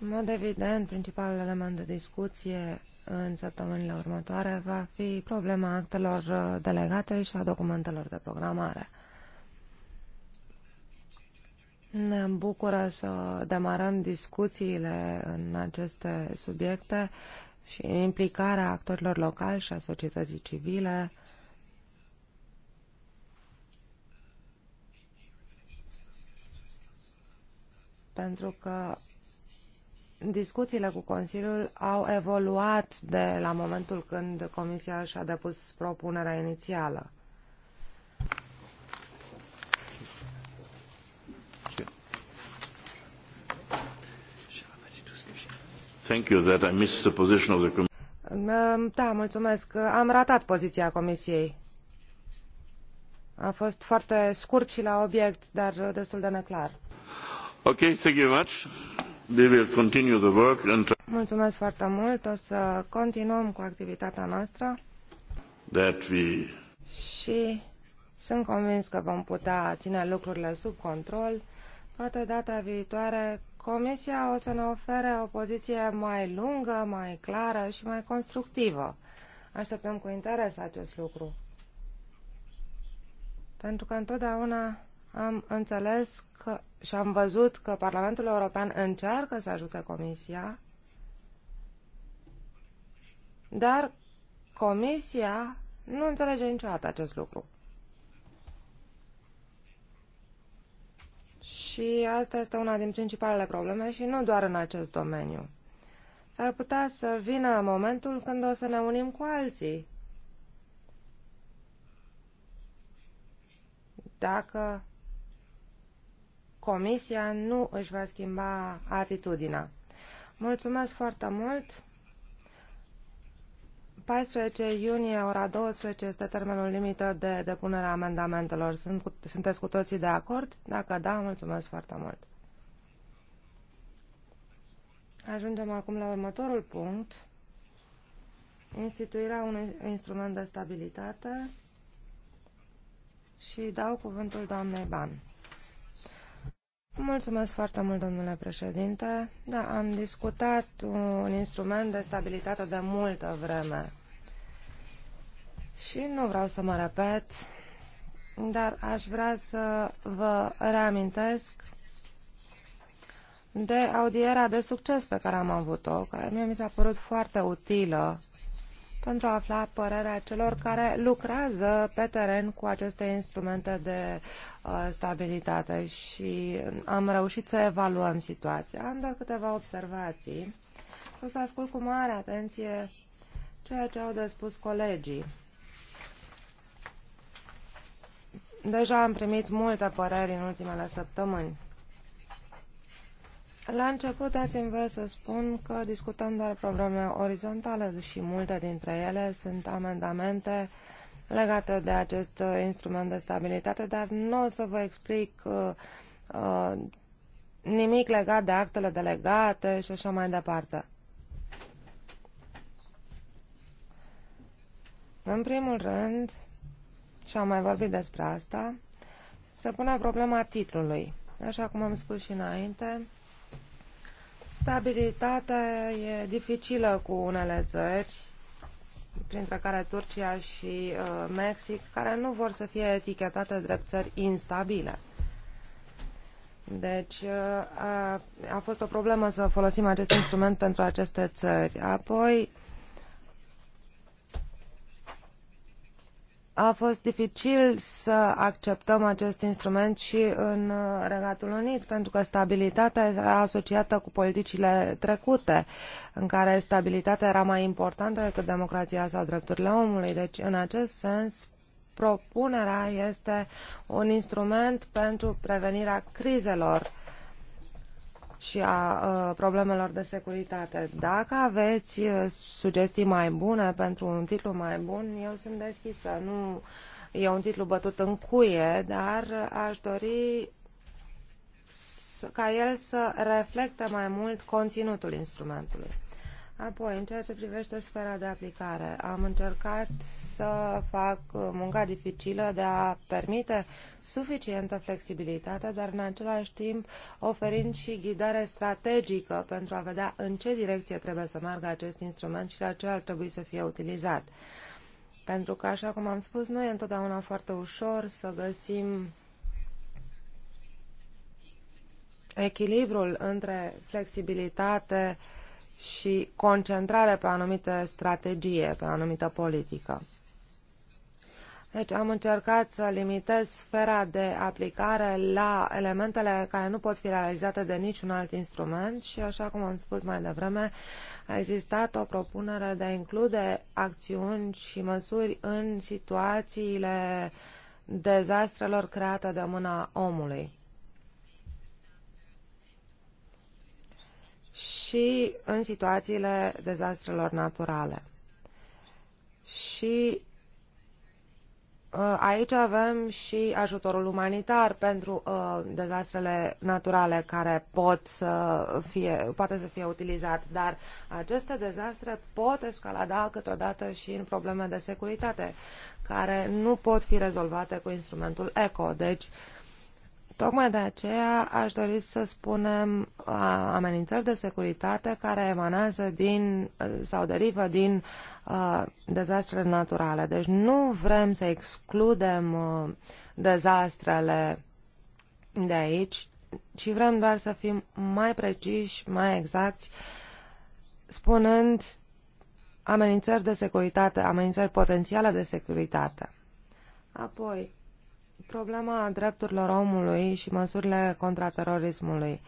Speaker 4: În mod evident, principalul element de discuție în săptămânile următoare va fi problema actelor delegate și a documentelor de programare. Ne bucură să demarăm discuțiile în aceste subiecte și implicarea actorilor locali și a societății civile pentru că discuțiile cu Consiliul au evoluat de la momentul când Comisia și-a depus propunerea inițială.
Speaker 2: Thank you that I missed the position of the
Speaker 4: da, mulțumesc. Am ratat poziția Comisiei. A fost foarte scurt și la obiect, dar destul de neclar
Speaker 2: thank you much. will continue the work and...
Speaker 4: Mulțumesc foarte mult. O să continuăm cu activitatea noastră. Și sunt convins că vom putea ține lucrurile sub control. Poate data viitoare Comisia o să ne ofere o poziție mai lungă, mai clară și mai constructivă. Așteptăm cu interes acest lucru. Pentru că întotdeauna am înțeles că și am văzut că Parlamentul European încearcă să ajute Comisia, dar Comisia nu înțelege niciodată acest lucru. Și asta este una din principalele probleme și nu doar în acest domeniu. S-ar putea să vină momentul când o să ne unim cu alții. Dacă Comisia nu își va schimba atitudinea. Mulțumesc foarte mult! 14 iunie, ora 12, este termenul limită de depunere a amendamentelor. Sunt cu, sunteți cu toții de acord? Dacă da, mulțumesc foarte mult. Ajungem acum la următorul punct. Instituirea unui instrument de stabilitate și dau cuvântul doamnei Ban. Mulțumesc foarte mult, domnule președinte. Da, am discutat un instrument de stabilitate de multă vreme. Și nu vreau să mă repet, dar aș vrea să vă reamintesc de audierea de succes pe care am avut-o, care mie mi s-a părut foarte utilă pentru a afla părerea celor care lucrează pe teren cu aceste instrumente de uh, stabilitate și am reușit să evaluăm situația. Am doar câteva observații. O să ascult cu mare atenție ceea ce au de spus colegii. Deja am primit multe păreri în ultimele săptămâni. La început dați-mi voie să spun că discutăm doar probleme orizontale și multe dintre ele sunt amendamente legate de acest uh, instrument de stabilitate, dar nu o să vă explic uh, uh, nimic legat de actele delegate și așa mai departe. În primul rând, și am mai vorbit despre asta, se pune problema titlului. Așa cum am spus și înainte, Stabilitatea e dificilă cu unele țări, printre care Turcia și uh, Mexic, care nu vor să fie etichetate drept țări instabile. Deci uh, a, a fost o problemă să folosim acest instrument pentru aceste țări. Apoi, A fost dificil să acceptăm acest instrument și în uh, Regatul Unit, pentru că stabilitatea era asociată cu politicile trecute, în care stabilitatea era mai importantă decât democrația sau drepturile omului. Deci, în acest sens, propunerea este un instrument pentru prevenirea crizelor și a ă, problemelor de securitate. Dacă aveți ă, sugestii mai bune pentru un titlu mai bun, eu sunt deschisă. Nu e un titlu bătut în cuie, dar aș dori ca el să reflecte mai mult conținutul instrumentului. Apoi, în ceea ce privește sfera de aplicare, am încercat să fac uh, munca dificilă de a permite suficientă flexibilitate, dar în același timp oferind și ghidare strategică pentru a vedea în ce direcție trebuie să meargă acest instrument și la ce ar trebui să fie utilizat. Pentru că, așa cum am spus, nu e întotdeauna foarte ușor să găsim echilibrul între flexibilitate, uh, și concentrare pe o anumită strategie, pe o anumită politică. Deci am încercat să limitez sfera de aplicare la elementele care nu pot fi realizate de niciun alt instrument și, așa cum am spus mai devreme, a existat o propunere de a include acțiuni și măsuri în situațiile dezastrelor create de mâna omului. și în situațiile dezastrelor naturale. Și uh, aici avem și ajutorul umanitar pentru uh, dezastrele naturale care pot să fie, poate să fie utilizat, dar aceste dezastre pot escalada câteodată și în probleme de securitate care nu pot fi rezolvate cu instrumentul ECO. Deci, uh, Tocmai de aceea aș dori să spunem uh, amenințări de securitate care emanează din uh, sau derivă din uh, dezastrele naturale. Deci nu vrem să excludem uh, dezastrele de aici, ci vrem doar să fim mai preciși, mai exacti, spunând amenințări de securitate, amenințări potențiale de securitate. Apoi, Problema drepturilor omului și măsurile contra terorismului.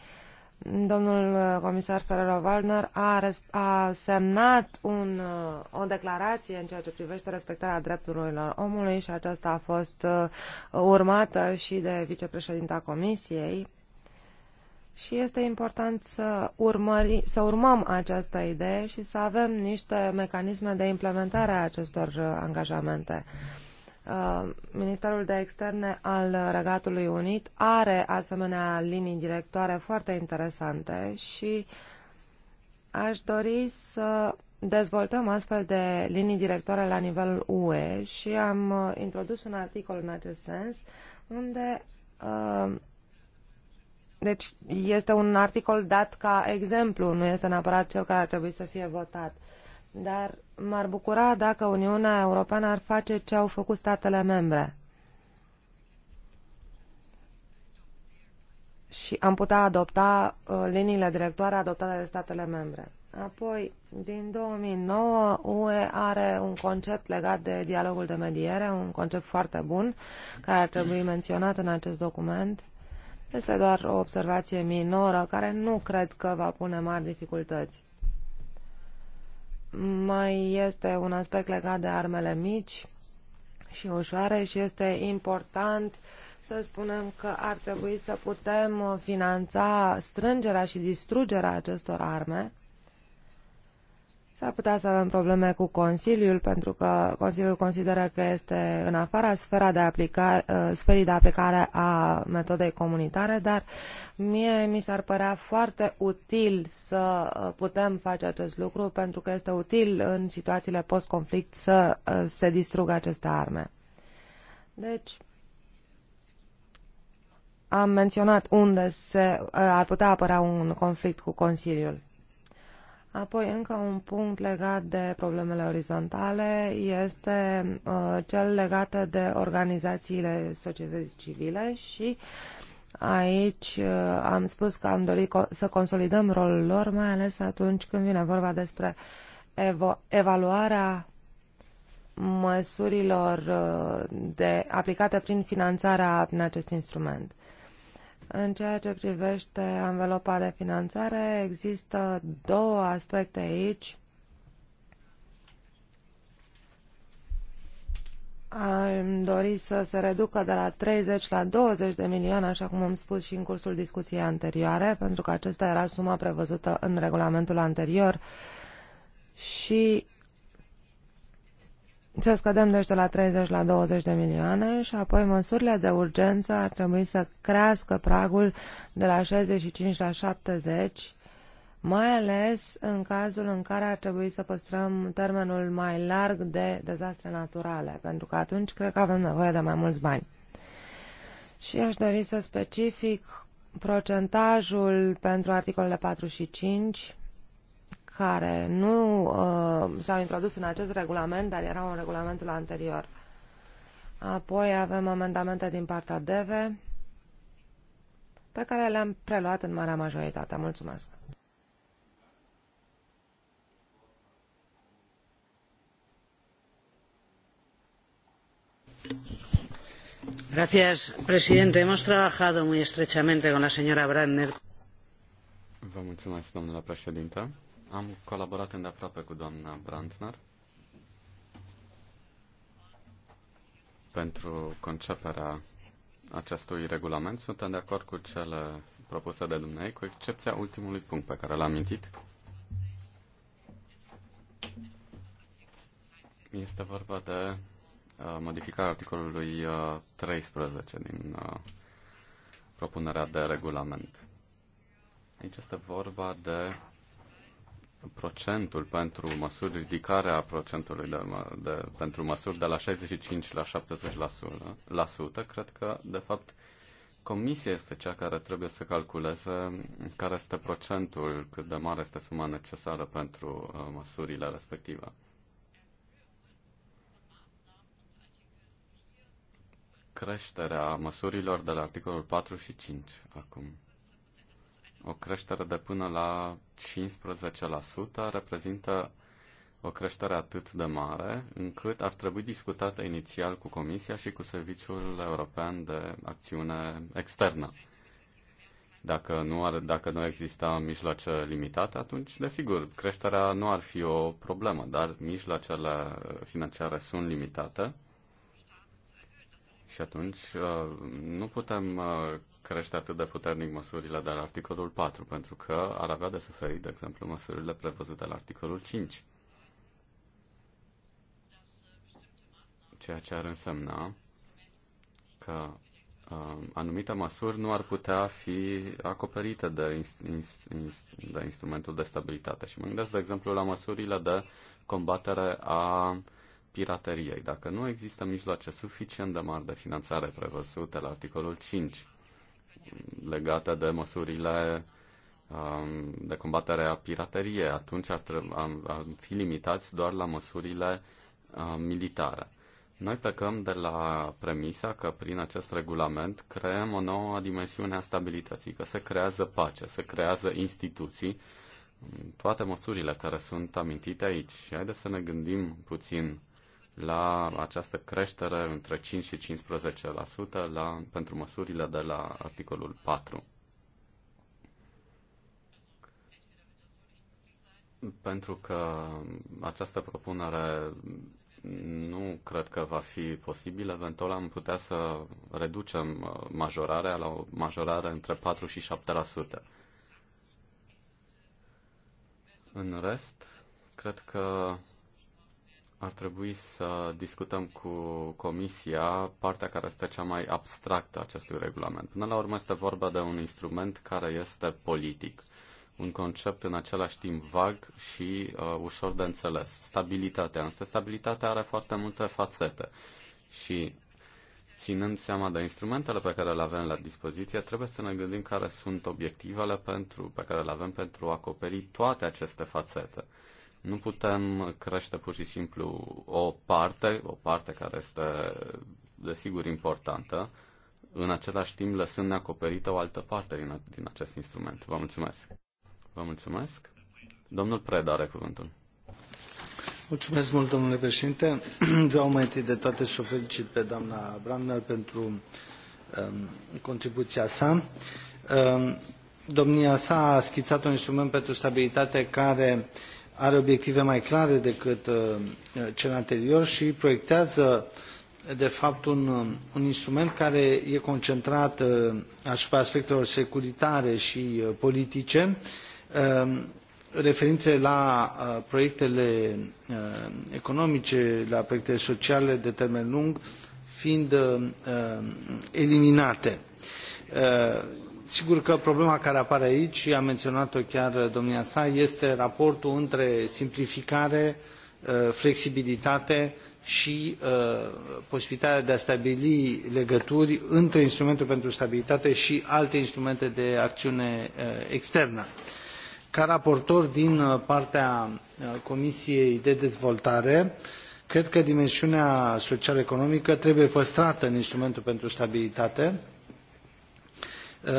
Speaker 4: Domnul uh, comisar Ferrero Waldner a, a semnat un, uh, o declarație în ceea ce privește respectarea drepturilor omului și aceasta a fost uh, urmată și de vicepreședinta Comisiei. Și este important să, urmări, să urmăm această idee și să avem niște mecanisme de implementare a acestor angajamente. Uh, Uh, Ministerul de Externe al Regatului Unit are asemenea linii directoare foarte interesante și aș dori să dezvoltăm astfel de linii directoare la nivelul UE și am uh, introdus un articol în acest sens unde uh, deci este un articol dat ca exemplu, nu este neapărat cel care ar trebui să fie votat. Dar m-ar bucura dacă Uniunea Europeană ar face ce au făcut statele membre. Și am putea adopta uh, liniile directoare adoptate de statele membre. Apoi, din 2009, UE are un concept legat de dialogul de mediere, un concept foarte bun, care ar trebui menționat în acest document. Este doar o observație minoră, care nu cred că va pune mari dificultăți. Mai este un aspect legat de armele mici și ușoare și este important să spunem că ar trebui să putem finanța strângerea și distrugerea acestor arme S-ar putea să avem probleme cu Consiliul, pentru că Consiliul consideră că este în afara sfera de aplicare, uh, sferii de aplicare a metodei comunitare, dar mie mi s-ar părea foarte util să uh, putem face acest lucru, pentru că este util în situațiile post-conflict să uh, se distrugă aceste arme. Deci, am menționat unde se, ar putea apărea un conflict cu Consiliul. Apoi, încă un punct legat de problemele orizontale este uh, cel legat de organizațiile societății civile și aici uh, am spus că am dorit co să consolidăm rolul lor, mai ales atunci când vine vorba despre evaluarea măsurilor uh, de, aplicate prin finanțarea prin acest instrument. În ceea ce privește anvelopa de finanțare, există două aspecte aici. Am dori să se reducă de la 30 la 20 de milioane, așa cum am spus și în cursul discuției anterioare, pentru că acesta era suma prevăzută în regulamentul anterior și să scădem deci de la 30 la 20 de milioane și apoi măsurile de urgență ar trebui să crească pragul de la 65 la 70, mai ales în cazul în care ar trebui să păstrăm termenul mai larg de dezastre naturale, pentru că atunci cred că avem nevoie de mai mulți bani. Și aș dori să specific procentajul pentru articolele 4 și 5, care nu uh, s-au introdus în acest regulament, dar erau în regulamentul anterior. Apoi avem amendamente din partea DEVE, pe care le-am preluat în marea majoritate. Mulțumesc! Gracias, presidente hemos trabajado muy estrechamente con la señora brantner.
Speaker 1: Am colaborat îndeaproape cu doamna Brandner pentru conceperea acestui regulament. Suntem de acord cu cele propuse de dumnei, cu excepția ultimului punct pe care l-am mintit. Este vorba de uh, modificarea articolului uh, 13 din uh, propunerea de regulament. Aici este vorba de procentul pentru măsuri, ridicarea procentului de, de, pentru măsuri de la 65 la 70%, la cred că, de fapt, Comisia este cea care trebuie să calculeze care este procentul, cât de mare este suma necesară pentru uh, măsurile respective. Creșterea măsurilor de la articolul 4 și 5 acum. O creștere de până la 15% reprezintă o creștere atât de mare încât ar trebui discutată inițial cu Comisia și cu Serviciul European de Acțiune Externă. Dacă nu, ar, dacă nu exista mijloace limitate, atunci, desigur, creșterea nu ar fi o problemă, dar mijloacele financiare sunt limitate și atunci uh, nu putem uh, crește atât de puternic măsurile de la articolul 4, pentru că ar avea de suferit, de exemplu, măsurile prevăzute la articolul 5. Ceea ce ar însemna că uh, anumite măsuri nu ar putea fi acoperite de, ins- ins- de instrumentul de stabilitate. Și mă gândesc, de exemplu, la măsurile de combatere a pirateriei. Dacă nu există mijloace suficient de mari de finanțare prevăzute la articolul 5 legate de măsurile um, de combatere a pirateriei, atunci ar, fi limitați doar la măsurile uh, militare. Noi plecăm de la premisa că prin acest regulament creăm o nouă dimensiune a stabilității, că se creează pace, se creează instituții, toate măsurile care sunt amintite aici. Și haideți să ne gândim puțin la această creștere între 5 și 15% la, pentru măsurile de la articolul 4. Pentru că această propunere nu cred că va fi posibil. Eventual am putea să reducem majorarea la o majorare între 4 și 7%. În rest, cred că ar trebui să discutăm cu Comisia partea care este cea mai abstractă a acestui regulament. Până la urmă este vorba de un instrument care este politic, un concept în același timp vag și uh, ușor de înțeles. Stabilitatea, însă stabilitatea are foarte multe fațete și ținând seama de instrumentele pe care le avem la dispoziție, trebuie să ne gândim care sunt obiectivele pentru, pe care le avem pentru a acoperi toate aceste fațete. Nu putem crește pur și simplu o parte, o parte care este desigur importantă, în același timp lăsând neacoperită o altă parte din, din acest instrument. Vă mulțumesc. Vă mulțumesc. Domnul Preda are cuvântul.
Speaker 3: Mulțumesc mult, domnule președinte. Vreau mai întâi de toate să o felicit pe doamna Brandner pentru um, contribuția sa. Um, domnia sa a schițat un instrument pentru stabilitate care uh, are obiective mai clare decât uh, cel anterior și proiectează de fapt un, uh, un instrument care e concentrat uh, asupra aspectelor securitare și politice, um, referințe la proiectele economice, la proiectele sociale de termen lung, fiind eliminate Sigur că problema care apare aici, i a menționat-o chiar domnia sa, este raportul între simplificare, uh, flexibilitate și uh, posibilitatea de a stabili legături între instrumentul pentru stabilitate și alte instrumente de acțiune uh, externă. Ca raportor din partea Comisiei de Dezvoltare, cred că dimensiunea social-economică trebuie păstrată în instrumentul pentru stabilitate, Uh,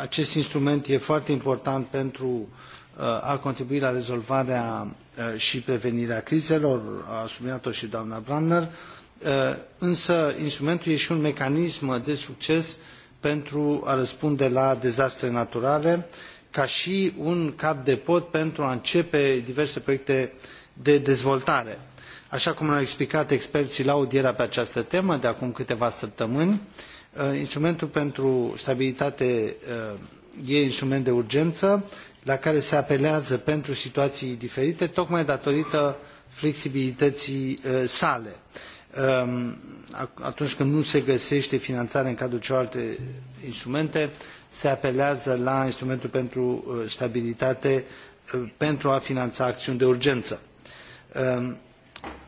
Speaker 3: acest instrument e foarte important pentru uh, a contribui la rezolvarea uh, și prevenirea crizelor, a subliniat-o și doamna Brandner, însă instrumentul e și un mecanism de succes pentru a răspunde la dezastre naturale, ca și un cap de pod pentru a începe diverse proiecte de dezvoltare. Așa cum ne-au explicat experții la audierea pe această temă de acum câteva săptămâni, Uh, instrumentul pentru stabilitate uh, e instrument de urgență la care se apelează pentru situații diferite, tocmai datorită flexibilității uh, sale. Um, atunci când nu se găsește finanțare în cadrul celorlalte instrumente, se apelează la instrumentul pentru stabilitate pentru a finanța acțiuni de urgență um,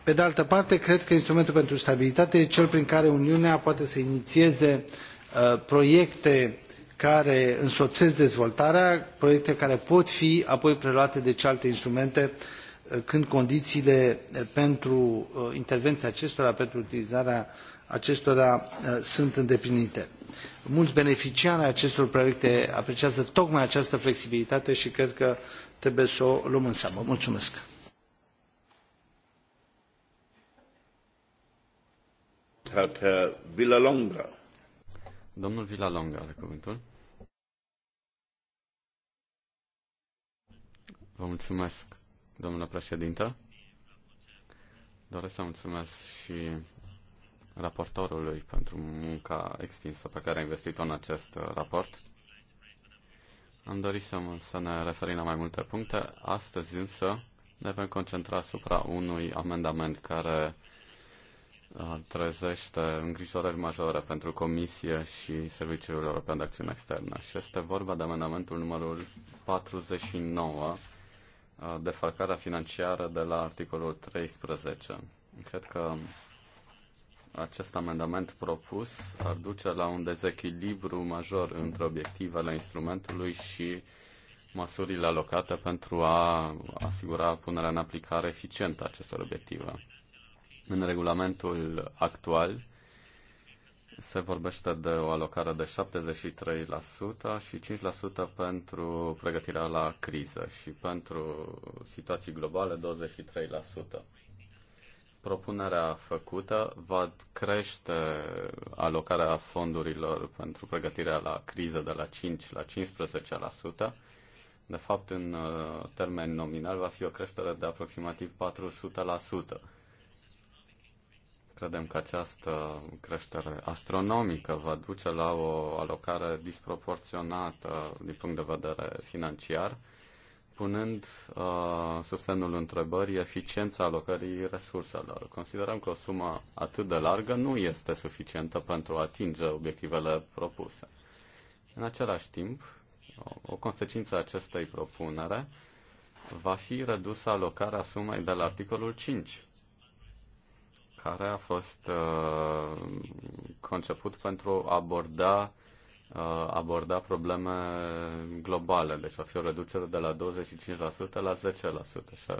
Speaker 3: pe de altă parte cred că instrumentul pentru stabilitate este cel prin care uniunea poate să iniieze uh, proiecte care însoesc dezvoltarea proiecte care pot fi apoi preluate de celelalte instrumente uh, când condiiile uh, pentru intervenia acestora pentru utilizarea acestora sunt îndeplinite. Mulți beneficiari ai acestor proiecte apreciază tocmai această flexibilitate și cred că trebuie să o
Speaker 1: luăm în seamă. Mulțumesc! hat uh, Villalonga. Domnul Villalonga are cuvântul. Vă mulțumesc, domnule președinte. Doresc să mulțumesc și raportorului pentru munca extinsă pe care a investit-o în acest raport. Am dorit să, să ne referim la mai multe puncte. Astăzi însă ne vom concentra asupra unui amendament care Uh, trezește îngrijorări majore pentru Comisie și Serviciul European de Acțiune Externă. Și este vorba de amendamentul numărul 49, uh, defalcarea financiară de la articolul 13. Cred că acest amendament propus ar duce la un dezechilibru major între obiectivele instrumentului și măsurile alocate pentru a asigura punerea în aplicare eficientă a acestor obiective. În regulamentul actual se vorbește de o alocare de 73% și 5% pentru pregătirea la criză și pentru situații globale 23%. Propunerea făcută va crește alocarea fondurilor pentru pregătirea la criză de la 5 la 15%. De fapt, în uh, termen nominal, va fi o creștere de aproximativ 400%. Credem că această creștere astronomică va duce la o alocare disproporționată din punct de vedere financiar, punând uh, sub semnul întrebării eficiența alocării resurselor. Considerăm că o sumă atât de largă nu este suficientă pentru a atinge obiectivele propuse. În același timp, o, consecință a acestei propunere va fi redusă alocarea sumei de la articolul 5 care a fost uh, conceput pentru a aborda, uh, aborda probleme globale. Deci va fi o reducere de la 25% la 10%. Și uh,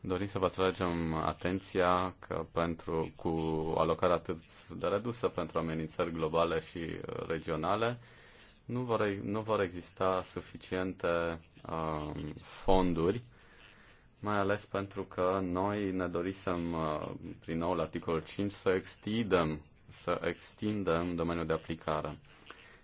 Speaker 1: dorim să vă atragem atenția că pentru, cu alocarea atât de redusă pentru amenințări globale și uh, regionale, nu vor, nu vor exista suficiente uh, fonduri uh, mai ales pentru că noi ne dorisem, uh, prin noul articol 5, să extindem, să extindem domeniul de aplicare.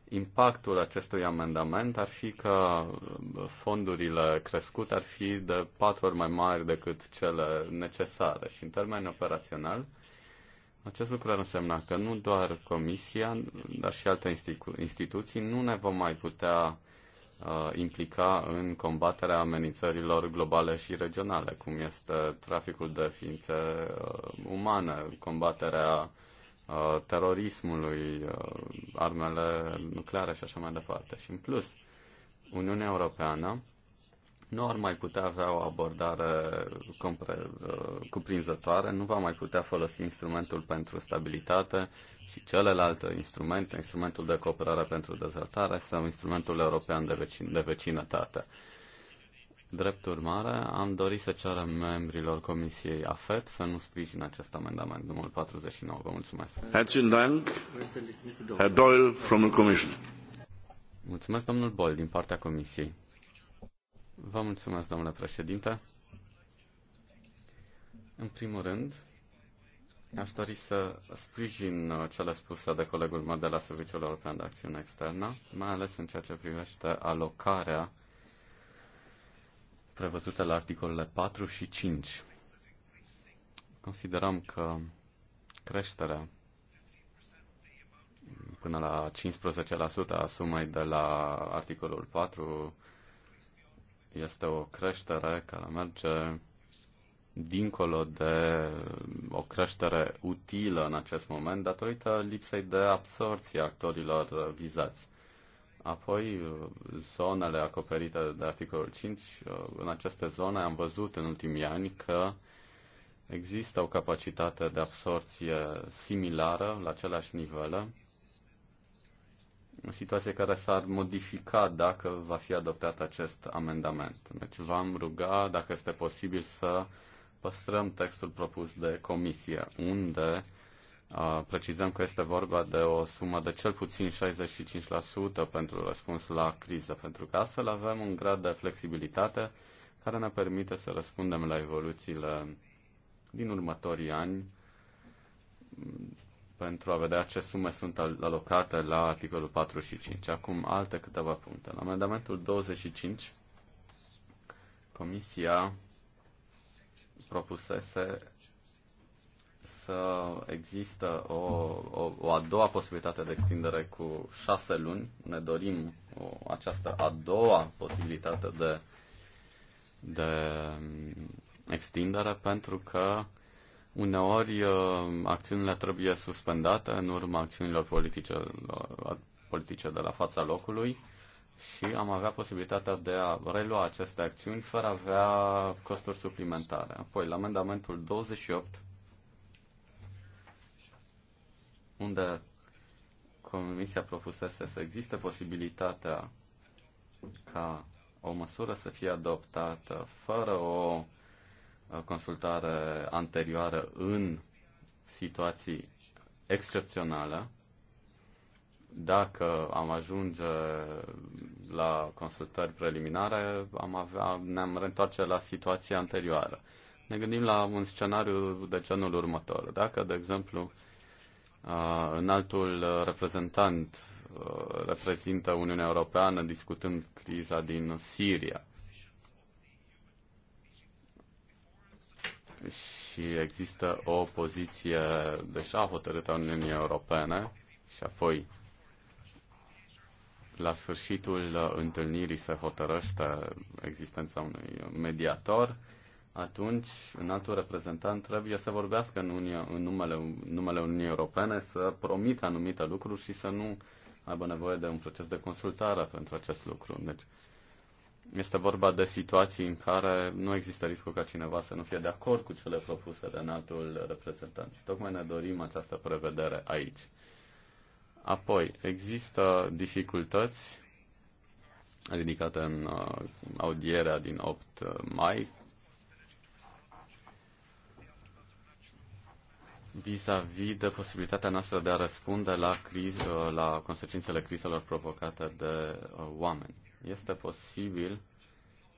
Speaker 1: Impactul acestui amendament ar fi că uh, fondurile crescute ar fi de patru ori mai mari decât cele necesare și în termeni operațional acest lucru ar însemna că nu doar Comisia, dar și alte institu- instituții nu ne vom mai putea Uh, implica în combaterea amenințărilor globale și regionale, cum este traficul de ființe uh, umane, combaterea uh, terorismului, armele nucleare și așa mai departe. Și în plus, Uniunea Europeană nu ar mai putea avea o abordare compre, uh, cuprinzătoare, nu va mai putea folosi instrumentul pentru stabilitate și celelalte instrumente, instrumentul de cooperare pentru dezvoltare sau instrumentul european de, vecin, de vecinătate. Drept urmare, am dorit să cerem membrilor Comisiei AFET să nu sprijin acest amendament, numărul 49. Vă mulțumesc. Herzlichen Dank, Herr Doyle from the Commission. Mulțumesc, domnul Bol, din partea Comisiei. Vă mulțumesc, domnule președinte. În primul rând, aș dori să sprijin uh, cele spuse de colegul meu de la Serviciul European de Acțiune Externă, mai ales în ceea ce privește alocarea prevăzută la articolele 4 și 5. Considerăm că creșterea până la 15% a sumei de la articolul 4 este o creștere care merge dincolo de o creștere utilă în acest moment datorită lipsei de absorție a actorilor vizați. Apoi, zonele acoperite de articolul 5, în aceste zone am văzut în ultimii ani că există o capacitate de absorție similară, la același nivelă o situație care s-ar modifica dacă va fi adoptat acest amendament. Deci v-am ruga, dacă este posibil, să păstrăm textul propus de comisie, unde uh, precizăm că este vorba de o sumă de cel puțin 65% pentru răspuns la criză, pentru că astfel avem un grad de flexibilitate care ne permite să răspundem la evoluțiile din următorii ani pentru a vedea ce sume sunt alocate la articolul 4 și 5. Acum alte câteva puncte. La amendamentul 25, Comisia propusese să există o, o, o a doua posibilitate de extindere cu șase luni. Ne dorim o, această a doua posibilitate de, de mm, extindere pentru că uh, Uneori uh, acțiunile trebuie suspendate în urma acțiunilor politice, uh, politice de la fața locului și am avea posibilitatea de a relua aceste acțiuni fără a avea costuri suplimentare. Apoi, la amendamentul 28, unde Comisia propusese să existe posibilitatea ca o măsură să fie adoptată fără o Uh, consultare anterioară în situații excepționale. Dacă am ajunge la consultări preliminare, am avea, ne-am reîntoarce la situația anterioară. Ne gândim la un scenariu de genul următor. Dacă, de exemplu, uh, în altul reprezentant uh, reprezintă Uniunea Europeană discutând criza din Siria, și există o poziție deja hotărâtă a Uniunii Europene și apoi la sfârșitul întâlnirii se hotărăște existența unui mediator, atunci un alt reprezentant trebuie să vorbească în, unia, în numele, numele Uniunii Europene, să promită anumite lucruri și să nu aibă nevoie de un proces de consultare pentru acest lucru. Deci, este vorba de situații în care nu există riscul ca cineva să nu fie de acord cu cele propuse de înaltul reprezentant. Și tocmai ne dorim această prevedere aici. Apoi, există dificultăți ridicate în uh, audierea din 8 mai vis-a-vis -vis de posibilitatea noastră de a răspunde la, criz, uh, la consecințele crizelor provocate de uh, oameni este posibil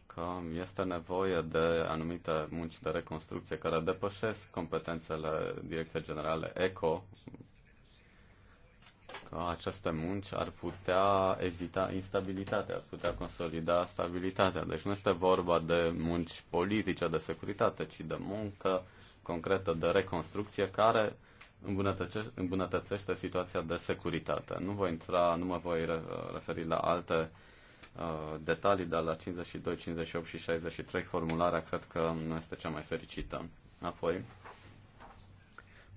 Speaker 1: că este nevoie de anumite munci de reconstrucție care depășesc competențele Direcției Generale ECO, că aceste munci ar putea evita instabilitatea, ar putea consolida stabilitatea. Deci nu este vorba de munci politice de securitate, ci de muncă concretă de reconstrucție care îmbunătățește situația de securitate. Nu voi intra, nu mă voi referi la alte uh, Uh, detalii, dar la 52, 58 și 63 formularea cred că nu este cea mai fericită. Apoi,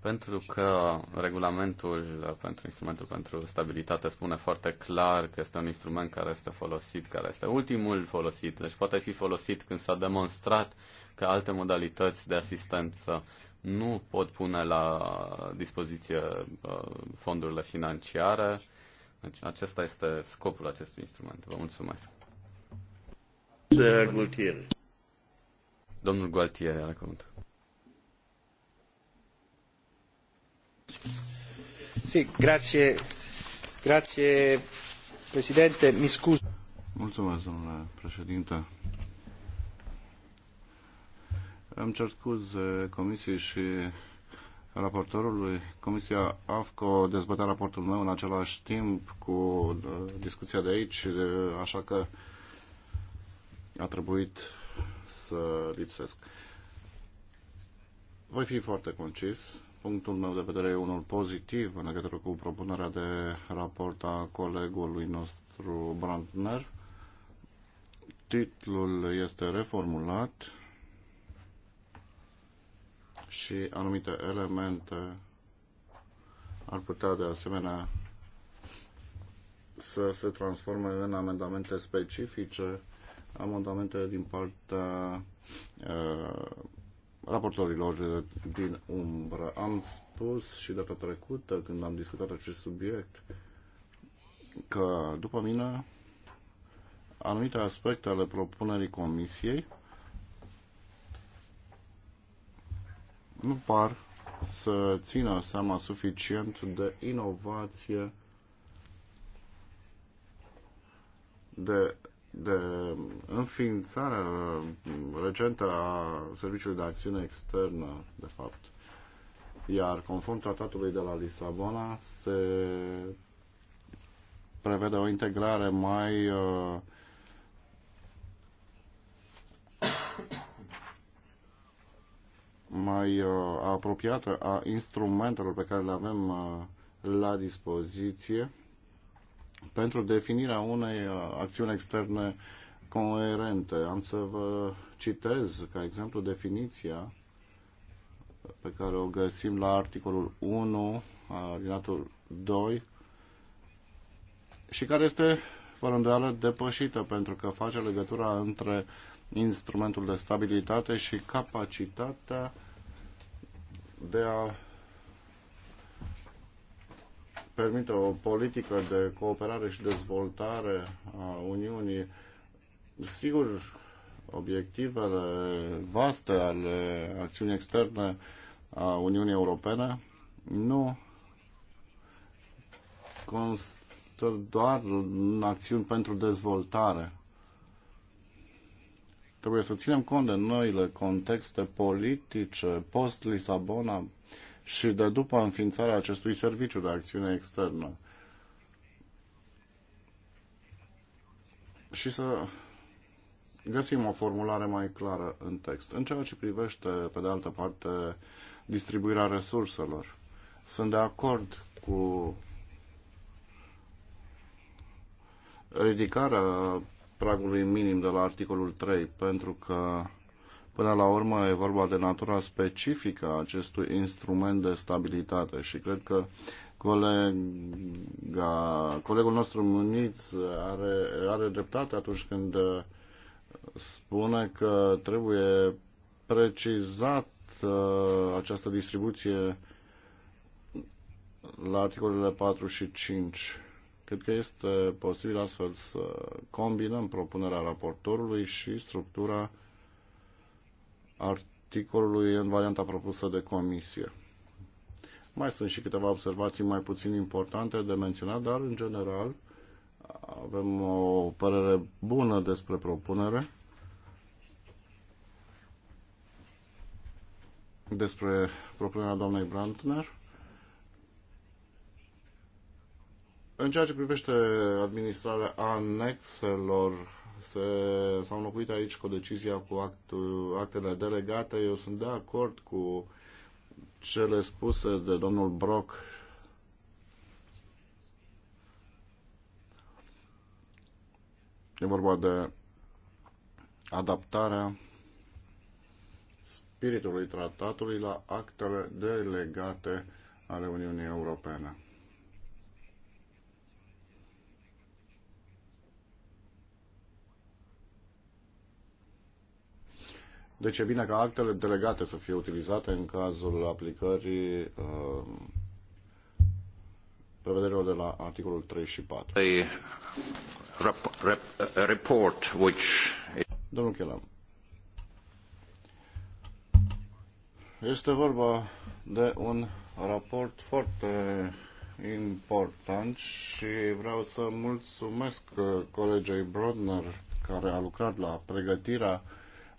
Speaker 1: pentru că regulamentul pentru instrumentul pentru stabilitate spune foarte clar că este un instrument care este folosit, care este ultimul folosit, deci poate fi folosit când s-a demonstrat că alte modalități de asistență nu pot pune la dispoziție uh, fondurile financiare deci acesta este scopul acestui instrument. Vă mulțumesc. Gualtieri. Domnul Gualtieri, are cuvânt.
Speaker 3: Sì, grazie, grazie Presidente, mi scuso.
Speaker 2: Mulțumesc, domnule președinte. Am cer scuze Comisiei și raportorului. Comisia AFCO dezbătea raportul meu în același timp cu uh, discuția de aici, uh, așa că a trebuit să lipsesc. Voi fi foarte concis. Punctul meu de vedere e unul pozitiv în legătură cu propunerea de raport a colegului nostru Brandner. Titlul este reformulat și anumite elemente ar putea de asemenea să se transforme în amendamente specifice, amendamente din partea uh, raportorilor din umbră. Am spus și data trecută, când am discutat acest subiect, că, după mine, anumite aspecte ale propunerii comisiei nu par să țină seama suficient de inovație, de, de înființarea recentă a Serviciului de Acțiune Externă, de fapt. Iar conform tratatului de la Lisabona se prevede o integrare mai uh, mai uh, apropiată a instrumentelor pe care le avem uh, la dispoziție pentru definirea unei uh, acțiuni externe coerente. Am să vă citez, ca exemplu, definiția pe care o găsim la articolul 1, alineatul 2, și care este, fără îndoială, depășită, pentru că face legătura între uh, instrumentul de stabilitate și capacitatea de a permite o politică de cooperare și dezvoltare a Uniunii. Sigur, obiectivele vaste ale acțiunii externe a Uniunii Europene nu constă doar în acțiuni pentru dezvoltare. Trebuie să ținem cont de noile contexte politice post-Lisabona și de după înființarea acestui serviciu de acțiune externă. Și să găsim o formulare mai clară în text. În ceea ce privește, pe de altă parte, distribuirea resurselor, sunt de acord cu ridicarea pragului minim de la articolul 3, pentru că până la urmă e vorba de natura specifică a acestui instrument de stabilitate și cred că colega, colegul nostru Muniț are, are dreptate atunci când uh, spune că trebuie precizat uh, această distribuție la articolele 4 și 5. Cred că este posibil astfel să combinăm propunerea raportorului și structura articolului în varianta propusă de comisie. Mai sunt și câteva observații mai puțin importante de menționat, dar în general avem o părere bună despre propunere. Despre propunerea doamnei Brandner. În ceea ce privește administrarea anexelor, s-au înlocuit aici cu decizia cu actul, actele delegate. Eu sunt de acord cu cele spuse de domnul Brock E vorba de adaptarea spiritului tratatului la actele delegate ale Uniunii Europene. Deci e bine ca actele delegate să fie utilizate în cazul aplicării uh, prevederilor de la articolul 3 și 4. report which... Domnul Chelam. Este vorba de un raport foarte important și vreau să mulțumesc uh, colegei Brodner care a lucrat la pregătirea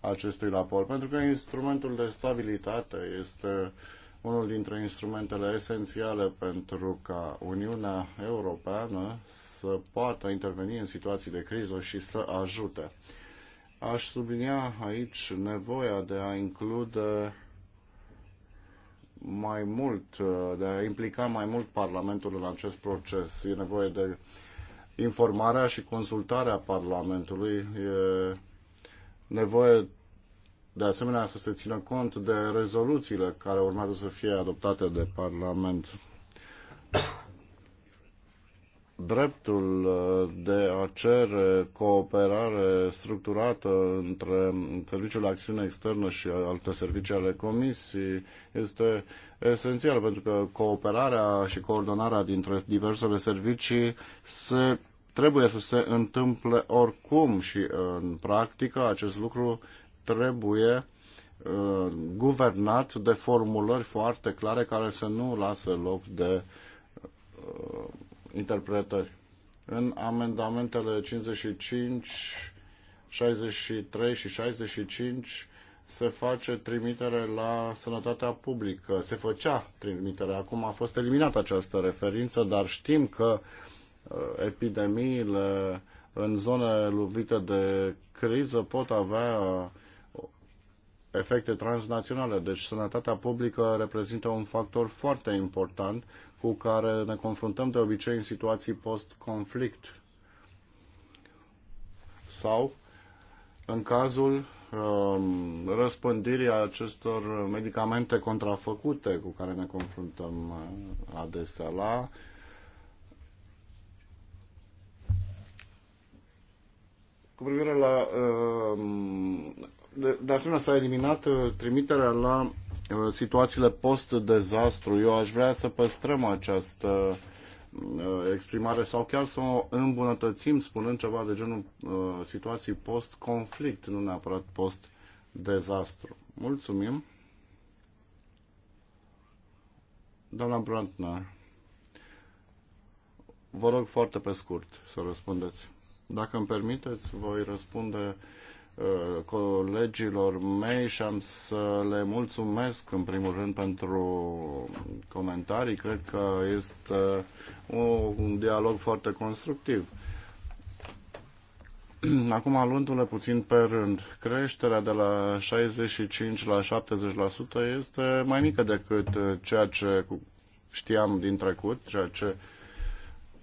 Speaker 2: acestui raport, pentru că instrumentul de stabilitate este unul dintre instrumentele esențiale pentru ca Uniunea Europeană să poată interveni în situații de criză și să ajute. Aș sublinia aici nevoia de a include mai mult, de a implica mai mult Parlamentul în acest proces. E nevoie de informarea și consultarea Parlamentului. E nevoie de asemenea să se țină cont de rezoluțiile care urmează să fie adoptate de Parlament. Dreptul uh, de a cere cooperare structurată între Serviciul Acțiune Externă și alte servicii ale Comisiei este esențial pentru că cooperarea și coordonarea dintre diversele servicii se trebuie să se întâmple oricum și uh, în practică acest lucru trebuie uh, guvernat de formulări foarte clare care să nu lasă loc de uh, interpretări. În amendamentele 55, 63 și 65 se face trimitere la sănătatea publică. Se făcea trimitere, acum a fost eliminată această referință, dar știm că uh, Uh, epidemiile în zone lovite de criză pot avea uh, efecte transnaționale. Deci sănătatea publică reprezintă un factor foarte important cu care ne confruntăm de obicei în situații post-conflict sau în cazul um, răspândirii acestor medicamente contrafăcute cu care ne confruntăm uh, adesea la uh, Cu privire la... Uh, de, de asemenea, s-a eliminat uh, trimiterea la uh, situațiile post-dezastru. Eu aș vrea să păstrăm această exprimare sau chiar să o îmbunătățim spunând ceva de genul situații post-conflict, nu neapărat post-dezastru. Mulțumim! Doamna Brantner, vă rog foarte pe scurt să răspundeți. Dacă îmi permiteți, voi răspunde uh, colegilor mei și am să le mulțumesc în primul rând pentru comentarii. Cred că este uh, un dialog foarte constructiv. Acum, luându-le puțin pe rând, creșterea de la 65 la 70% este mai mică decât uh, ceea ce știam din trecut, ceea ce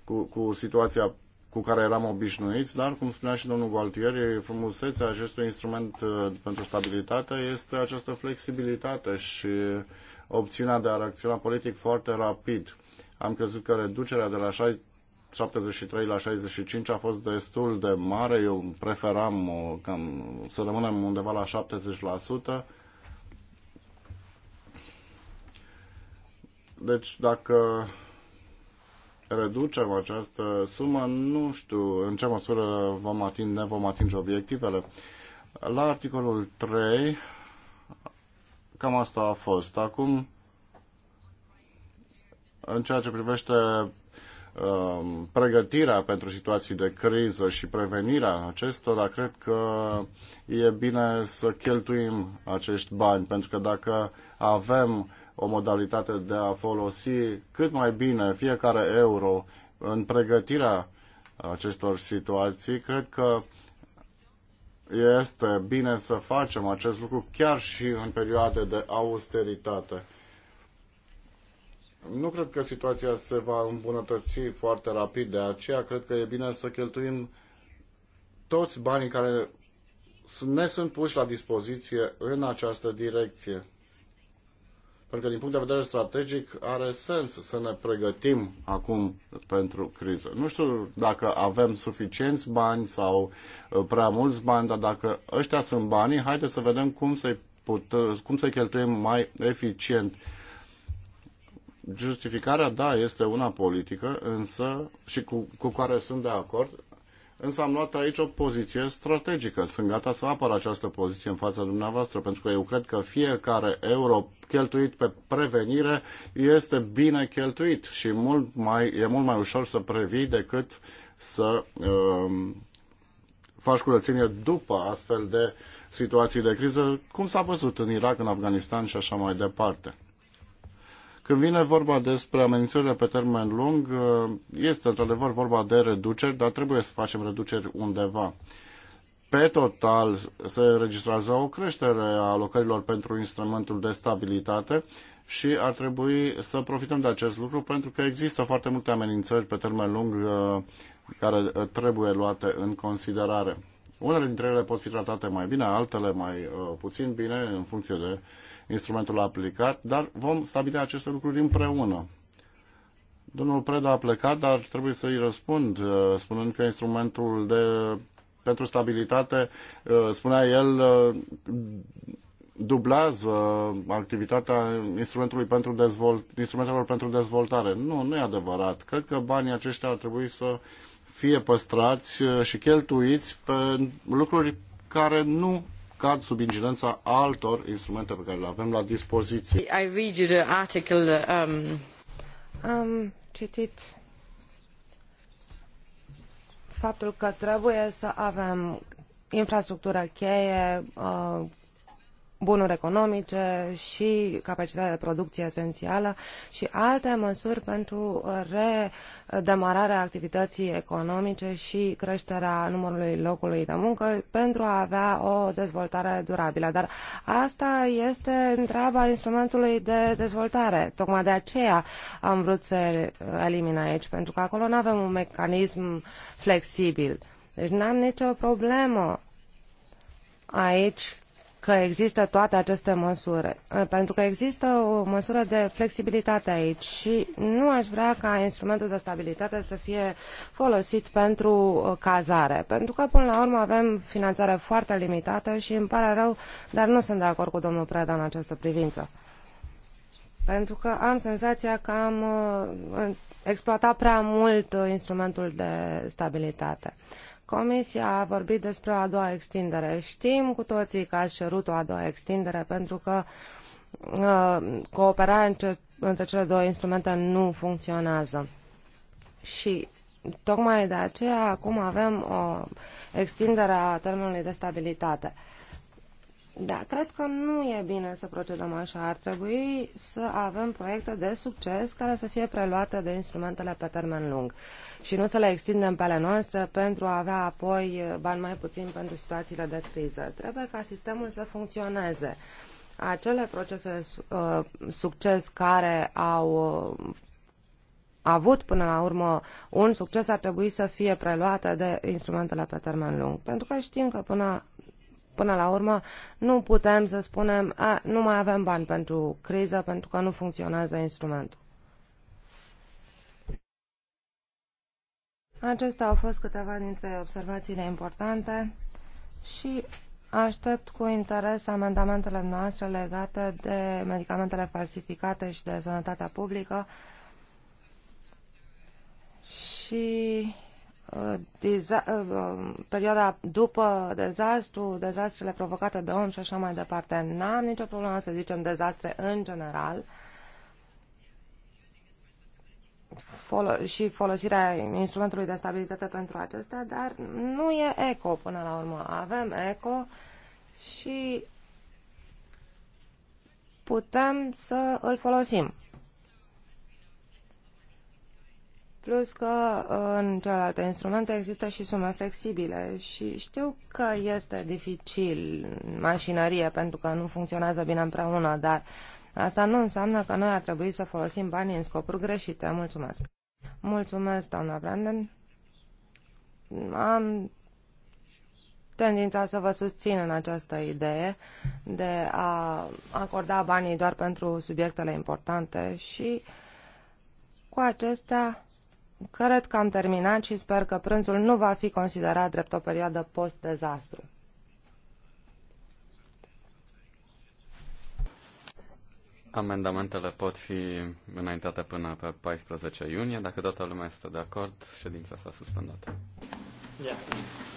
Speaker 2: cu, cu situația cu care eram obișnuiți, dar, cum spunea și domnul Gualtieri, frumusețea acestui instrument uh, pentru stabilitate este această flexibilitate și opțiunea de a reacționa politic foarte rapid. Am crezut că reducerea de la 73 la 65 a fost destul de mare. Eu preferam uh, cam, um, să rămânem undeva la 70%. Deci, dacă reducem această sumă, nu știu în ce măsură vom atinge, ne vom atinge obiectivele. La articolul 3, cam asta a fost. Acum, în ceea ce privește um, pregătirea pentru situații de criză și prevenirea acestora, cred că e bine să cheltuim acești bani, pentru că dacă avem o modalitate de a folosi cât mai bine fiecare euro în pregătirea acestor situații, cred că este bine să facem acest lucru chiar și în perioade de austeritate. Nu cred că situația se va îmbunătăți foarte rapid, de aceea cred că e bine să cheltuim toți banii care ne sunt puși la dispoziție în această direcție pentru că din punct de vedere strategic are sens să ne pregătim acum pentru criză. Nu știu dacă avem suficienți bani sau uh, prea mulți bani, dar dacă ăștia sunt banii, haideți să vedem cum să-i, put- uh, cum să cheltuim mai eficient. Justificarea, da, este una politică, însă și cu, cu care sunt de acord, însă am luat aici o poziție strategică. Sunt gata să apăr această poziție în fața dumneavoastră, pentru că eu cred că fiecare euro cheltuit pe prevenire este bine cheltuit și mult mai, e mult mai ușor să previi decât să uh, faci curățenie după astfel de situații de criză, cum s-a văzut în Irak, în Afganistan și așa mai departe. Când vine vorba despre amenințările pe termen lung, este într-adevăr vorba de reduceri, dar trebuie să facem reduceri undeva. Pe total se înregistrează o creștere a alocărilor pentru instrumentul de stabilitate și ar trebui să profităm de acest lucru pentru că există foarte multe amenințări pe termen lung uh, care uh, trebuie luate în considerare. Unele dintre ele pot fi tratate mai bine, altele mai uh, puțin bine, în funcție de instrumentul aplicat, dar vom stabili aceste lucruri împreună. Domnul Preda a plecat, dar trebuie să-i răspund, uh, spunând că instrumentul de, pentru stabilitate, uh, spunea el, uh, dublează activitatea instrumentului pentru dezvolt, instrumentelor pentru dezvoltare. Nu, nu e adevărat. Cred că banii aceștia ar trebui să fie păstrați uh, și cheltuiți pe lucruri care nu cad sub incidența altor instrumente pe care le avem la dispoziție.
Speaker 4: I read you the article, um... Am citit faptul că trebuie să avem infrastructura cheie, uh, bunuri economice și capacitatea de producție esențială și alte măsuri pentru redemararea activității economice și creșterea numărului locului de muncă pentru a avea o dezvoltare durabilă. Dar asta este întreaba instrumentului de dezvoltare. Tocmai de aceea am vrut să elimin aici, pentru că acolo nu avem un mecanism flexibil. Deci n-am nicio problemă aici că există toate aceste măsuri, eh, pentru că există o măsură de flexibilitate aici și nu aș vrea ca instrumentul de stabilitate să fie folosit pentru eh, cazare, pentru că până la urmă avem finanțare foarte limitată și îmi pare rău, dar nu sunt de acord cu domnul Preda în această privință. Pentru că am senzația că am eh, exploatat prea mult instrumentul de stabilitate. Uh, Comisia a vorbit despre o a doua extindere. Știm cu toții că ați cerut o a doua extindere pentru că uh, cooperarea între, între cele două instrumente nu funcționează. Și tocmai de aceea acum avem o extindere a termenului de stabilitate. Uh, da, cred că nu e bine să procedăm așa. Ar trebui să avem proiecte de succes care să fie preluate de instrumentele pe termen lung și nu să le extindem pe ale noastre pentru a avea apoi bani mai puțin pentru situațiile de criză. Trebuie ca sistemul să funcționeze. Acele procese de uh, succes care au uh, avut până la urmă un succes ar trebui să fie preluate de instrumentele pe termen lung. Pentru că știm că până Până la urmă, nu putem să spunem, a, nu mai avem bani pentru criză, pentru că nu funcționează instrumentul. Acestea au fost câteva dintre observațiile importante și aștept cu interes amendamentele noastre legate de medicamentele falsificate și de sănătatea publică și Uh, uh, perioada după dezastru, dezastrele provocate de om și așa mai departe. N-am nicio problemă să zicem dezastre în general folo- și folosirea instrumentului de stabilitate pentru acestea, dar nu e ECO până la urmă. Avem ECO și putem să îl folosim. Plus că în celelalte instrumente există și sume flexibile și știu că este dificil mașinărie pentru că nu funcționează bine împreună, dar asta nu înseamnă că noi ar trebui să folosim banii în scopuri greșite. Mulțumesc! Mulțumesc, doamna Brandon! Am tendința să vă susțin în această idee de a acorda banii doar pentru subiectele importante și cu acestea Cred că am terminat și sper că prânzul nu va fi considerat drept o perioadă post-dezastru.
Speaker 1: Amendamentele pot fi înaintate până pe 14 iunie. Dacă toată lumea este de acord, ședința s-a suspendat.
Speaker 2: Yeah.